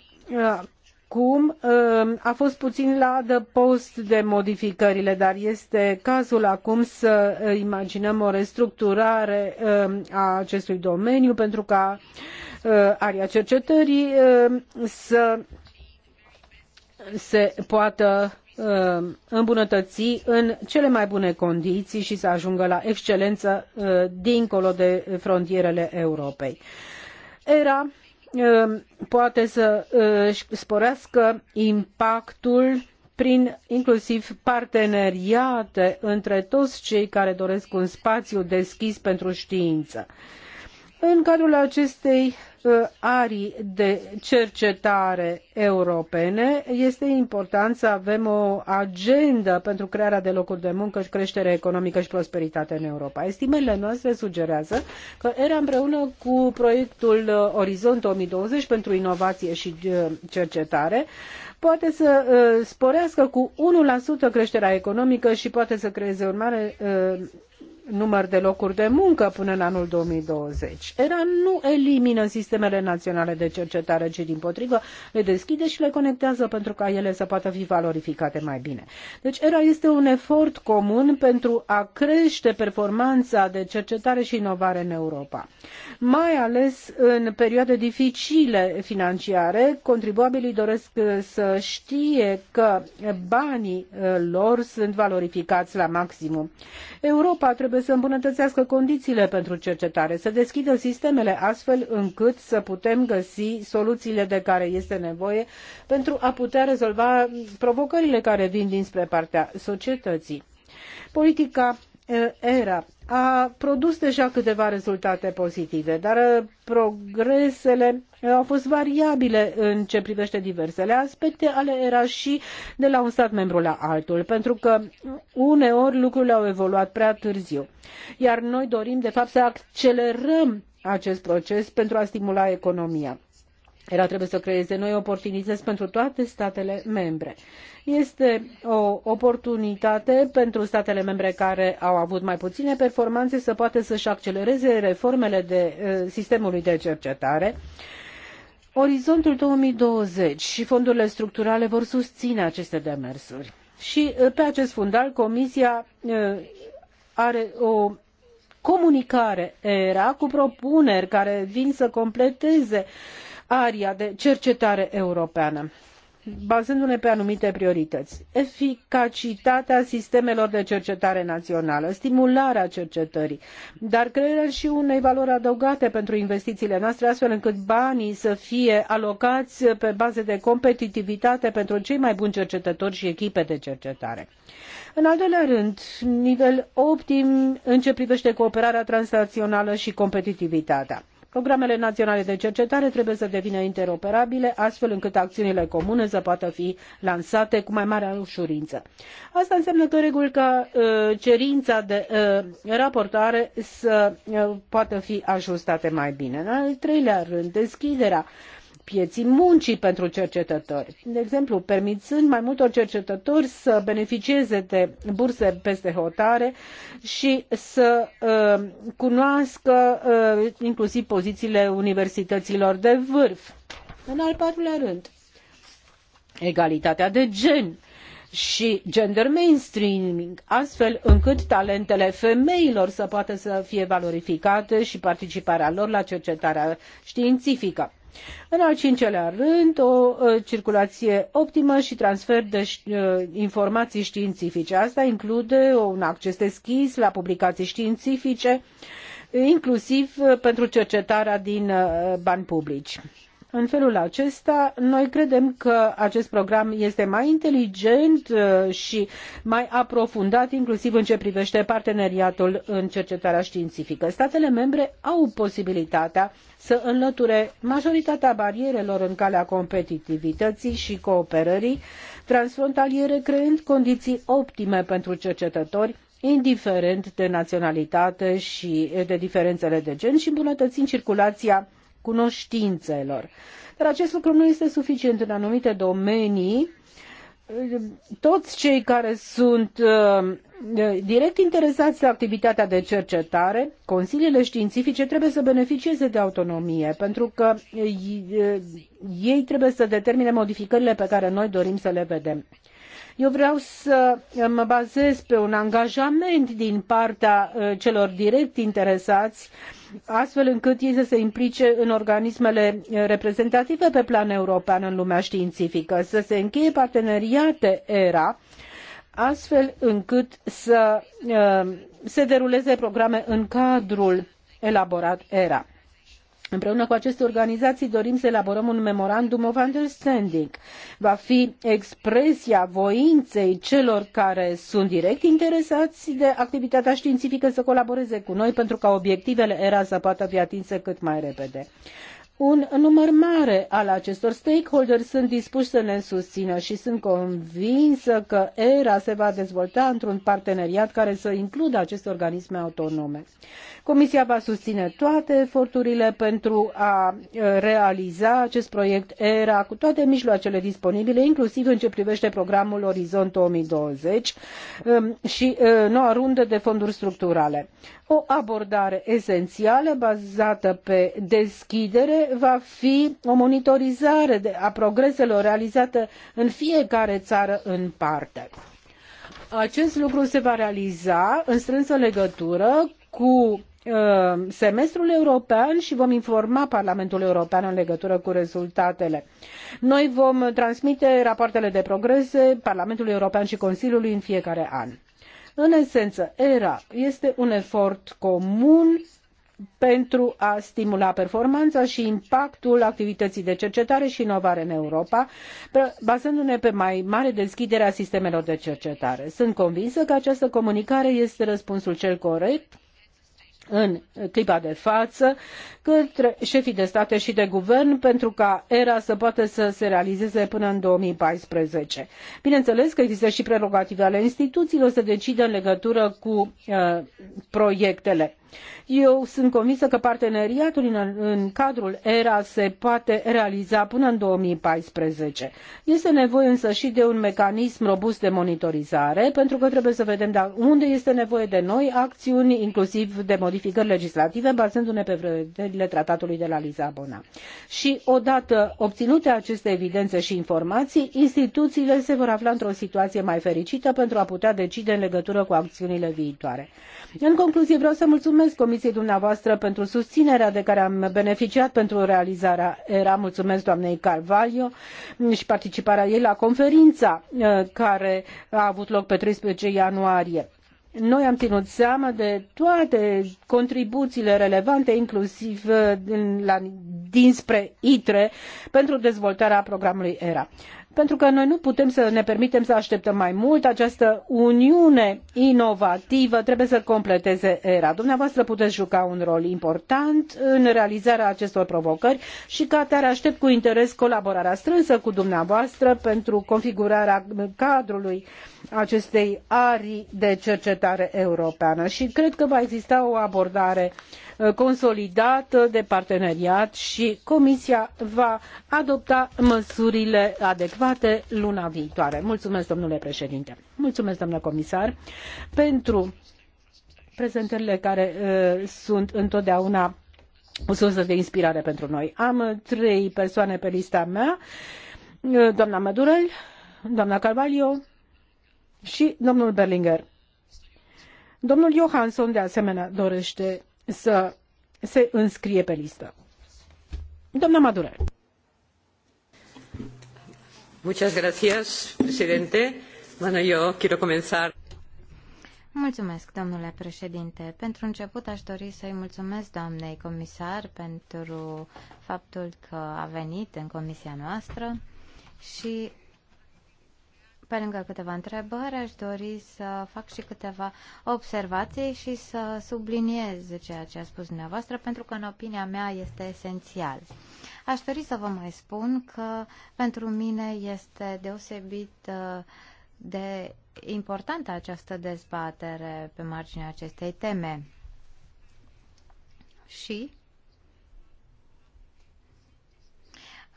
acum um, a fost puțin la adăpost de modificările, dar este cazul acum să uh, imaginăm o restructurare um, a acestui domeniu pentru ca uh, area cercetării um, să se poată îmbunătăți în cele mai bune condiții și să ajungă la excelență uh, dincolo de frontierele Europei. Era Um, poate să uh, își sporească impactul prin inclusiv parteneriate între toți cei care doresc un spațiu deschis pentru știință. În cadrul acestei uh, arii de cercetare europene, este important să avem o agendă pentru crearea de locuri de muncă și creștere economică și prosperitate în Europa. Estimele noastre sugerează că era împreună cu proiectul uh, Orizont 2020 pentru inovație și uh, cercetare poate să sporească cu 1% creșterea economică și poate să creeze un mare număr de locuri de muncă până în anul 2020. ERA nu elimină sistemele naționale de cercetare, ci din potrivă le deschide și le conectează pentru ca ele să poată fi valorificate mai bine. Deci ERA este un efort comun pentru a crește performanța de cercetare și inovare în Europa. Mai ales în perioade dificile financiare, contribuabilii doresc uh, să știe că banii uh, lor sunt valorificați la maximum. Europa trebuie trebuie să îmbunătățească condițiile pentru cercetare, să deschidă sistemele astfel încât să putem găsi soluțiile de care este nevoie pentru a putea rezolva provocările care vin dinspre partea societății. Politica era a produs deja câteva rezultate pozitive, dar uh, progresele uh, au fost variabile în ce privește diversele aspecte ale era și de la un stat membru la altul, pentru că uneori lucrurile au evoluat prea târziu. Iar noi dorim, de fapt, să accelerăm acest proces pentru a stimula economia era trebuie să creeze noi oportunități pentru toate statele membre. Este o oportunitate pentru statele membre care au avut mai puține performanțe să poată să-și accelereze reformele de, eh, sistemului de cercetare. Orizontul 2020 și fondurile structurale vor susține aceste demersuri. Și eh, pe acest fundal Comisia eh, are o comunicare era cu propuneri care vin să completeze uh, aria de cercetare europeană bazându-ne pe anumite priorități. Eficacitatea sistemelor de cercetare naională stimularea cercetării, dar crearea și unei valori adăugate pentru investițiile noastre, astfel încât banii să fie alocați pe baze de competitivitate pentru cei mai buni cercetători și echipe de cercetare. În al doilea rând, nivel optim în ce privește cooperarea transnațională și competitivitatea Programele naționale de cercetare trebuie să devină interoperabile, astfel încât acțiunile comune să poată fi lansate cu mai mare ușurință. Asta înseamnă că reguli ca ă, cerința de ă, raportare să ă, poată fi ajustate mai bine. În al treilea rând, deschiderea pieții muncii pentru cercetători. De exemplu, permițând mai multor cercetători să beneficieze de burse peste hotare și să uh, cunoască uh, inclusiv pozițiile universităților de vârf. În al patrulea rând, egalitatea de gen și gender mainstreaming, astfel încât talentele femeilor să poată să fie valorificate și participarea lor la cercetarea științifică. În al cincelea rând, o uh, circulație optimă și transfer de uh, informații științifice. Asta include un acces deschis la publicații științifice, inclusiv uh, pentru cercetarea din bani publici. În felul acesta, noi credem că acest program este mai inteligent uh, și mai aprofundat, inclusiv în ce privește parteneriatul în cercetarea științifică. Statele membre au posibilitatea să înlăture majoritatea barierelor în calea competitivității și cooperării transfrontaliere, creând condiții optime pentru cercetători, indiferent de naționalitate și de diferențele de gen și îmbunătățind circulația cunoștințelor. Dar acest lucru nu este suficient în anumite domenii. Toți cei care sunt uh, direct interesați de activitatea de cercetare, consiliile științifice trebuie să beneficieze de autonomie, pentru că uh, ei trebuie să determine modificările pe care noi dorim să le vedem. Eu vreau să uh, mă bazez pe un angajament din partea celor direct interesați astfel încât ei să se implice în organismele eh, reprezentative pe plan european în lumea științifică, să se încheie parteneriate ERA, astfel încât să eh, se deruleze programe în cadrul elaborat ERA. Împreună cu aceste organizații dorim să elaborăm un memorandum of understanding. Va fi expresia voinței celor care sunt direct interesați de activitatea științifică să colaboreze cu noi pentru ca obiectivele ERA să poată fi atinse cât mai repede. Un număr mare al acestor stakeholders sunt dispuși să ne susțină și sunt convinsă că ERA se va dezvolta într-un parteneriat care să includă aceste organisme autonome. Comisia va susține toate eforturile pentru a realiza acest proiect ERA cu toate mijloacele disponibile, inclusiv în ce privește programul Orizont 2020 și noua rundă de fonduri structurale. O abordare esențială bazată pe deschidere va fi o monitorizare a progreselor realizate în fiecare țară în parte. Acest lucru se va realiza în strânsă legătură cu Uh, semestrul european și vom informa Parlamentul European în legătură cu rezultatele. Noi vom transmite rapoartele de progrese Parlamentului European și Consiliului în fiecare an. În esență, ERA este un efort comun pentru a stimula performanța și impactul activității de cercetare și inovare în Europa, bazându-ne pe mai mare deschidere a sistemelor de cercetare. Sunt convinsă că această comunicare este răspunsul cel corect în clipa de față către șefii de state și de guvern pentru ca era să poată să se realizeze până în 2014. Bineînțeles că există și prerogative ale instituțiilor să decidă în legătură cu uh, proiectele. Eu sunt convinsă că parteneriatul în, cadrul ERA se poate realiza până în 2014. Este nevoie însă și de un mecanism robust de monitorizare, pentru că trebuie să vedem de da, unde este nevoie de noi acțiuni, inclusiv de modificări legislative, bazându-ne pe prevederile tratatului de la Lisabona. Și odată obținute aceste evidențe și informații, instituțiile se vor afla într-o situație mai fericită pentru a putea decide în legătură cu acțiunile viitoare. În concluzie, vreau să mulțumesc Comisiei dumneavoastră pentru susținerea de care am beneficiat pentru realizarea ERA. Mulțumesc doamnei Carvalho și participarea ei la conferința uh, care a avut loc pe 13 ianuarie. Noi am ținut seama de toate contribuțiile relevante, inclusiv uh, la, dinspre ITRE, pentru dezvoltarea programului ERA pentru că noi nu putem să ne permitem să așteptăm mai mult. Această uniune inovativă trebuie să completeze era. Dumneavoastră puteți juca un rol important în realizarea acestor provocări și ca atare aștept cu interes colaborarea strânsă cu dumneavoastră pentru configurarea cadrului acestei arii de cercetare europeană și cred că va exista o abordare uh, Uh, consolidat uh, de parteneriat și Comisia va adopta măsurile adecvate luna viitoare. Mulțumesc, domnule președinte. Mulțumesc, domnule comisar, pentru prezentările care uh, sunt întotdeauna o sursă de inspirare pentru noi. Am trei persoane pe lista mea, uh, doamna Madurel, doamna Carvalho și domnul Berlinger. Domnul Johansson, de asemenea, dorește să se înscrie pe listă. Doamna Madure. Muchas gracias, presidente. Bueno, yo quiero comenzar. Mulțumesc, domnule președinte. Pentru început aș dori să-i mulțumesc doamnei comisar pentru faptul că a venit în comisia noastră și pe lângă câteva întrebări, aș dori să fac și câteva observații și să subliniez ceea ce a spus dumneavoastră, pentru că, în opinia mea, este esențial. Aș dori să vă mai spun că, pentru mine, este deosebit uh, de importantă această dezbatere pe marginea acestei teme. Și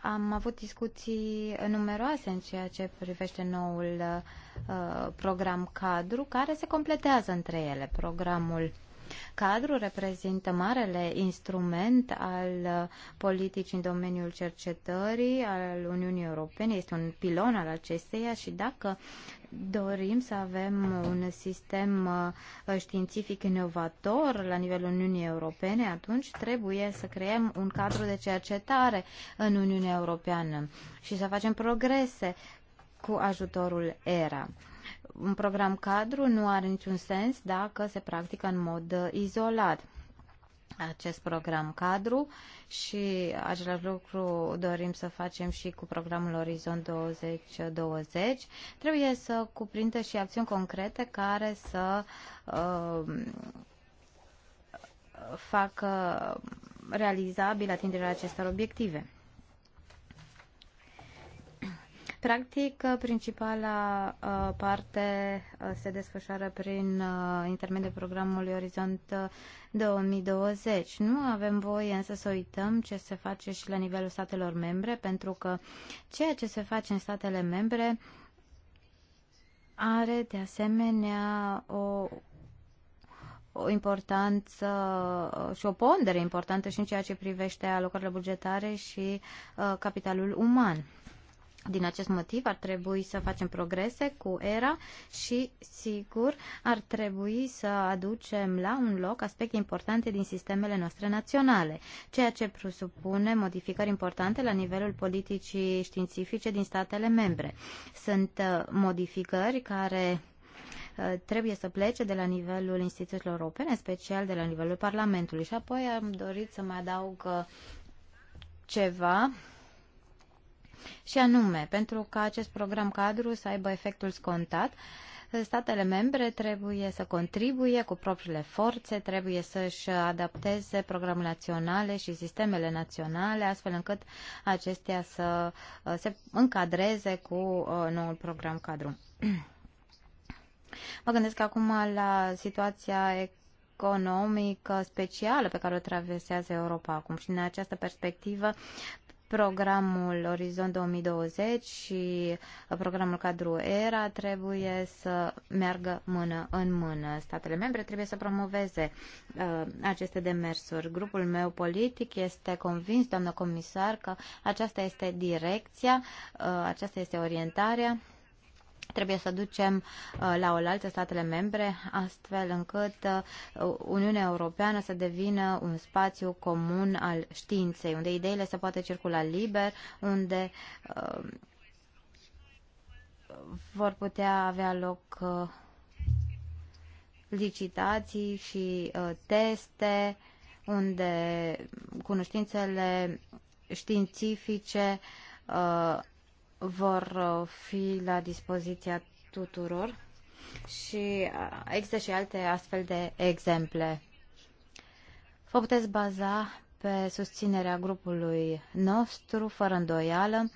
Am avut discuții numeroase în ceea ce privește noul uh, program cadru, care se completează între ele. Programul cadru reprezintă marele instrument al politicii în domeniul cercetării al Uniunii Europene, este un pilon al acesteia și dacă dorim să avem un sistem uh, științific inovator la nivelul Uniunii Europene, atunci trebuie să creăm un cadru de cercetare în Uniunea Europeană și să facem progrese cu ajutorul ERA un program cadru nu are niciun sens dacă se practică în mod uh, izolat acest program cadru și același lucru dorim să facem și cu programul Orizont 2020. Trebuie să cuprindă și acțiuni concrete care să uh, facă realizabil atingerea acestor obiective. Practic, principala uh, parte uh, se desfășoară prin uh, intermediul programului Orizont 2020. Nu avem voie însă să uităm ce se face și la nivelul statelor membre, pentru că ceea ce se face în statele membre are de asemenea o o importanță și o pondere importantă și în ceea ce privește alocările bugetare și uh, capitalul uman. Din acest motiv ar trebui să facem progrese cu ERA și, sigur, ar trebui să aducem la un loc aspecte importante din sistemele noastre naționale, ceea ce presupune modificări importante la nivelul politicii științifice din statele membre. Sunt uh, modificări care uh, trebuie să plece de la nivelul instituțiilor europene, special de la nivelul Parlamentului. Și apoi am dorit să mai adaug uh, ceva și anume, pentru ca acest program cadru să aibă efectul scontat, statele membre trebuie să contribuie cu propriile forțe, trebuie să-și adapteze programele naționale și sistemele naționale, astfel încât acestea să uh, se încadreze cu uh, noul program cadru. [clears throat] Mă gândesc acum la situația economică specială pe care o traversează Europa acum și în această perspectivă programul Orizont 2020 și uh, programul cadru ERA trebuie să meargă mână în mână. Statele membre trebuie să promoveze uh, aceste demersuri. Grupul meu politic este convins, doamnă comisar, că aceasta este direcția, uh, aceasta este orientarea Trebuie să ducem uh, la oaltă statele membre, astfel încât uh, Uniunea Europeană să devină un spațiu comun al științei, unde ideile se poate circula liber, unde uh, vor putea avea loc licitații și teste, unde cunoștințele științifice vor uh, fi la dispoziția tuturor și uh, există și alte astfel de exemple. Vă puteți baza pe susținerea grupului nostru, fără îndoială.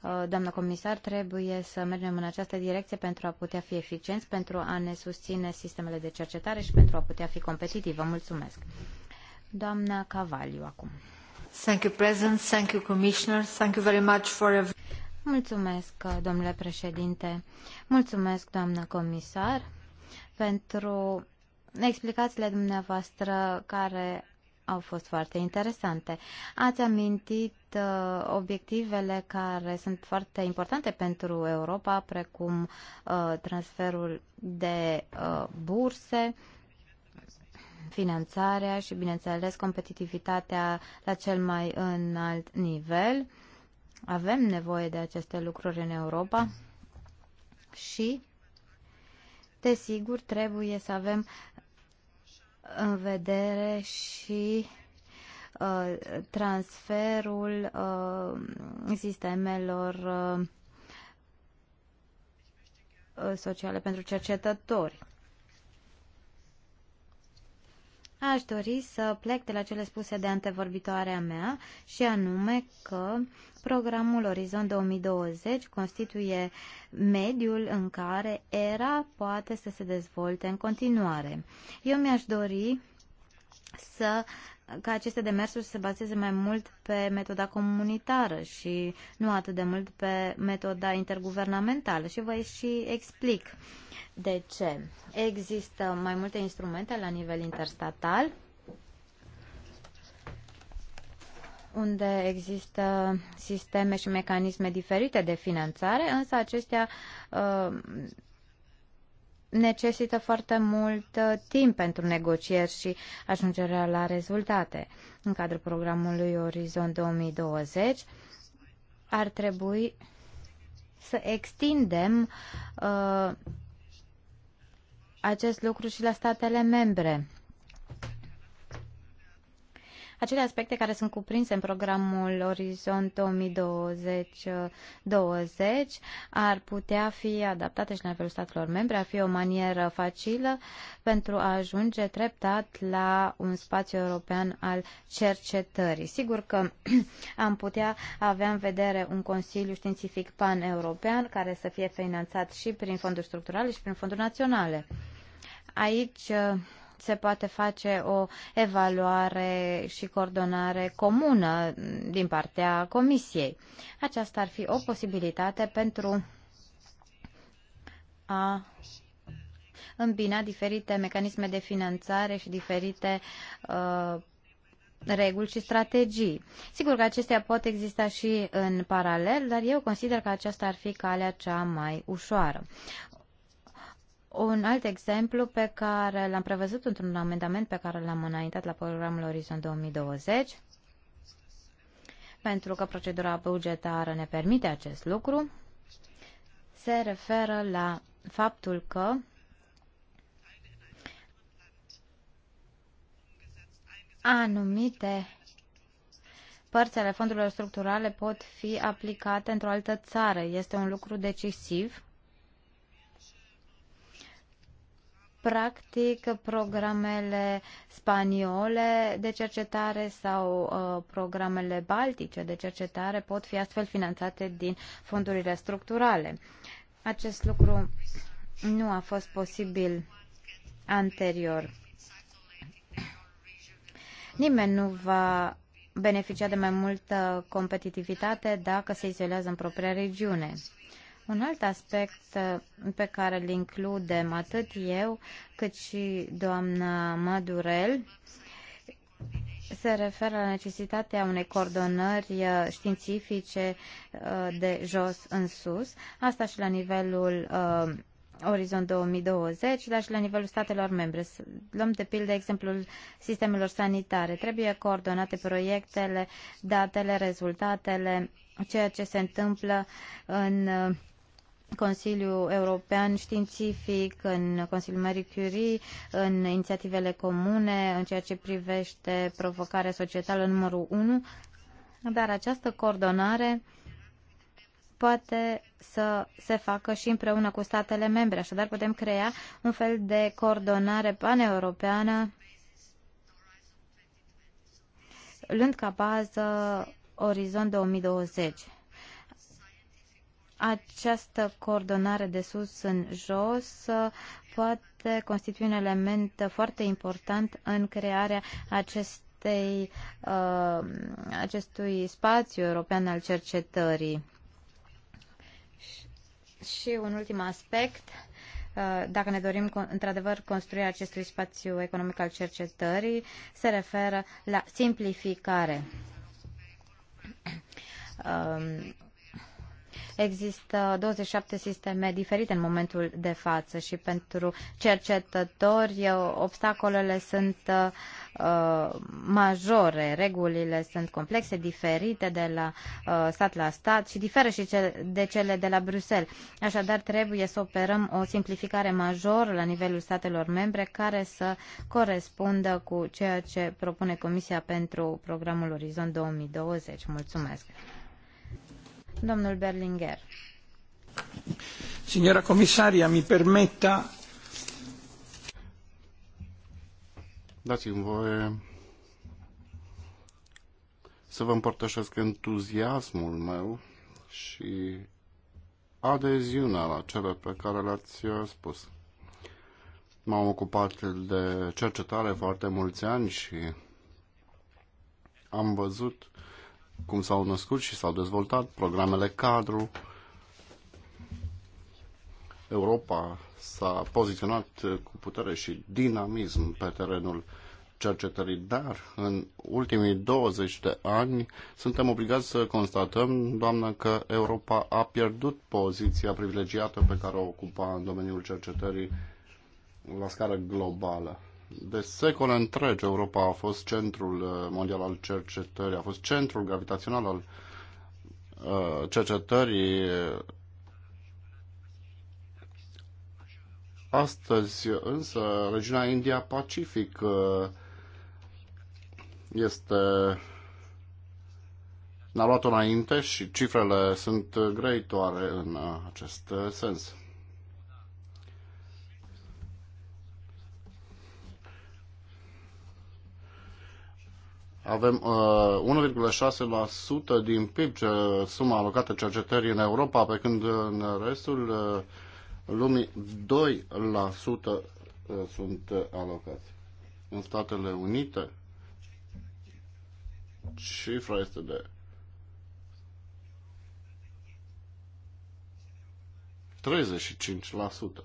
Uh, Doamna comisar, trebuie să mergem în această direcție pentru a putea fi eficienți, pentru a ne susține sistemele de cercetare și pentru a putea fi competitivă. Mulțumesc. Doamna Cavaliu, acum. Thank you, President. Thank you, Commissioner. Thank you very much for Mulțumesc, domnule președinte. Mulțumesc, doamnă comisar, pentru explicațiile dumneavoastră care au fost foarte interesante. Ați amintit uh, obiectivele care sunt foarte importante pentru Europa, precum uh, transferul de uh, burse, finanțarea și, bineînțeles, competitivitatea la cel mai înalt nivel. Uh, avem nevoie de aceste lucruri în Europa și, desigur, trebuie să avem în vedere și uh, transferul uh, sistemelor uh, uh sociale pentru cercetători. Aș dori să plec de la cele spuse de antevorbitoarea mea și anume că programul Orizont 2020 constituie mediul în care era poate să se dezvolte în continuare. Eu mi-aș dori să ca aceste demersuri să se bazeze mai mult pe metoda comunitară și nu atât de mult pe metoda interguvernamentală. Și vă și explic de ce. Există mai multe instrumente la nivel interstatal unde există sisteme și mecanisme diferite de finanțare, însă acestea uh, necesită foarte mult uh, timp pentru negocieri și ajungerea la rezultate. În cadrul programului Orizont 2020 ar trebui să extindem uh, acest lucru și la statele membre acele aspecte care sunt cuprinse în programul Orizont 2020 20 ar putea fi adaptate și la nivelul statelor membre, ar fi o manieră facilă pentru a ajunge treptat la un spațiu european al cercetării. Sigur că [clears throat] am putea avea în vedere un Consiliu Științific Pan-European care să fie finanțat și prin fonduri structurale și prin fonduri naționale. Aici se poate face o evaluare și coordonare comună din partea Comisiei. Aceasta ar fi o posibilitate pentru a îmbina diferite mecanisme de finanțare și diferite uh, reguli și strategii. Sigur că acestea pot exista și în paralel, dar eu consider că aceasta ar fi calea cea mai ușoară. Un alt exemplu pe care l-am prevăzut într-un amendament pe care l-am înaintat la programul Orizont 2020, pentru că procedura bugetară ne permite acest lucru, se referă la faptul că anumite părți ale fondurilor structurale pot fi aplicate într-o altă țară. Este un lucru decisiv practic programele spaniole de cercetare sau uh, programele baltice de cercetare pot fi astfel finanțate din fondurile structurale. Acest lucru nu a fost posibil anterior. Nimeni nu va beneficia de mai multă competitivitate dacă se izolează în propria regiune. Un alt aspect uh, pe care îl includem atât eu cât și doamna Madurel se referă la necesitatea unei coordonări uh, științifice uh, de jos în sus, asta și la nivelul Orizont 2020, dar și la nivelul statelor membre. Luăm de pildă exemplul sistemelor sanitare. Trebuie coordonate proiectele, datele, rezultatele, ceea ce se întâmplă în Consiliul European Științific, în Consiliul Marie Curie, în inițiativele comune, în ceea ce privește provocarea societală numărul 1, dar această coordonare poate să se facă și împreună cu statele membre. Așadar, putem crea un fel de coordonare paneuropeană, luând ca bază Orizont 2020. Această coordonare de sus în jos uh, poate constitui un element foarte important în crearea acestei, uh, acestui spațiu european al cercetării. Și un ultim aspect, uh, dacă ne dorim într-adevăr construirea acestui spațiu economic al cercetării, se referă la simplificare. [clears throat] Um, Există 27 sisteme diferite în momentul de față și pentru cercetători eh, obstacolele sunt eh, majore, regulile sunt complexe, diferite de la uh, stat la stat și diferă și de cele de la Bruxelles. Așadar, trebuie să operăm o simplificare majoră la nivelul statelor membre care să corespundă cu ceea ce propune Comisia pentru programul Orizont 2020. Mulțumesc! Domnul Berlinger. Signora comisaria, mi permetta... Dați-mi voie să vă împărtășesc entuziasmul meu și adeziunea la cele pe care le-ați spus. M-am ocupat de cercetare foarte mulți ani și am văzut cum s-au născut și s-au dezvoltat, programele cadru. Europa s-a poziționat cu putere și dinamism pe terenul cercetării, dar în ultimii 20 de ani suntem obligați să constatăm, doamnă, că Europa a pierdut poziția privilegiată pe care o ocupa în domeniul cercetării la scară globală de secole întregi Europa a fost centrul uh, mondial al cercetării, a fost centrul gravitațional al uh, cercetării. Astăzi, însă, regiunea India-Pacific uh, este n-a luat înainte și cifrele sunt greitoare în acest sens. Avem uh, 1,6% din PIB ce, suma alocată cercetării în Europa, pe când în restul uh, lumii 2% uh, sunt alocați. În Statele Unite cifra este de 35%.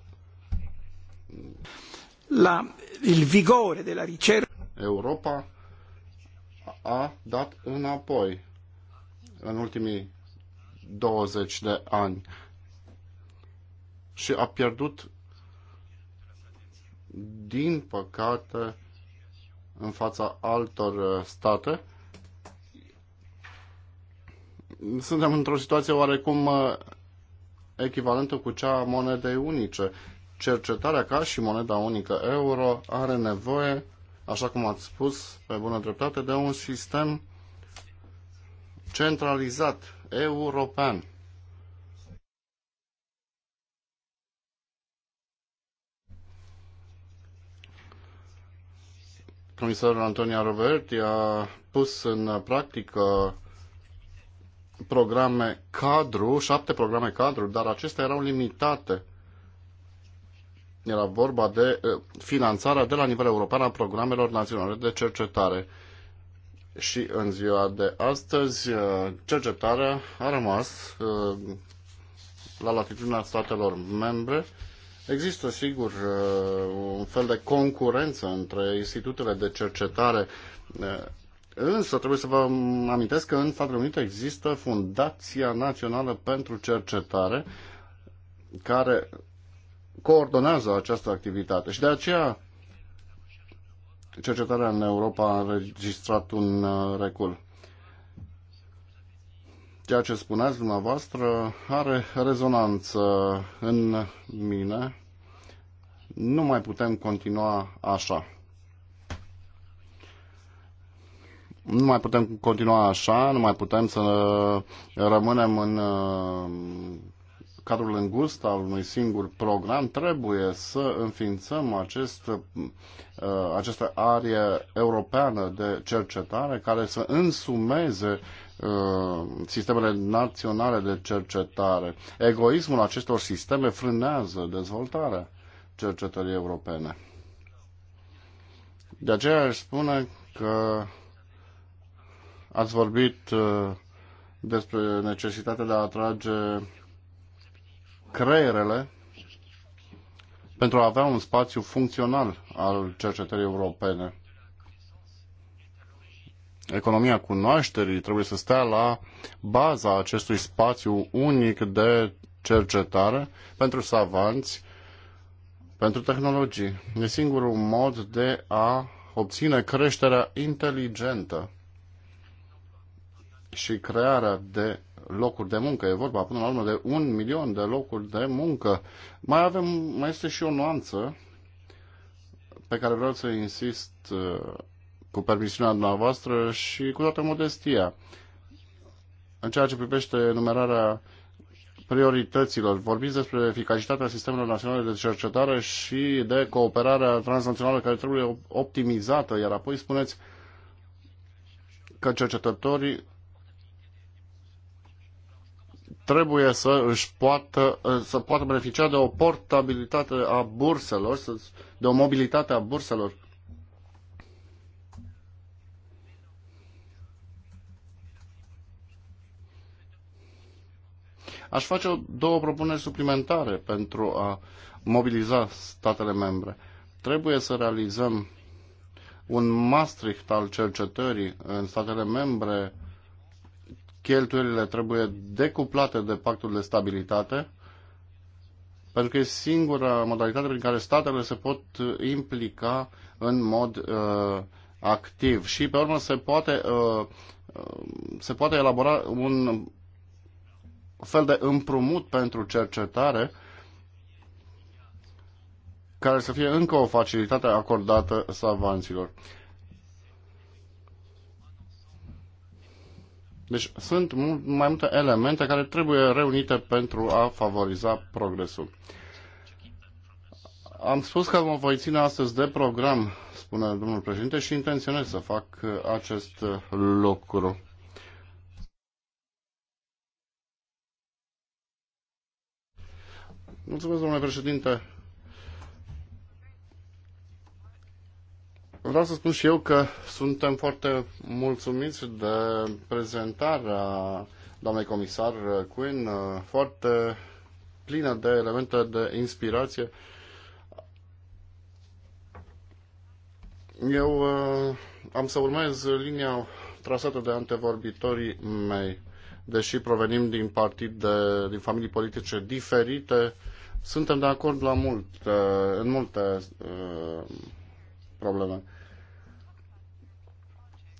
La, il vigore della ricerca. Europa a dat înapoi în ultimii 20 de ani și a pierdut, din păcate, în fața altor uh, state. Suntem într-o situație oarecum uh, echivalentă cu cea a monedei unice. Cercetarea ca și moneda unică euro are nevoie așa cum ați spus, pe bună dreptate, de un sistem centralizat, european. Comisarul Antonia Roberti a pus în practică programe cadru, șapte programe cadru, dar acestea erau limitate era vorba de finanțarea de la nivel european a programelor naționale de cercetare. Și în ziua de astăzi, cercetarea a rămas la latitudinea statelor membre. Există, sigur, un fel de concurență între institutele de cercetare, însă trebuie să vă amintesc că în Statele Unite există Fundația Națională pentru Cercetare, care coordonează această activitate. Și de aceea cercetarea în Europa a înregistrat un uh, recul. Ceea ce spuneați dumneavoastră are rezonanță în mine. Nu mai putem continua așa. nu mai putem continua așa, nu mai putem să rămânem în uh, cadrul îngust al unui singur program, trebuie să înființăm acest, uh, această arie europeană de cercetare care să însumeze uh, sistemele naționale de cercetare. Egoismul acestor sisteme frânează dezvoltarea cercetării europene. De aceea aș spune că ați vorbit uh, despre necesitatea de a atrage creierele pentru a avea un spațiu funcțional al cercetării europene. Economia cunoașterii trebuie să stea la baza acestui spațiu unic de cercetare pentru savanți, pentru tehnologii. E singurul mod de a obține creșterea inteligentă și crearea de locuri de muncă. E vorba până la urmă de un milion de locuri de muncă. Mai avem, mai este și o nuanță pe care vreau să insist uh, cu permisiunea dumneavoastră și cu toată modestia. În ceea ce privește numerarea priorităților, vorbiți despre eficacitatea sistemelor naționale de cercetare și de cooperarea transnațională care trebuie optimizată, iar apoi spuneți că cercetătorii trebuie să își poată, să poată beneficia de o portabilitate a burselor, de o mobilitate a burselor. Aș face două propuneri suplimentare pentru a mobiliza statele membre. Trebuie să realizăm un Maastricht al cercetării în statele membre cheltuielile trebuie decuplate de pactul de stabilitate, pentru că e singura modalitate prin care statele se pot implica în mod uh, activ. Și pe urmă se poate, uh, uh se poate elabora un fel de împrumut pentru cercetare care să fie încă o facilitate acordată savanților. Deci sunt mai multe elemente care trebuie reunite pentru a favoriza progresul. Am spus că mă voi ține astăzi de program, spune domnul președinte, și intenționez să fac uh, acest uh, lucru. Mulțumesc, domnule președinte. Vreau să spun și eu că suntem foarte mulțumiți de prezentarea doamnei comisar Quinn, foarte plină de elemente de inspirație. Eu uh, am să urmez linia trasată de antevorbitorii mei. Deși provenim din partide, din familii politice diferite, suntem de acord la mult, în multe uh, probleme.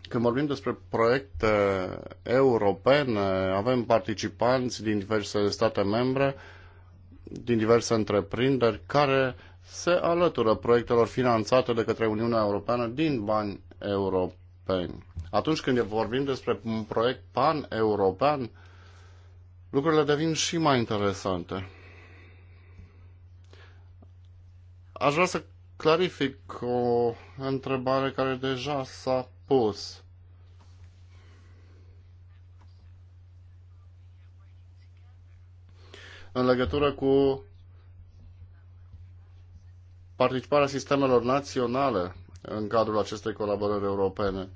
Când vorbim despre proiecte europene, avem participanți din diverse state membre, din diverse întreprinderi, care se alătură proiectelor finanțate de către Uniunea Europeană din bani europeni. Atunci când vorbim despre un proiect pan-european, lucrurile devin și mai interesante. Aș vrea să clarific o întrebare care deja s-a pus. În legătură cu participarea sistemelor naționale în cadrul acestei colaborări europene.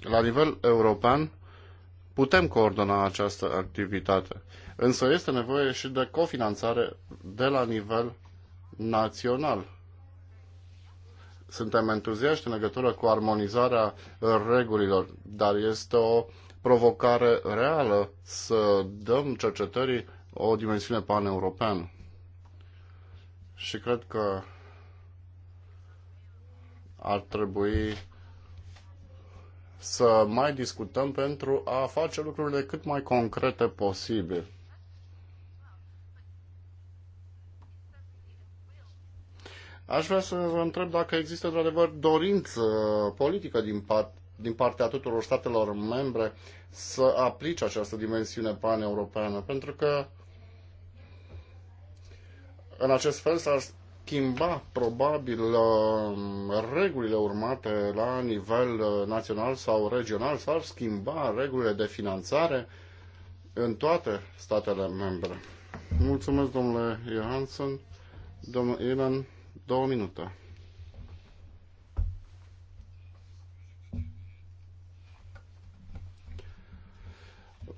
La nivel european, putem coordona această activitate. Însă este nevoie și de cofinanțare de la nivel național. Suntem entuziaști în legătură cu armonizarea regulilor, dar este o provocare reală să dăm cercetării o dimensiune paneuropeană. Și cred că ar trebui să mai discutăm pentru a face lucrurile cât mai concrete posibil. Aș vrea să vă întreb dacă există într-adevăr dorință politică din, part, din partea tuturor statelor membre să aplice această dimensiune paneuropeană, pentru că în acest fel s-ar schimba probabil uh, regulile urmate la nivel uh, național sau regional, s-ar schimba regulile de finanțare în toate statele membre. Mulțumesc, domnule Johansson. Domnul Ilan, două minute.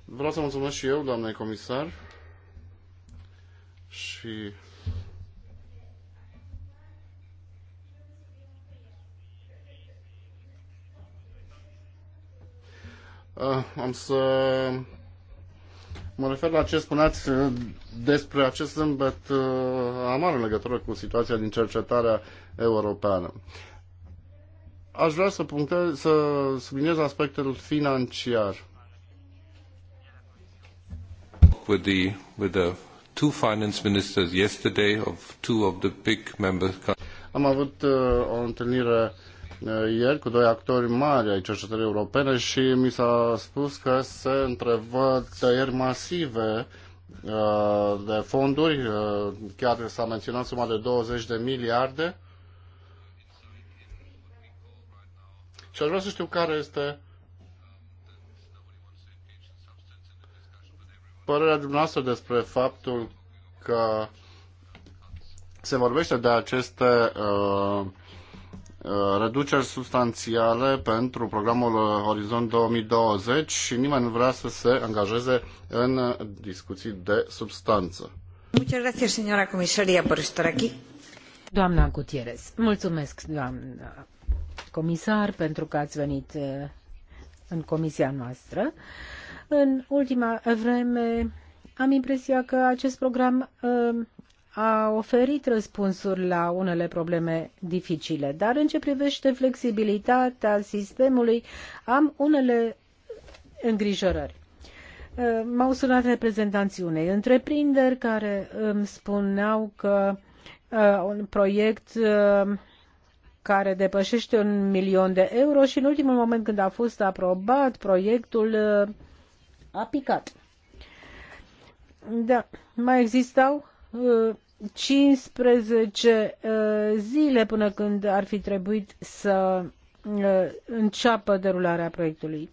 Vreau să mulțumesc și eu, doamnei comisar, și uh, am să mă refer la ce spuneați eh, despre acest zâmbet uh, amar în legătură cu situația din cercetarea europeană. Aș vrea să, punctez, să subliniez aspectul financiar. With the, with the two finance ministers yesterday of two of the big member Am avut uh, o întâlnire uh, ieri cu doi actori mari ai cercetării europene și mi s-a spus că se întrevăd tăieri masive uh, de fonduri, uh, chiar s-a menționat suma de 20 de miliarde. Și aș vrea să știu care este părerea dumneavoastră despre faptul că se vorbește de aceste uh, Uh, reduceri substanțiale pentru programul uh, Horizont 2020 și nimeni nu vrea să se angajeze în discuții de substanță. Doamna Gutierrez, mulțumesc, doamna comisar, pentru că ați venit uh, în comisia noastră. În ultima vreme am impresia că acest program a oferit răspunsuri la unele probleme dificile, dar în ce privește flexibilitatea sistemului am unele îngrijorări. Uh, m-au sunat reprezentanții unei întreprinderi care îmi spuneau că uh, un proiect uh, care depășește un milion de euro și în ultimul moment când a fost aprobat, proiectul a picat. Da, mai existau 15 uh, zile până când ar fi trebuit să uh, înceapă derularea proiectului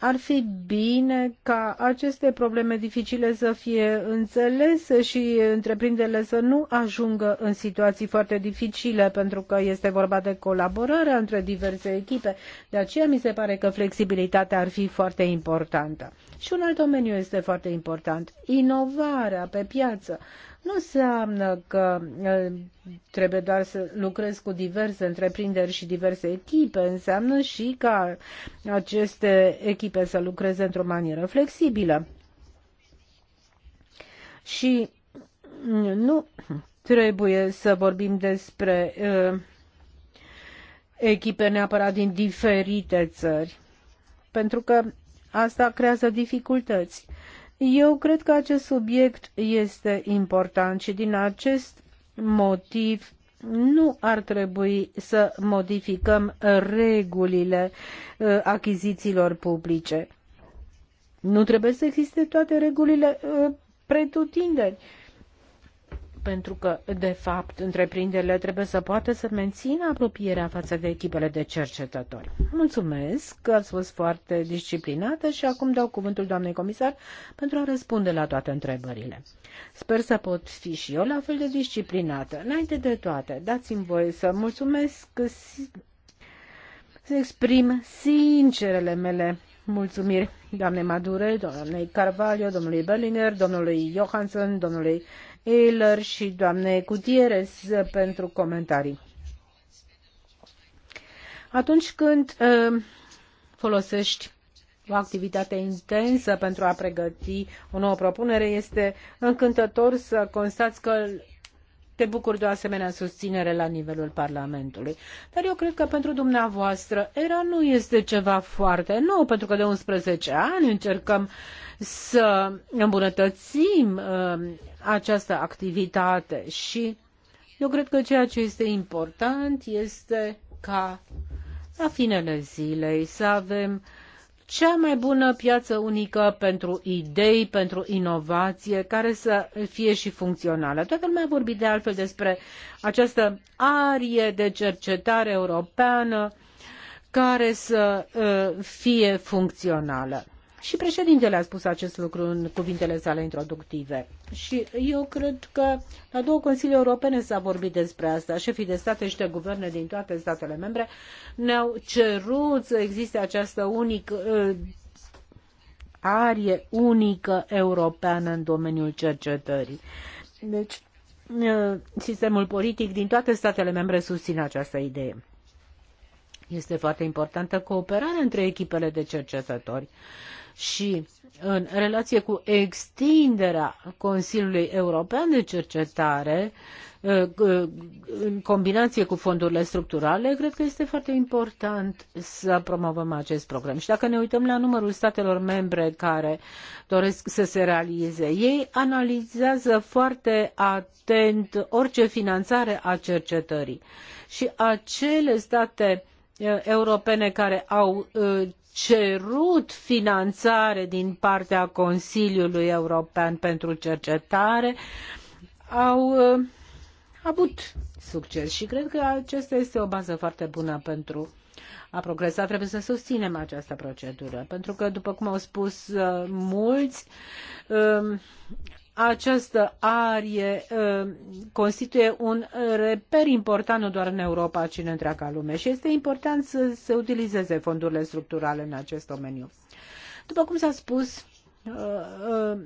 ar fi bine ca aceste probleme dificile să fie înțelese și întreprinderile să nu ajungă în situații foarte dificile, pentru că este vorba de colaborare între diverse echipe. De aceea mi se pare că flexibilitatea ar fi foarte importantă. Și un alt domeniu este foarte important, inovarea pe piață nu înseamnă că uh, trebuie doar să lucrezi cu diverse întreprinderi și diverse echipe, înseamnă și ca aceste echipe să lucreze într-o manieră flexibilă. Și mm, nu trebuie să vorbim despre uh, echipe neapărat din diferite țări, pentru că asta creează dificultăți. Uh, eu cred că acest subiect este important și din acest motiv nu ar trebui să modificăm regulile uh, achizițiilor publice. Nu trebuie să existe toate regulile uh, pretutindeni pentru că, de fapt, întreprinderile trebuie să poată să mențină apropierea față de echipele de cercetători. Mulțumesc că ați fost foarte disciplinată și acum dau cuvântul doamnei comisar pentru a răspunde la toate întrebările. Sper să pot fi și eu la fel de disciplinată. Înainte de toate, dați-mi voie să mulțumesc că să exprim sincerele mele mulțumiri doamnei Madure, doamnei Carvalho, domnului Bellinger, domnului Johansson, domnului Ehler și doamnei Gutierrez pentru comentarii. Atunci când uh, folosești o activitate intensă pentru a pregăti o nouă propunere, este încântător să constați că te bucur de o asemenea susținere la nivelul Parlamentului. Dar eu cred că pentru dumneavoastră era nu este ceva foarte nou, pentru că de 11 ani încercăm să îmbunătățim uh, această activitate și eu cred că ceea ce este important este ca la finele zilei să avem uh, cea mai bună piață unică pentru idei, pentru inovație, care să fie și funcțională. Toată lumea a vorbit de altfel despre această arie de cercetare europeană care să uh, fie funcțională. Și președintele a spus acest lucru în cuvintele sale introductive. Și eu cred că la două Consilii Europene s-a vorbit despre asta. Șefii de state și de guverne din toate statele membre ne-au cerut să existe această unică eh, arie unică europeană în domeniul cercetării. Deci, eh, sistemul politic din toate statele membre susține această idee. Este foarte importantă cooperarea între echipele de cercetători și în relație cu extinderea Consiliului European de Cercetare, uh, uh, în combinație cu fondurile structurale, cred că este foarte important să promovăm acest program. Și dacă ne uităm la numărul statelor membre care doresc să se realizeze, ei analizează foarte atent orice finanțare a cercetării. Și acele state uh, europene care au cerut finanțare din partea Consiliului European pentru Cercetare, au uh, avut succes și cred că aceasta este o bază foarte bună pentru a progresa. trebuie să susținem această procedură, pentru că, după cum au spus uh, mulți, uh, această arie ă, constituie un reper important nu doar în Europa, ci în întreaga lume și este important să se utilizeze fondurile structurale în acest domeniu. După cum s-a spus, ă, ă,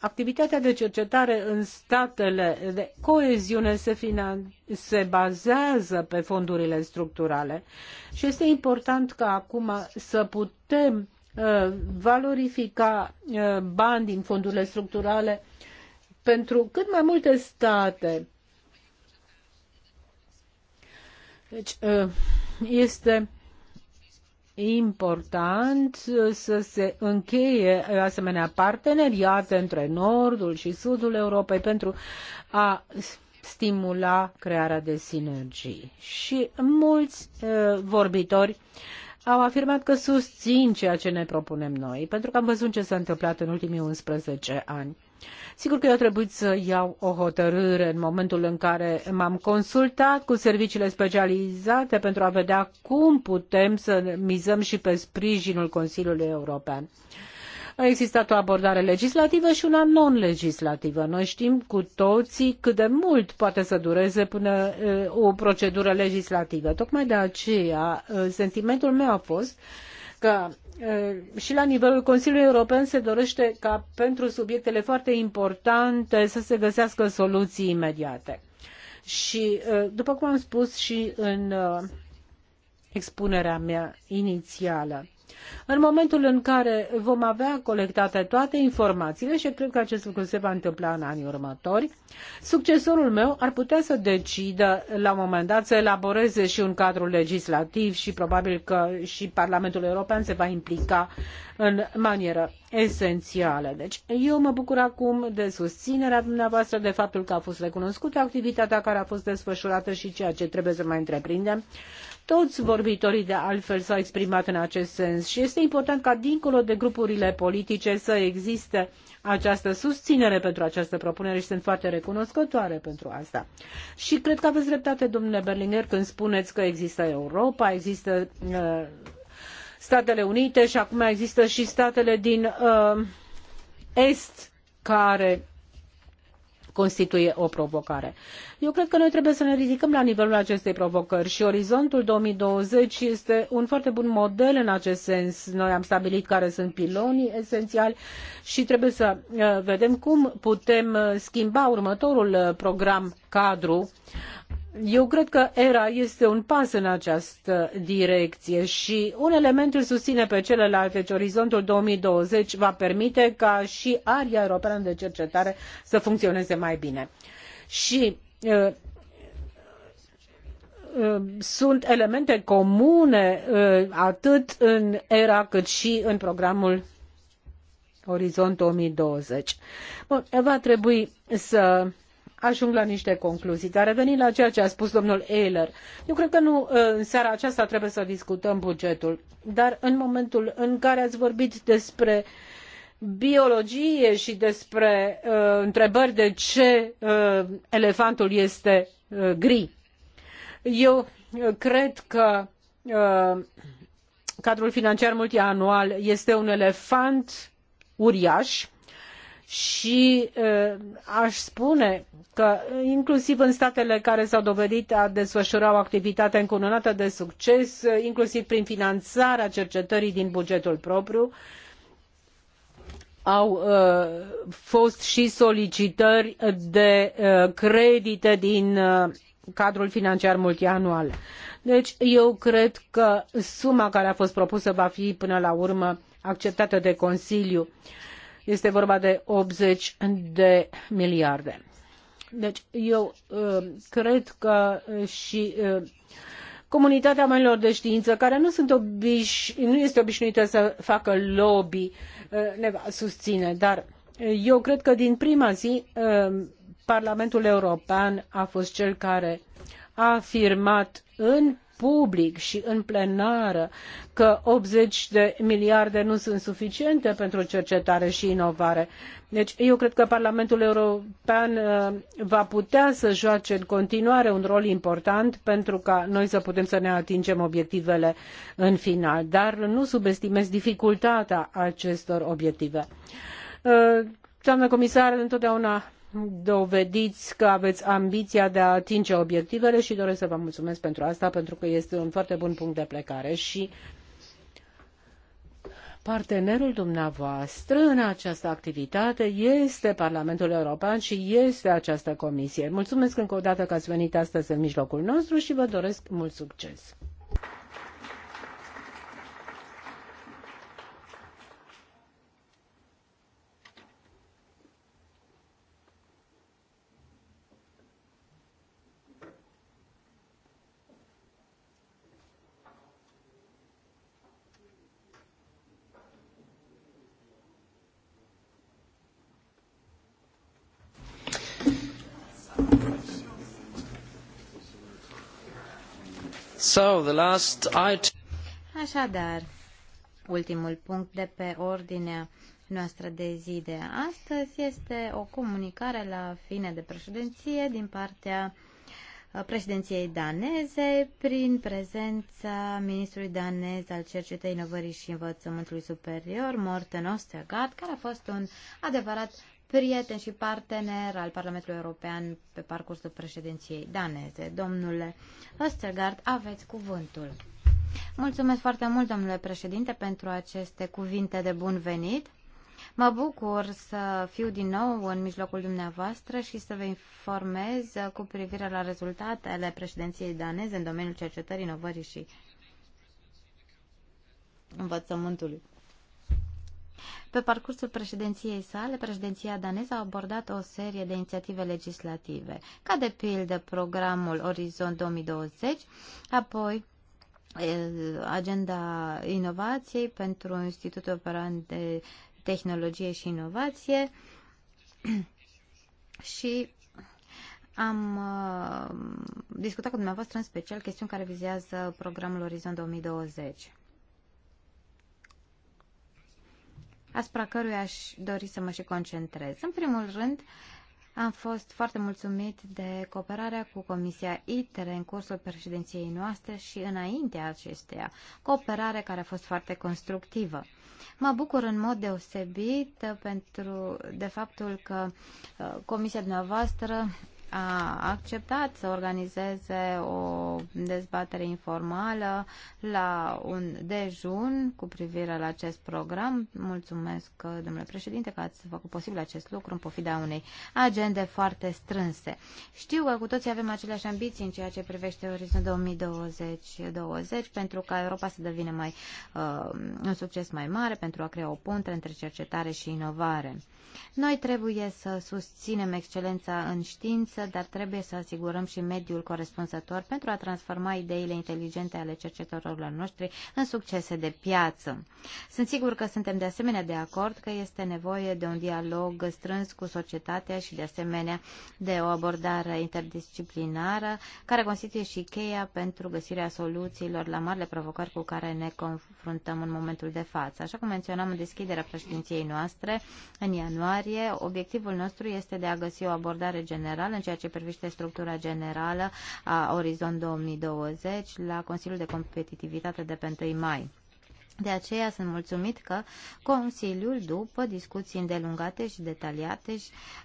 activitatea de cercetare în statele de coeziune se, finan- se bazează pe fondurile structurale și este important ca acum să putem Uh, valorifica uh, bani din fondurile structurale pentru cât mai multe state. Deci, uh, este important să se încheie asemenea parteneriate între Nordul și Sudul Europei pentru a stimula crearea de sinergii. Și mulți vorbitori au afirmat că susțin ceea ce ne propunem noi, pentru că am văzut ce s-a întâmplat în ultimii 11 ani. Sigur că eu a trebuit să iau o hotărâre în momentul în care m-am consultat cu serviciile specializate pentru a vedea cum putem să mizăm și pe sprijinul Consiliului European. A existat o abordare legislativă și una non-legislativă. Noi știm cu toții cât de mult poate să dureze până uh, o procedură legislativă. Tocmai de aceea, uh, sentimentul meu a fost că uh, și la nivelul Consiliului European se dorește ca pentru subiectele foarte importante să se găsească soluții imediate. Și, după cum am spus și în expunerea mea inițială, în momentul în care vom avea colectate toate informațiile și cred că acest lucru se va întâmpla în anii următori, succesorul meu ar putea să decidă la un moment dat să elaboreze și un cadru legislativ și probabil că și Parlamentul European se va implica în manieră esențială. Deci eu mă bucur acum de susținerea dumneavoastră, de faptul că a fost recunoscută activitatea care a fost desfășurată și ceea ce trebuie să mai întreprindem toți vorbitorii de altfel s-au exprimat în acest sens și este important ca dincolo de grupurile politice să existe această susținere pentru această propunere și sunt foarte recunoscătoare pentru asta. Și cred că aveți dreptate, domnule Berlinger, când spuneți că există Europa, există uh, Statele Unite și acum există și statele din uh, Est care constituie o provocare. Eu cred că noi trebuie să ne ridicăm la nivelul acestei provocări și orizontul 2020 este un foarte bun model în acest sens. Noi am stabilit care sunt pilonii esențiali și trebuie să uh, vedem cum putem uh, schimba următorul uh, program cadru eu cred că ERA este un pas în această direcție și un element îl susține pe celălalt, deci orizontul 2020 va permite ca și aria europeană de cercetare să funcționeze mai bine. Și uh, uh, sunt elemente comune uh, atât în ERA cât și în programul Orizont 2020. Bun, va trebui să ajung la niște concluzii. Dar revenind la ceea ce a spus domnul Ehler, eu cred că nu uh, în seara aceasta trebuie să discutăm bugetul, dar în momentul în care ați vorbit despre biologie și despre uh, întrebări de ce uh, elefantul este uh, gri, eu uh, cred că uh, cadrul financiar multianual este un elefant uriaș și aș spune că inclusiv în statele care s-au dovedit a desfășura o activitate încununată de succes, inclusiv prin finanțarea cercetării din bugetul propriu, au fost și solicitări de credite din cadrul financiar multianual. Deci eu cred că suma care a fost propusă va fi până la urmă acceptată de Consiliu. Este vorba de 80 de miliarde. Deci eu uh, cred că uh, și uh, comunitatea oamenilor de știință, care nu, sunt obiș, nu este obișnuită să facă lobby, ne va susține. Dar eu cred că din prima zi Parlamentul European a fost cel care a afirmat în public și în plenară că 80 de miliarde nu sunt suficiente pentru cercetare și inovare. Deci eu cred că Parlamentul European uh, va putea să joace în continuare un rol important pentru ca noi să putem să ne atingem obiectivele în final, dar nu subestimez dificultatea acestor obiective. Uh, doamnă comisar, întotdeauna dovediți că aveți ambiția de a atinge obiectivele și doresc să vă mulțumesc pentru asta, pentru că este un foarte bun punct de plecare și partenerul dumneavoastră în această activitate este Parlamentul European și este această comisie. Mulțumesc încă o dată că ați venit astăzi în mijlocul nostru și vă doresc mult succes! Așadar, ultimul punct de pe ordinea noastră de zi de astăzi este o comunicare la fine de președinție din partea uh, președinției daneze prin prezența ministrului danez al cercetării, inovării și învățământului superior, Morten Ostergaard, care a fost un adevărat prieten și partener al Parlamentului European pe parcursul președinției daneze. Domnule Östergaard, aveți cuvântul. Mulțumesc foarte mult, domnule președinte, pentru aceste cuvinte de bun venit. Mă bucur să fiu din nou în mijlocul dumneavoastră și să vă informez cu privire la rezultatele președinției daneze în domeniul cercetării, inovării și învățământului. Pe parcursul președinției sale, președinția daneză a abordat o serie de inițiative legislative, ca de pildă programul Orizont 2020, apoi agenda inovației pentru Institutul Operant de Tehnologie și Inovație [clears throat] și am uh, discutat cu dumneavoastră în special chestiuni care vizează programul Orizont 2020. asupra căruia aș dori să mă și concentrez. În primul rând, am fost foarte mulțumit de cooperarea cu Comisia ITRE în cursul președinției noastre și înaintea acesteia, cooperare care a fost foarte constructivă. Mă bucur în mod deosebit pentru de faptul că uh, Comisia dumneavoastră a acceptat să organizeze o dezbatere informală la un dejun cu privire la acest program. Mulțumesc, domnule președinte, că ați făcut posibil acest lucru în pofida unei agende foarte strânse. Știu că cu toții avem aceleași ambiții în ceea ce privește Orizont 2020, pentru ca Europa să devină mai, uh, un succes mai mare, pentru a crea o punte între cercetare și inovare. Noi trebuie să susținem excelența în știință, dar trebuie să asigurăm și mediul corespunzător pentru a transforma ideile inteligente ale cercetătorilor noștri în succese de piață. Sunt sigur că suntem de asemenea de acord că este nevoie de un dialog strâns cu societatea și de asemenea de o abordare interdisciplinară care constituie și cheia pentru găsirea soluțiilor la marile provocări cu care ne confruntăm în momentul de față. Așa cum menționam în deschiderea președinției noastre în ianuarie, ianuarie, obiectivul nostru este de a găsi o abordare generală în ceea ce privește structura generală a Orizont 2020 la Consiliul de Competitivitate de pe 1 mai. De aceea sunt mulțumit că Consiliul, după discuții îndelungate și detaliate,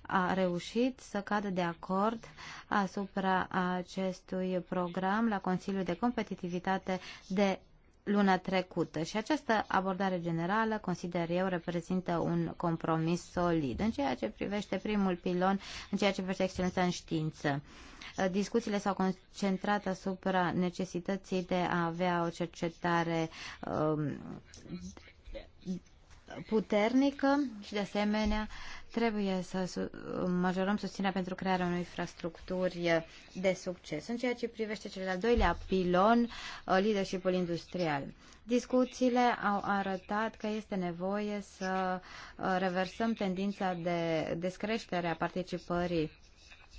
a reușit să cadă de acord asupra acestui program la Consiliul de Competitivitate de luna trecută și această abordare generală, consider eu, reprezintă un compromis solid în ceea ce privește primul pilon, în ceea ce privește excelența în știință. Discuțiile s-au concentrat asupra necesității de a avea o cercetare um, puternică și, de asemenea, trebuie să majorăm susținerea pentru crearea unei infrastructuri de succes. În ceea ce privește cel al doilea pilon, uh, leadership industrial. Discuțiile au arătat că este nevoie să uh, reversăm tendința de descreștere a participării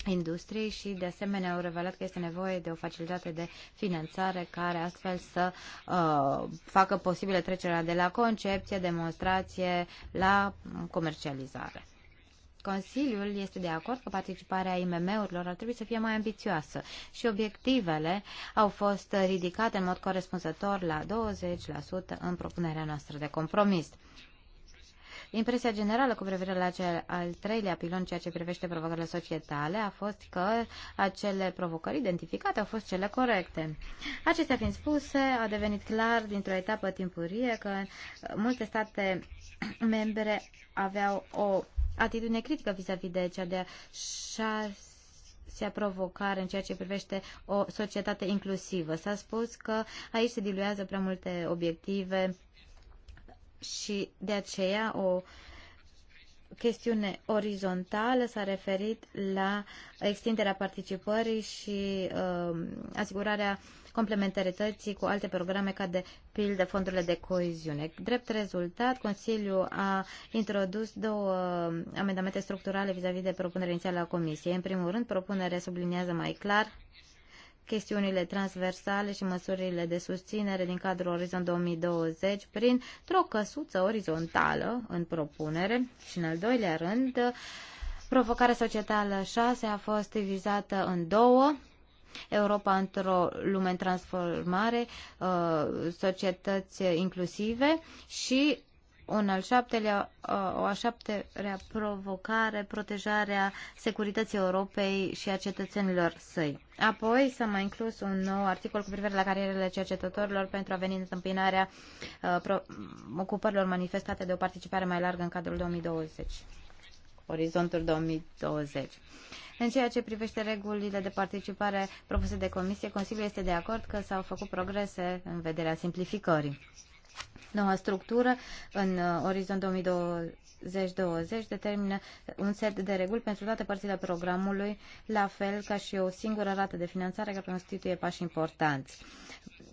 industriei și, de asemenea, au revelat că este nevoie de o facilitate de finanțare care astfel să uh, facă posibilă trecerea de la concepție, demonstrație, la comercializare. Consiliul este de acord că participarea IMM-urilor ar trebui să fie mai ambițioasă și obiectivele au fost ridicate în mod corespunzător la 20% în propunerea noastră de compromis. Impresia generală cu privire la cel al treilea pilon, ceea ce privește provocările societale, a fost că acele provocări identificate au fost cele corecte. Acestea fiind spuse, a devenit clar dintr-o etapă timpurie că multe state [clears throat] membre aveau o atitudine critică vis-a-vis -vis de cea de șase se provocare în ceea ce privește o societate inclusivă. S-a spus că aici se diluează prea multe obiective și de aceea o chestiune orizontală s-a referit la extinderea participării și uh, asigurarea complementarității cu alte programe ca de pildă fondurile de coeziune. Drept rezultat, Consiliul a introdus două amendamente structurale vis-a-vis -vis de propunerea inițială a Comisiei. În primul rând, propunerea subliniază mai clar chestiunile transversale și măsurile de susținere din cadrul Orizont 2020 printr-o căsuță orizontală în propunere și, în al doilea rând, provocarea societală 6 a fost divizată în două, Europa într-o lume în transformare, uh, societăți inclusive și un al șaptelea, uh, o a șaptelea provocare, protejarea securității Europei și a cetățenilor săi. Apoi s-a mai inclus un nou articol cu privire la carierele cercetătorilor pentru a veni în întâmpinarea uh, ocupărilor manifestate de o participare mai largă în cadrul 2020. Orizontul 2020. În ceea ce privește regulile de participare propuse de comisie, Consiliul este de acord că s-au făcut progrese în vederea simplificării. Noua structură în uh, orizont 2020 determină un set de reguli pentru toate părțile programului, la fel ca și o singură rată de finanțare care constituie pași importanți.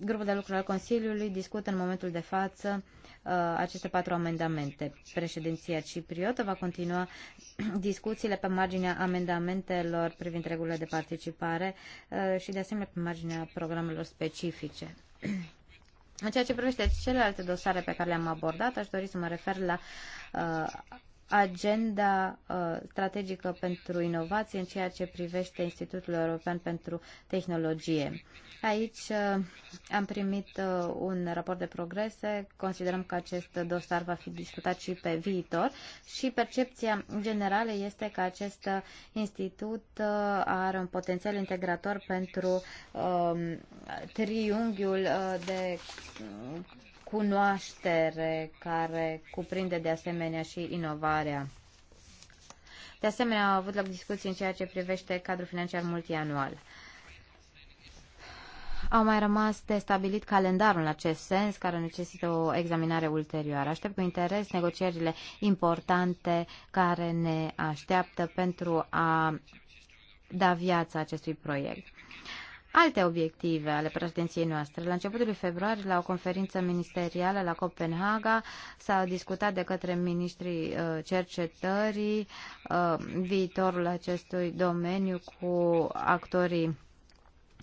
Grupul de lucru al Consiliului discută în momentul de față uh, aceste patru amendamente. Președinția cipriotă va continua [clears throat] discuțiile pe marginea amendamentelor privind regulile de participare uh, și de asemenea pe marginea programelor specifice. [clears throat] În ceea ce privește celelalte dosare pe care le-am abordat, aș dori să mă refer la uh, agenda uh, strategică pentru inovație în ceea ce privește Institutul European pentru Tehnologie. Aici uh, am primit uh, un raport de progrese, considerăm că acest dosar va fi discutat și pe viitor și percepția generală este că acest institut uh, are un potențial integrator pentru uh, triunghiul uh, de cunoaștere care cuprinde de asemenea și inovarea. De asemenea, au avut loc discuții în ceea ce privește cadrul financiar multianual. Au mai rămas de stabilit calendarul în acest sens, care necesită o examinare ulterioară. Aștept cu interes negocierile importante care ne așteaptă pentru a da viața acestui proiect alte obiective ale președinției noastre. La începutul lui februarie, la o conferință ministerială la Copenhaga, s-a discutat de către ministrii uh, cercetării uh, viitorul acestui domeniu cu actorii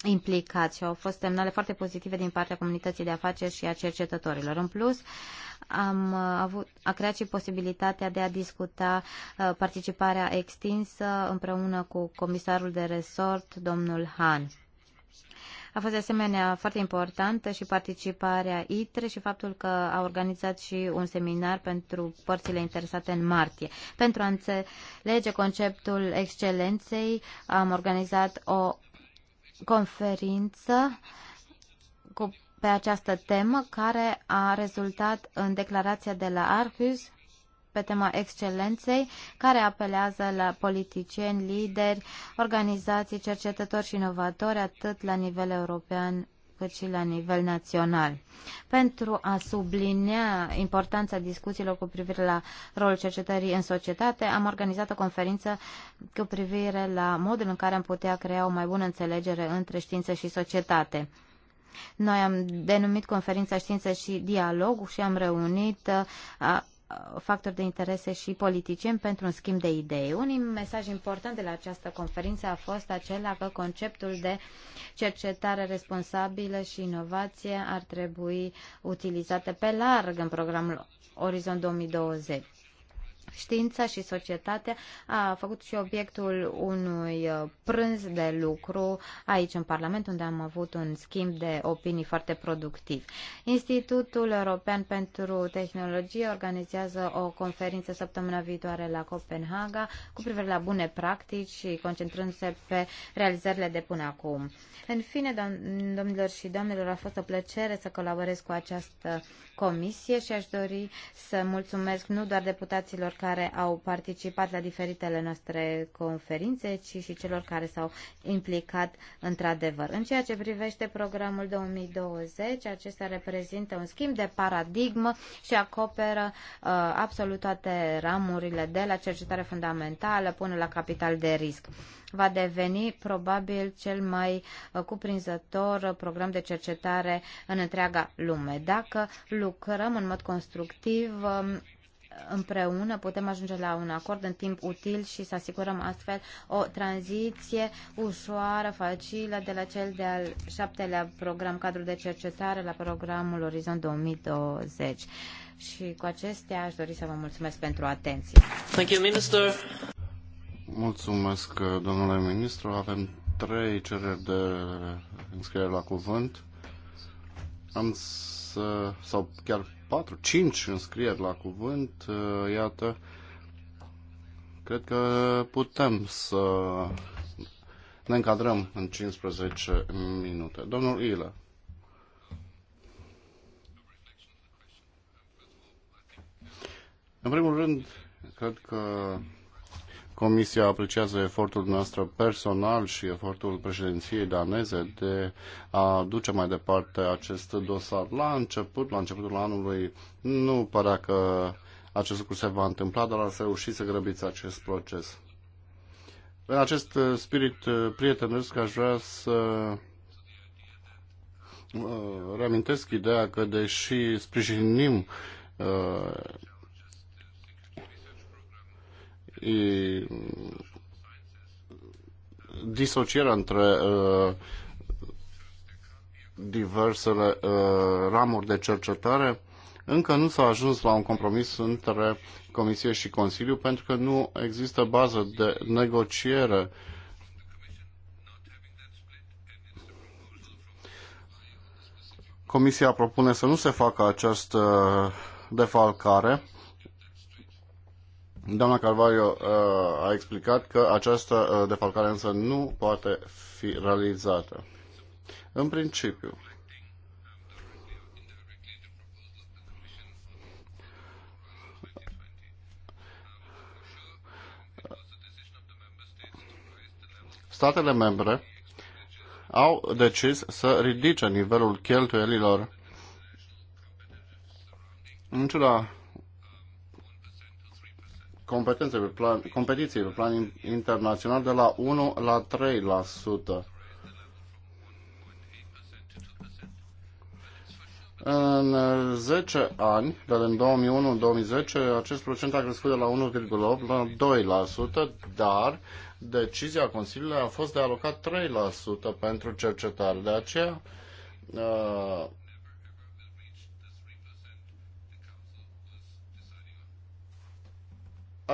implicați și au fost semnale foarte pozitive din partea comunității de afaceri și a cercetătorilor. În plus, am uh, avut, a creat și posibilitatea de a discuta participarea extinsă împreună cu comisarul de resort, domnul Han. A fost de asemenea foarte importantă și participarea ITRE și faptul că a organizat și un seminar pentru părțile interesate în martie. Pentru a înțelege conceptul excelenței, am organizat o conferință cu, pe această temă care a rezultat în declarația de la Arhus pe tema excelenței, care apelează la politicieni, lideri, organizații, cercetători și inovatori, atât la nivel european cât și la nivel național. Pentru a sublinia importanța discuțiilor cu privire la rolul cercetării în societate, am organizat o conferință cu privire la modul în care am putea crea o mai bună înțelegere între știință și societate. Noi am denumit conferința Știință și Dialog și am reunit uh, Uh, factori de interese și politicieni pentru un schimb de idei. Un mesaj important de la această conferință a fost acela că conceptul de cercetare responsabilă și inovație ar trebui utilizate pe larg în programul Orizont 2020. Știința și societatea a făcut și obiectul unui uh, prânz de lucru aici în Parlament, unde am avut un schimb de opinii foarte productiv. Institutul European pentru Tehnologie organizează o conferință săptămâna viitoare la Copenhaga cu privire la bune practici și concentrându-se pe realizările de până acum. În fine, domnilor și domnilor, a fost o plăcere să colaborez cu această comisie și aș dori să mulțumesc nu doar deputaților care care au participat la diferitele noastre conferințe, ci și celor care s-au implicat într-adevăr. În ceea ce privește programul 2020, acesta reprezintă un schimb de paradigmă și acoperă uh, absolut toate ramurile, de la cercetare fundamentală până la capital de risc. Va deveni probabil cel mai uh, cuprinzător program de cercetare în întreaga lume. Dacă lucrăm în mod constructiv, um, împreună putem ajunge la un acord în timp util și să asigurăm astfel o tranziție ușoară, facilă de la cel de-al șaptelea program cadru de cercetare la programul Orizont 2020. Și cu acestea aș dori să vă mulțumesc pentru atenție. Thank you, Minister. Mulțumesc, domnule ministru. Avem trei cereri de înscriere la cuvânt. Am să, sau chiar 4, 5 înscrieri la cuvânt, uh, iată, cred că putem să ne încadrăm în 15 minute. Domnul Ilă. În primul rând, cred că Comisia apreciază efortul noastră personal și efortul președinției daneze de a duce mai departe acest dosar. La început, la începutul anului, nu părea că acest lucru se va întâmpla, dar ați reușit să grăbiți acest proces. În acest spirit prietenesc aș vrea să uh, reamintesc ideea că deși sprijinim uh, disocierea între diversele ramuri de cercetare, încă nu s-a ajuns la un compromis între Comisie și Consiliu pentru că nu există bază de negociere. Comisia propune să nu se facă această defalcare Doamna Carvalho uh, a explicat că această uh, defalcare însă nu poate fi realizată. În principiu, statele membre au decis să ridice nivelul cheltuielilor în ciuda competențe pe plan, competiții pe plan internațional de la 1 la 3%. În 10 ani, de în 2001-2010, acest procent a crescut de la 1,8 la 2%, dar decizia Consiliului a fost de alocat 3% pentru cercetare. De aceea, uh,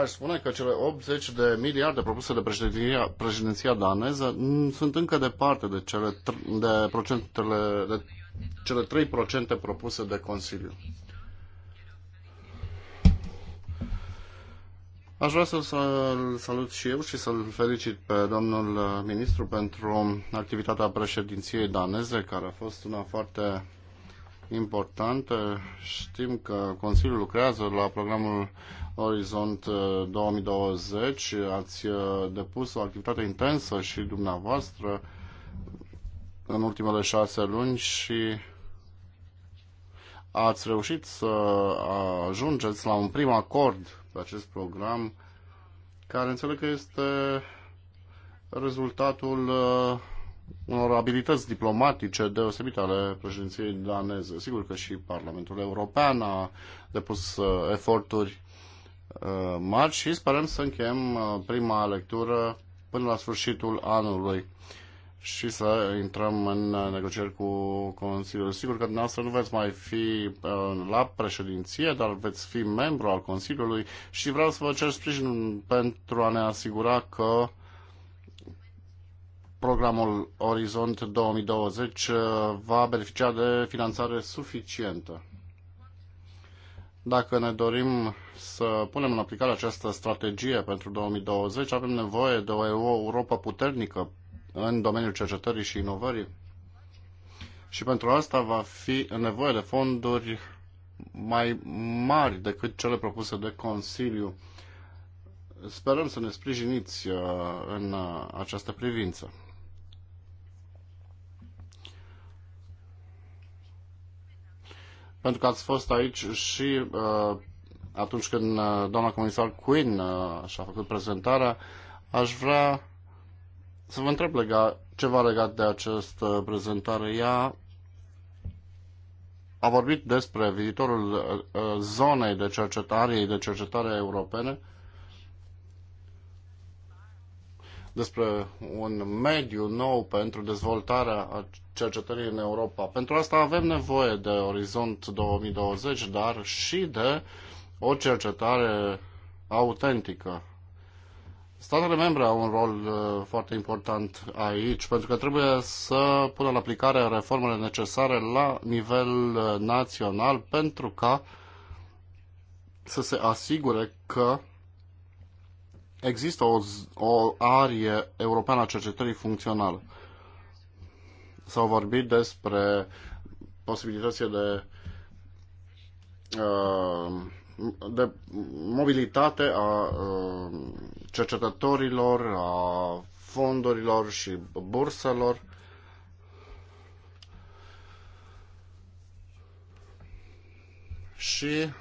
aș spune că cele 80 de miliarde propuse de președinția, președinția daneză sunt încă departe de cele, de procentele, de cele 3% propuse de Consiliu. Aș vrea să-l salut și eu și să-l felicit pe domnul ministru pentru activitatea președinției daneze, care a fost una foarte importantă. Știm că Consiliul lucrează la programul Orizont 2020. Uh, ați uh, depus o activitate intensă și dumneavoastră în ultimele șase luni și ați reușit să ajungeți la un prim acord pe acest program care înțeleg că este rezultatul uh, unor abilități diplomatice deosebite ale președinției daneze. Sigur că și Parlamentul European a depus eforturi Uh, mari și sperăm să încheiem uh, prima lectură până la sfârșitul anului și să intrăm în uh, negocieri cu Consiliul. Sigur că dumneavoastră nu veți mai fi la președinție, dar veți fi membru al Consiliului și vreau să vă cer sprijin pentru a ne asigura că programul Orizont 2020 va beneficia de finanțare suficientă. Dacă ne dorim să punem în aplicare această strategie pentru 2020, avem nevoie de o Europa puternică în domeniul cercetării și inovării. Și pentru asta va fi nevoie de fonduri mai mari decât cele propuse de Consiliu. Sperăm să ne sprijiniți uh, în uh, această privință. pentru că ați fost aici și uh, atunci când uh, doamna comisar Quinn uh, și-a făcut prezentarea. Aș vrea să vă întreb lega, ceva legat de această prezentare. Ea a vorbit despre viitorul uh, zonei de cercetare, de cercetare europene despre un mediu nou pentru dezvoltarea cercetării în Europa. Pentru asta avem nevoie de Orizont 2020, dar și de o cercetare autentică. Statele membre au un rol uh, foarte important aici, pentru că trebuie să pună în aplicare reformele necesare la nivel uh, național pentru ca să se asigure că există o, o arie europeană a cercetării funcțională. S-au vorbit despre posibilitățile de, uh, de mobilitate a uh, cercetătorilor, a fondurilor și burselor. Și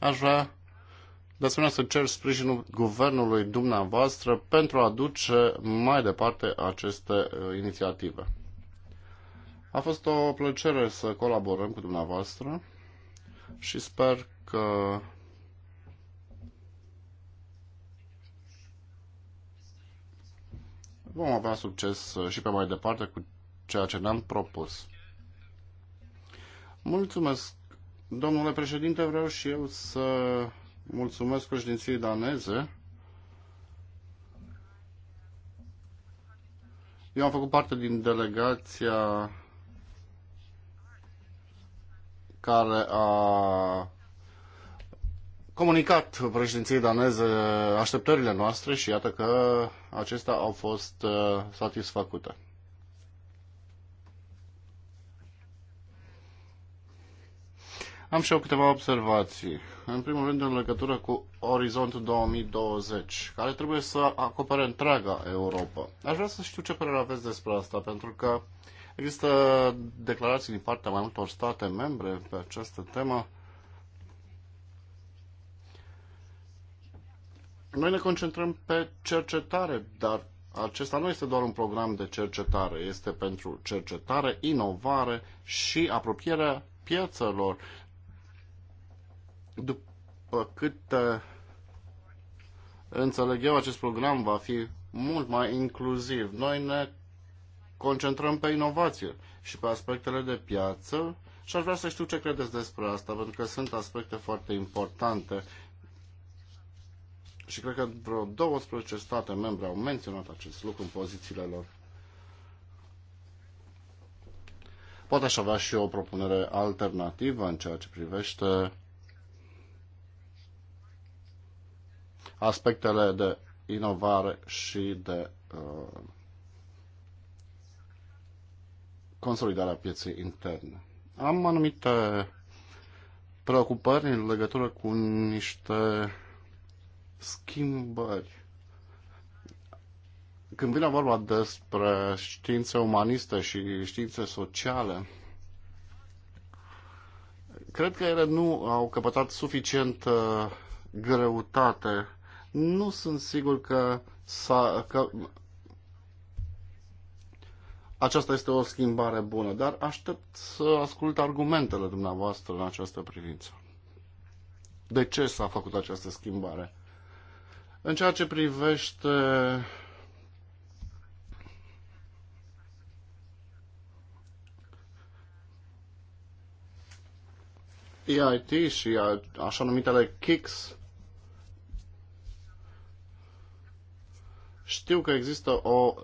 aș vrea de asemenea să cer sprijinul guvernului dumneavoastră pentru a duce mai departe aceste uh, inițiative. A fost o plăcere să colaborăm cu dumneavoastră și sper că vom avea succes uh, și pe mai departe cu ceea ce ne-am propus. Mulțumesc, domnule președinte, vreau și eu să mulțumesc președinției daneze. Eu am făcut parte din delegația care a comunicat președinției daneze așteptările noastre și iată că acestea au fost uh, satisfăcute. Am și eu câteva observații. În primul rând, în legătură cu Orizontul 2020, care trebuie să acopere întreaga Europa. Aș vrea să știu ce părere aveți despre asta, pentru că există declarații din partea mai multor state membre pe această temă. Noi ne concentrăm pe cercetare, dar acesta nu este doar un program de cercetare, este pentru cercetare, inovare și apropierea piețelor. După cât uh, înțeleg eu, acest program va fi mult mai inclusiv. Noi ne concentrăm pe inovație și pe aspectele de piață și aș vrea să știu ce credeți despre asta, pentru că sunt aspecte foarte importante și cred că vreo 12 state membre au menționat acest lucru în pozițiile lor. Poate aș avea și o propunere alternativă în ceea ce privește aspectele de inovare și de uh, consolidare consolidarea pieței interne. Am anumite preocupări în legătură cu niște schimbări. Când vine vorba despre științe umaniste și științe sociale, cred că ele nu au căpătat suficient uh, greutate nu sunt sigur că, că aceasta este o schimbare bună, dar aștept să ascult argumentele dumneavoastră în această privință. De ce s-a făcut această schimbare? În ceea ce privește EIT și așa numitele KICS, Știu că există o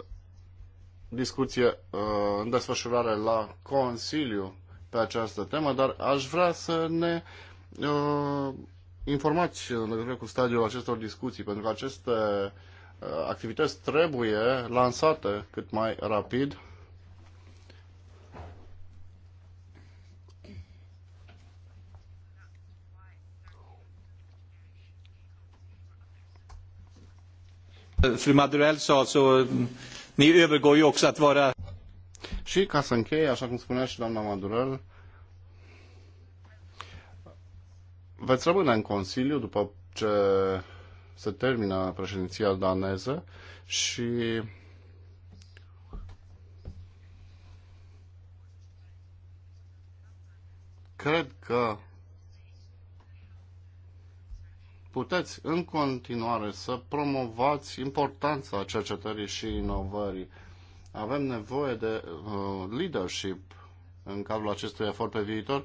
discuție uh, în desfășurare la Consiliu pe această temă, dar aș vrea să ne uh, informați în legătură cu stadiul acestor discuții, pentru că aceste uh, activități trebuie lansate cât mai rapid Fru Madurell sa så mm, ni övergår ju också att vara... Și ca să încheie, așa cum spunea și doamna Madurell, veți rămâne în Consiliu după ce se termină președinția daneză și cred că puteți în continuare să promovați importanța cercetării și inovării. Avem nevoie de uh, leadership în cadrul acestui efort pe viitor.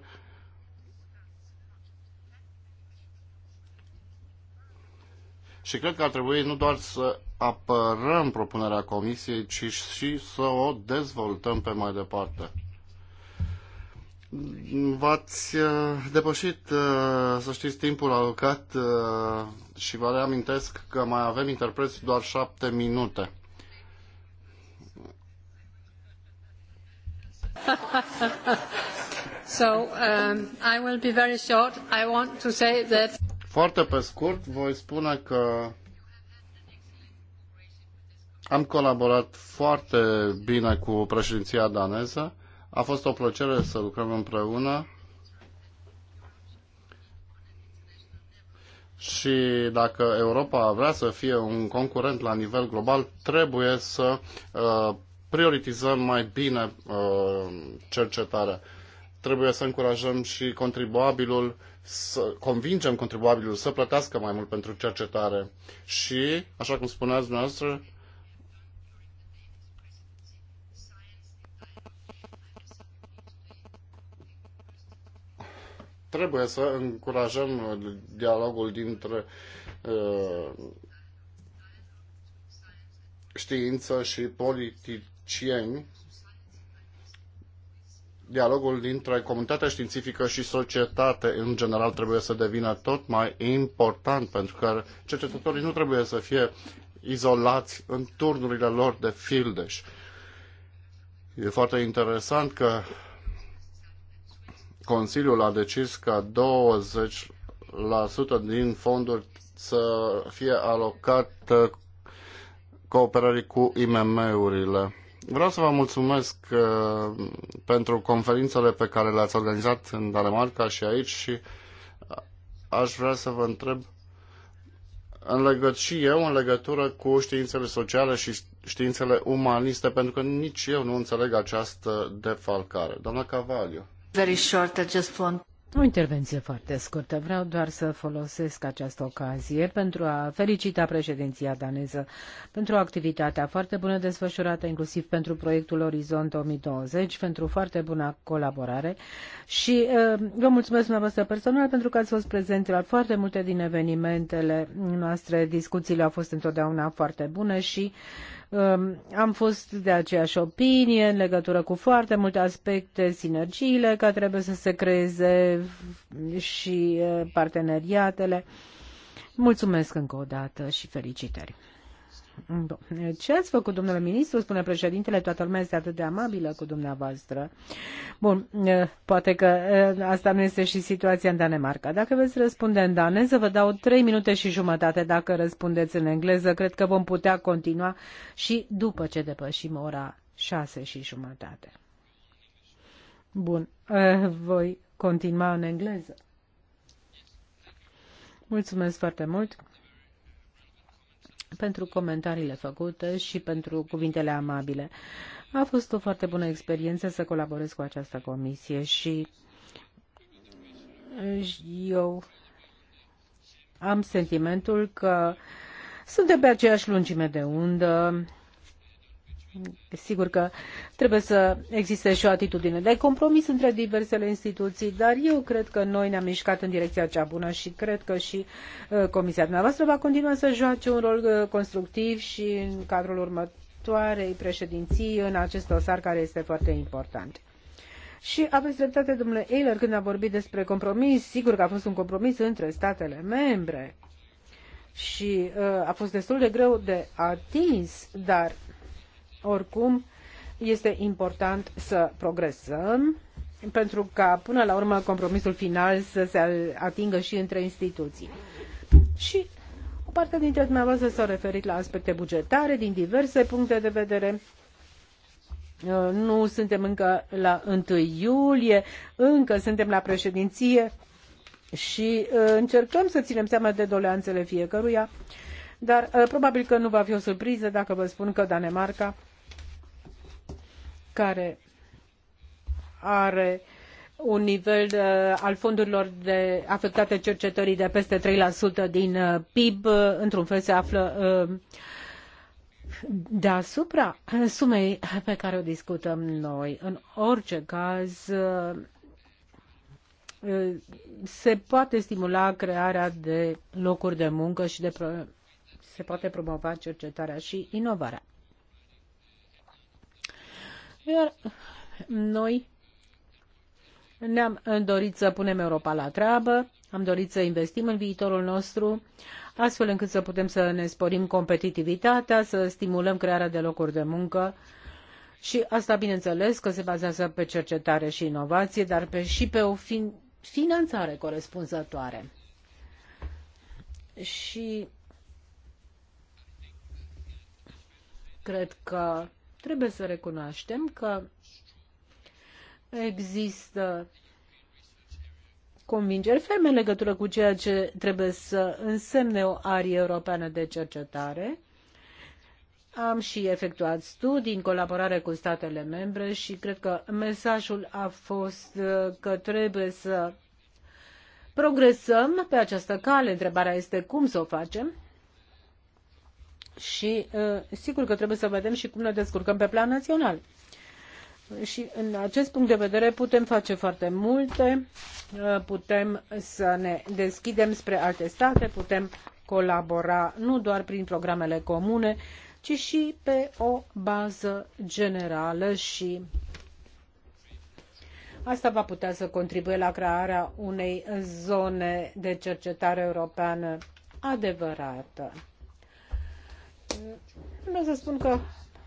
Și cred că ar trebui nu doar să apărăm propunerea Comisiei, ci și să o dezvoltăm pe mai departe. V-ați uh, depășit, uh, să știți, timpul alocat uh, și vă reamintesc că mai avem interpreți doar șapte minute. [laughs] so, um, I will be very short. I want to say that... Foarte pe scurt, voi spune că am colaborat foarte bine cu președinția daneză a fost o plăcere să lucrăm împreună și dacă Europa vrea să fie un concurent la nivel global, trebuie să uh, prioritizăm mai bine uh, cercetarea. Trebuie să încurajăm și contribuabilul, să convingem contribuabilul să plătească mai mult pentru cercetare. Și, așa cum spuneați dumneavoastră, trebuie să încurajăm dialogul dintre uh, știință și politicieni, dialogul dintre comunitatea științifică și societate în general trebuie să devină tot mai important, pentru că cercetătorii nu trebuie să fie izolați în turnurile lor de fildeș. E foarte interesant că Consiliul a decis ca 20% din fonduri să fie alocat cooperării cu IMM-urile. Vreau să vă mulțumesc uh, pentru conferințele pe care le-ați organizat în Danemarca și aici și uh, aș vrea să vă întreb în legăt- și eu în legătură cu științele sociale și științele umaniste, pentru că nici eu nu înțeleg această defalcare. Doamna Cavaliu. Very short, I just want... O intervenție foarte scurtă. Vreau doar să folosesc această ocazie pentru a felicita președinția daneză pentru activitatea foarte bună desfășurată, inclusiv pentru proiectul Orizont 2020, pentru foarte bună colaborare și uh, vă mulțumesc dumneavoastră personal pentru că ați fost prezent la foarte multe din evenimentele noastre. Discuțiile au fost întotdeauna foarte bune și uh, Um, am fost de aceeași opinie în legătură cu foarte multe aspecte, sinergiile care trebuie să se creeze și uh, parteneriatele. Mulțumesc încă o dată și felicitări! Da. Ce ați făcut, domnule ministru? Spune președintele, toată lumea este atât de amabilă cu dumneavoastră. Bun, poate că asta nu este și situația în Danemarca. Dacă veți răspunde în daneză, vă dau 3 minute și jumătate. Dacă răspundeți în engleză, cred că vom putea continua și după ce depășim ora 6 și jumătate. Bun, voi continua în engleză. Mulțumesc foarte mult pentru comentariile făcute și pentru cuvintele amabile. A fost o foarte bună experiență să colaborez cu această comisie și eu am sentimentul că suntem pe aceeași lungime de undă Sigur că trebuie să existe și o atitudine de compromis între diversele instituții, dar eu cred că noi ne-am mișcat în direcția cea bună și cred că și uh, Comisia dumneavoastră va continua să joace un rol uh, constructiv și în cadrul următoarei președinții în acest dosar care este foarte important. Și aveți dreptate, domnule Eiler, când a vorbit despre compromis, sigur că a fost un compromis între statele membre și uh, a fost destul de greu de atins, dar oricum, este important să progresăm pentru ca până la urmă compromisul final să se atingă și între instituții. Și o parte dintre dumneavoastră s-au referit la aspecte bugetare din diverse puncte de vedere. Uh, nu suntem încă la 1 iulie, încă suntem la președinție și uh, încercăm să ținem seama de doleanțele fiecăruia. Dar uh, probabil că nu va fi o surpriză dacă vă spun că Danemarca, care are un nivel de, uh, al fondurilor de, afectate cercetării de peste 3% din uh, PIB, într-un fel se află deasupra sumei pe care o discutăm noi. În orice caz, se poate stimula crearea de locuri de muncă și de se poate promova cercetarea și inovarea. Iar noi ne-am dorit să punem Europa la treabă, am dorit să investim în viitorul nostru, astfel încât să putem să ne sporim competitivitatea, să stimulăm crearea de locuri de muncă și asta, bineînțeles, că se bazează pe cercetare și inovație, dar pe, și pe o fin- finanțare corespunzătoare. Și Cred că trebuie să recunoaștem că există convingeri ferme în legătură cu ceea ce trebuie să însemne o arie europeană de cercetare. Am și efectuat studii în colaborare cu statele membre și cred că mesajul a fost uh, că trebuie să progresăm pe această cale. Întrebarea este cum să o facem și uh, sigur că trebuie să vedem și cum ne descurcăm pe plan național. Și în acest punct de vedere putem face foarte multe, uh, putem să ne deschidem spre alte state, putem colabora nu doar prin programele comune, ci și pe o bază generală și asta va putea să contribuie la crearea unei zone de cercetare europeană adevărată. Vreau să spun că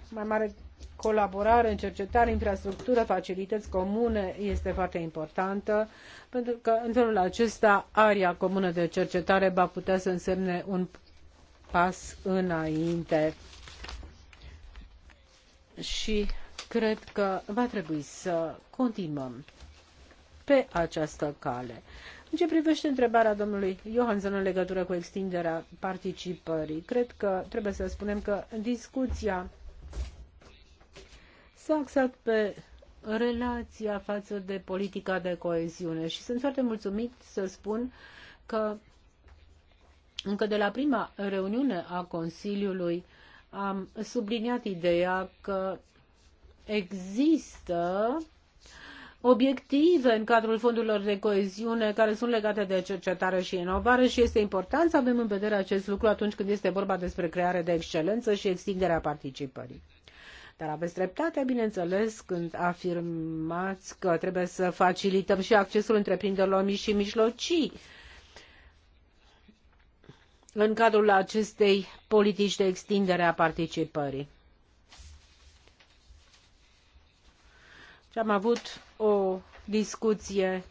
mai mare colaborare în cercetare, infrastructură, facilități comune este foarte importantă, pentru că în felul acesta aria comună de cercetare va putea să însemne un pas înainte. Și cred că va trebui să continuăm pe această cale. În ce privește întrebarea domnului Johansson în legătură cu extinderea participării, cred că trebuie să spunem că discuția s-a axat pe relația față de politica de coeziune și sunt foarte mulțumit să spun că încă de la prima reuniune a Consiliului am subliniat ideea că există obiective în cadrul fondurilor de coeziune care sunt legate de cercetare și inovare și este important să avem în vedere acest lucru atunci când este vorba despre creare de excelență și extinderea participării. Dar aveți dreptate, bineînțeles, când afirmați că trebuie să facilităm și accesul întreprinderilor mici și mijlocii în cadrul acestei politici de extindere a participării. Și am avut o discuție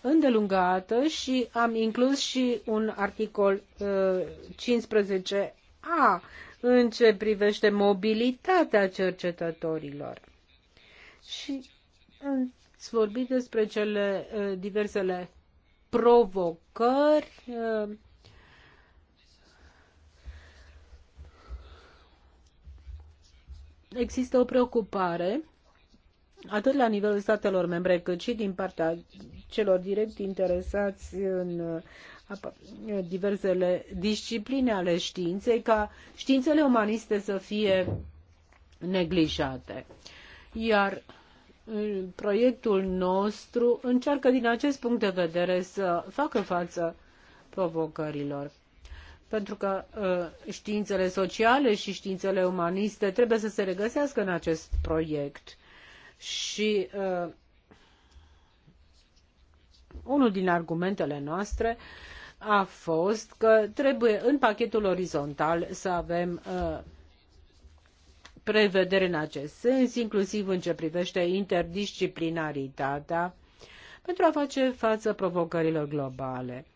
îndelungată și am inclus și un articol uh, 15a în ce privește mobilitatea cercetătorilor. Și ați vorbit despre cele uh, diversele provocări uh, există o preocupare atât la nivelul statelor membre, cât și din partea celor direct interesați în diversele discipline ale științei, ca științele umaniste să fie neglijate. Iar uh, proiectul nostru încearcă din acest punct de vedere să facă față provocărilor. Pentru că uh, științele sociale și științele umaniste trebuie să se regăsească în acest proiect și uh, unul din argumentele noastre a fost că trebuie în pachetul orizontal să avem uh, prevedere în acest sens, inclusiv în ce privește interdisciplinaritatea, pentru a face față provocărilor globale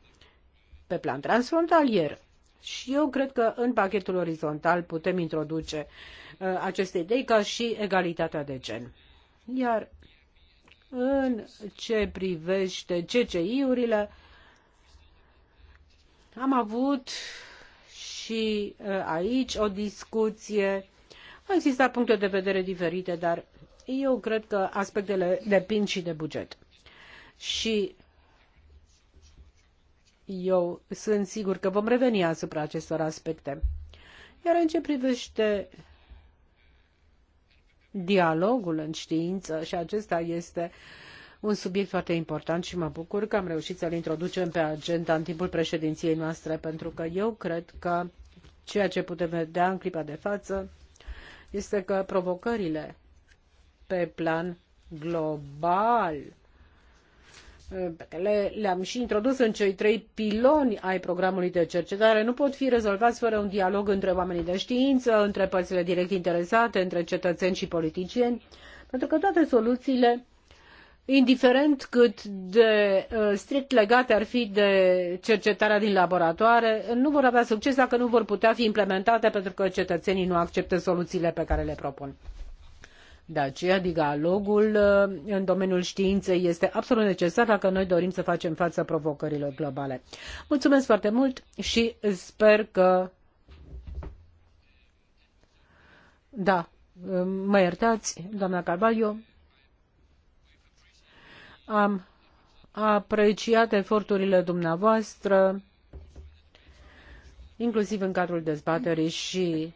pe plan transfrontalier. Și eu cred că în pachetul orizontal putem introduce uh, aceste idei ca și egalitatea de gen. Iar în ce privește CCI-urile, am avut și uh, aici o discuție. Au existat puncte de vedere diferite, dar eu cred că aspectele depind și de buget. Și eu sunt sigur că vom reveni asupra acestor aspecte. Iar în ce privește dialogul în știință și acesta este un subiect foarte important și mă bucur că am reușit să-l introducem pe agenda în timpul președinției noastre, pentru că eu cred că ceea ce putem vedea în clipa de față este că provocările pe plan global care le-am și introdus în cei trei piloni ai programului de cercetare, nu pot fi rezolvați fără un dialog între oamenii de știință, între părțile direct interesate, între cetățeni și politicieni, pentru că toate soluțiile, indiferent cât de uh, strict legate ar fi de cercetarea din laboratoare, nu vor avea succes dacă nu vor putea fi implementate pentru că cetățenii nu acceptă soluțiile pe care le propun. De aceea, dialogul uh, în domeniul științei este absolut necesar dacă noi dorim să facem față provocărilor globale. Mulțumesc foarte mult și sper că. Da, mă iertați, doamna Carvalho. Am apreciat eforturile dumneavoastră, inclusiv în cadrul dezbaterii și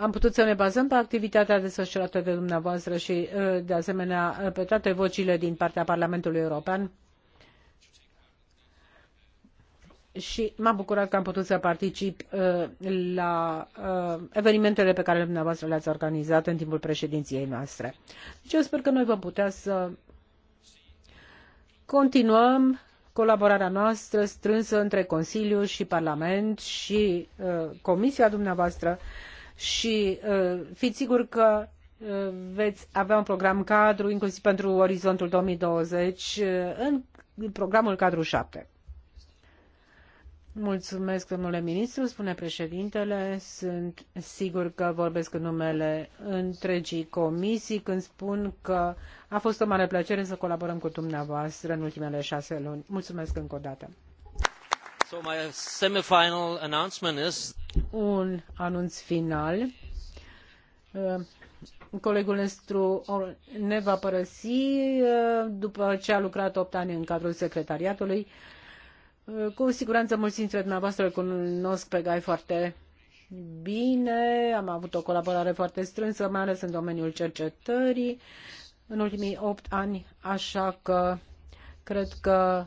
am putut să ne bazăm pe activitatea desfășurată de dumneavoastră și, uh, de asemenea, uh, pe toate vocile din partea Parlamentului European. Și m-am bucurat că am putut să particip uh, la evenimentele pe care dumneavoastră le-ați organizat în timpul președinției noastre. Deci eu sper că noi vom putea să continuăm colaborarea noastră strânsă între Consiliu și Parlament și Comisia dumneavoastră uh, și uh, fiți sigur că uh, veți avea un program cadru, inclusiv pentru orizontul 2020, uh, în programul cadru 7. Mulțumesc, domnule ministru, spune președintele. Sunt sigur că vorbesc în numele întregii comisii când spun că a fost o mare plăcere să colaborăm cu dumneavoastră în ultimele șase luni. Mulțumesc încă o dată. So my semifinal announcement is... Un anunț final. Uh, colegul nostru uh, ne va părăsi uh, după ce a lucrat 8 ani în cadrul secretariatului. Cu siguranță mulți dintre dumneavoastră îl cunosc pe Gai foarte bine, am avut o colaborare foarte strânsă, mai ales în domeniul cercetării în ultimii opt ani, așa că cred că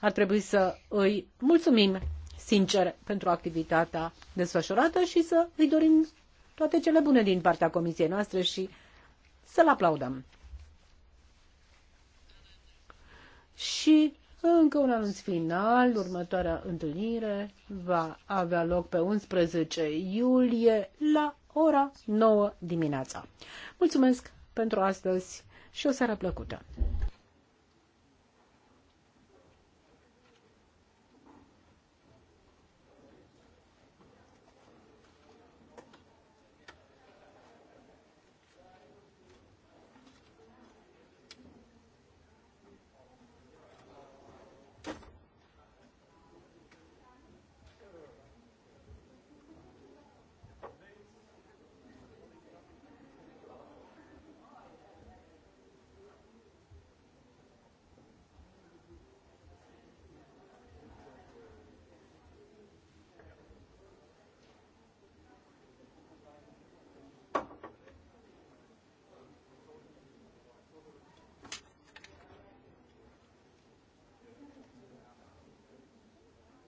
ar trebui să îi mulțumim sincer pentru activitatea desfășurată și să îi dorim toate cele bune din partea comisiei noastre și să-l aplaudăm. Și încă un anunț final, următoarea întâlnire va avea loc pe 11 iulie la ora 9 dimineața. Mulțumesc pentru astăzi și o seară plăcută!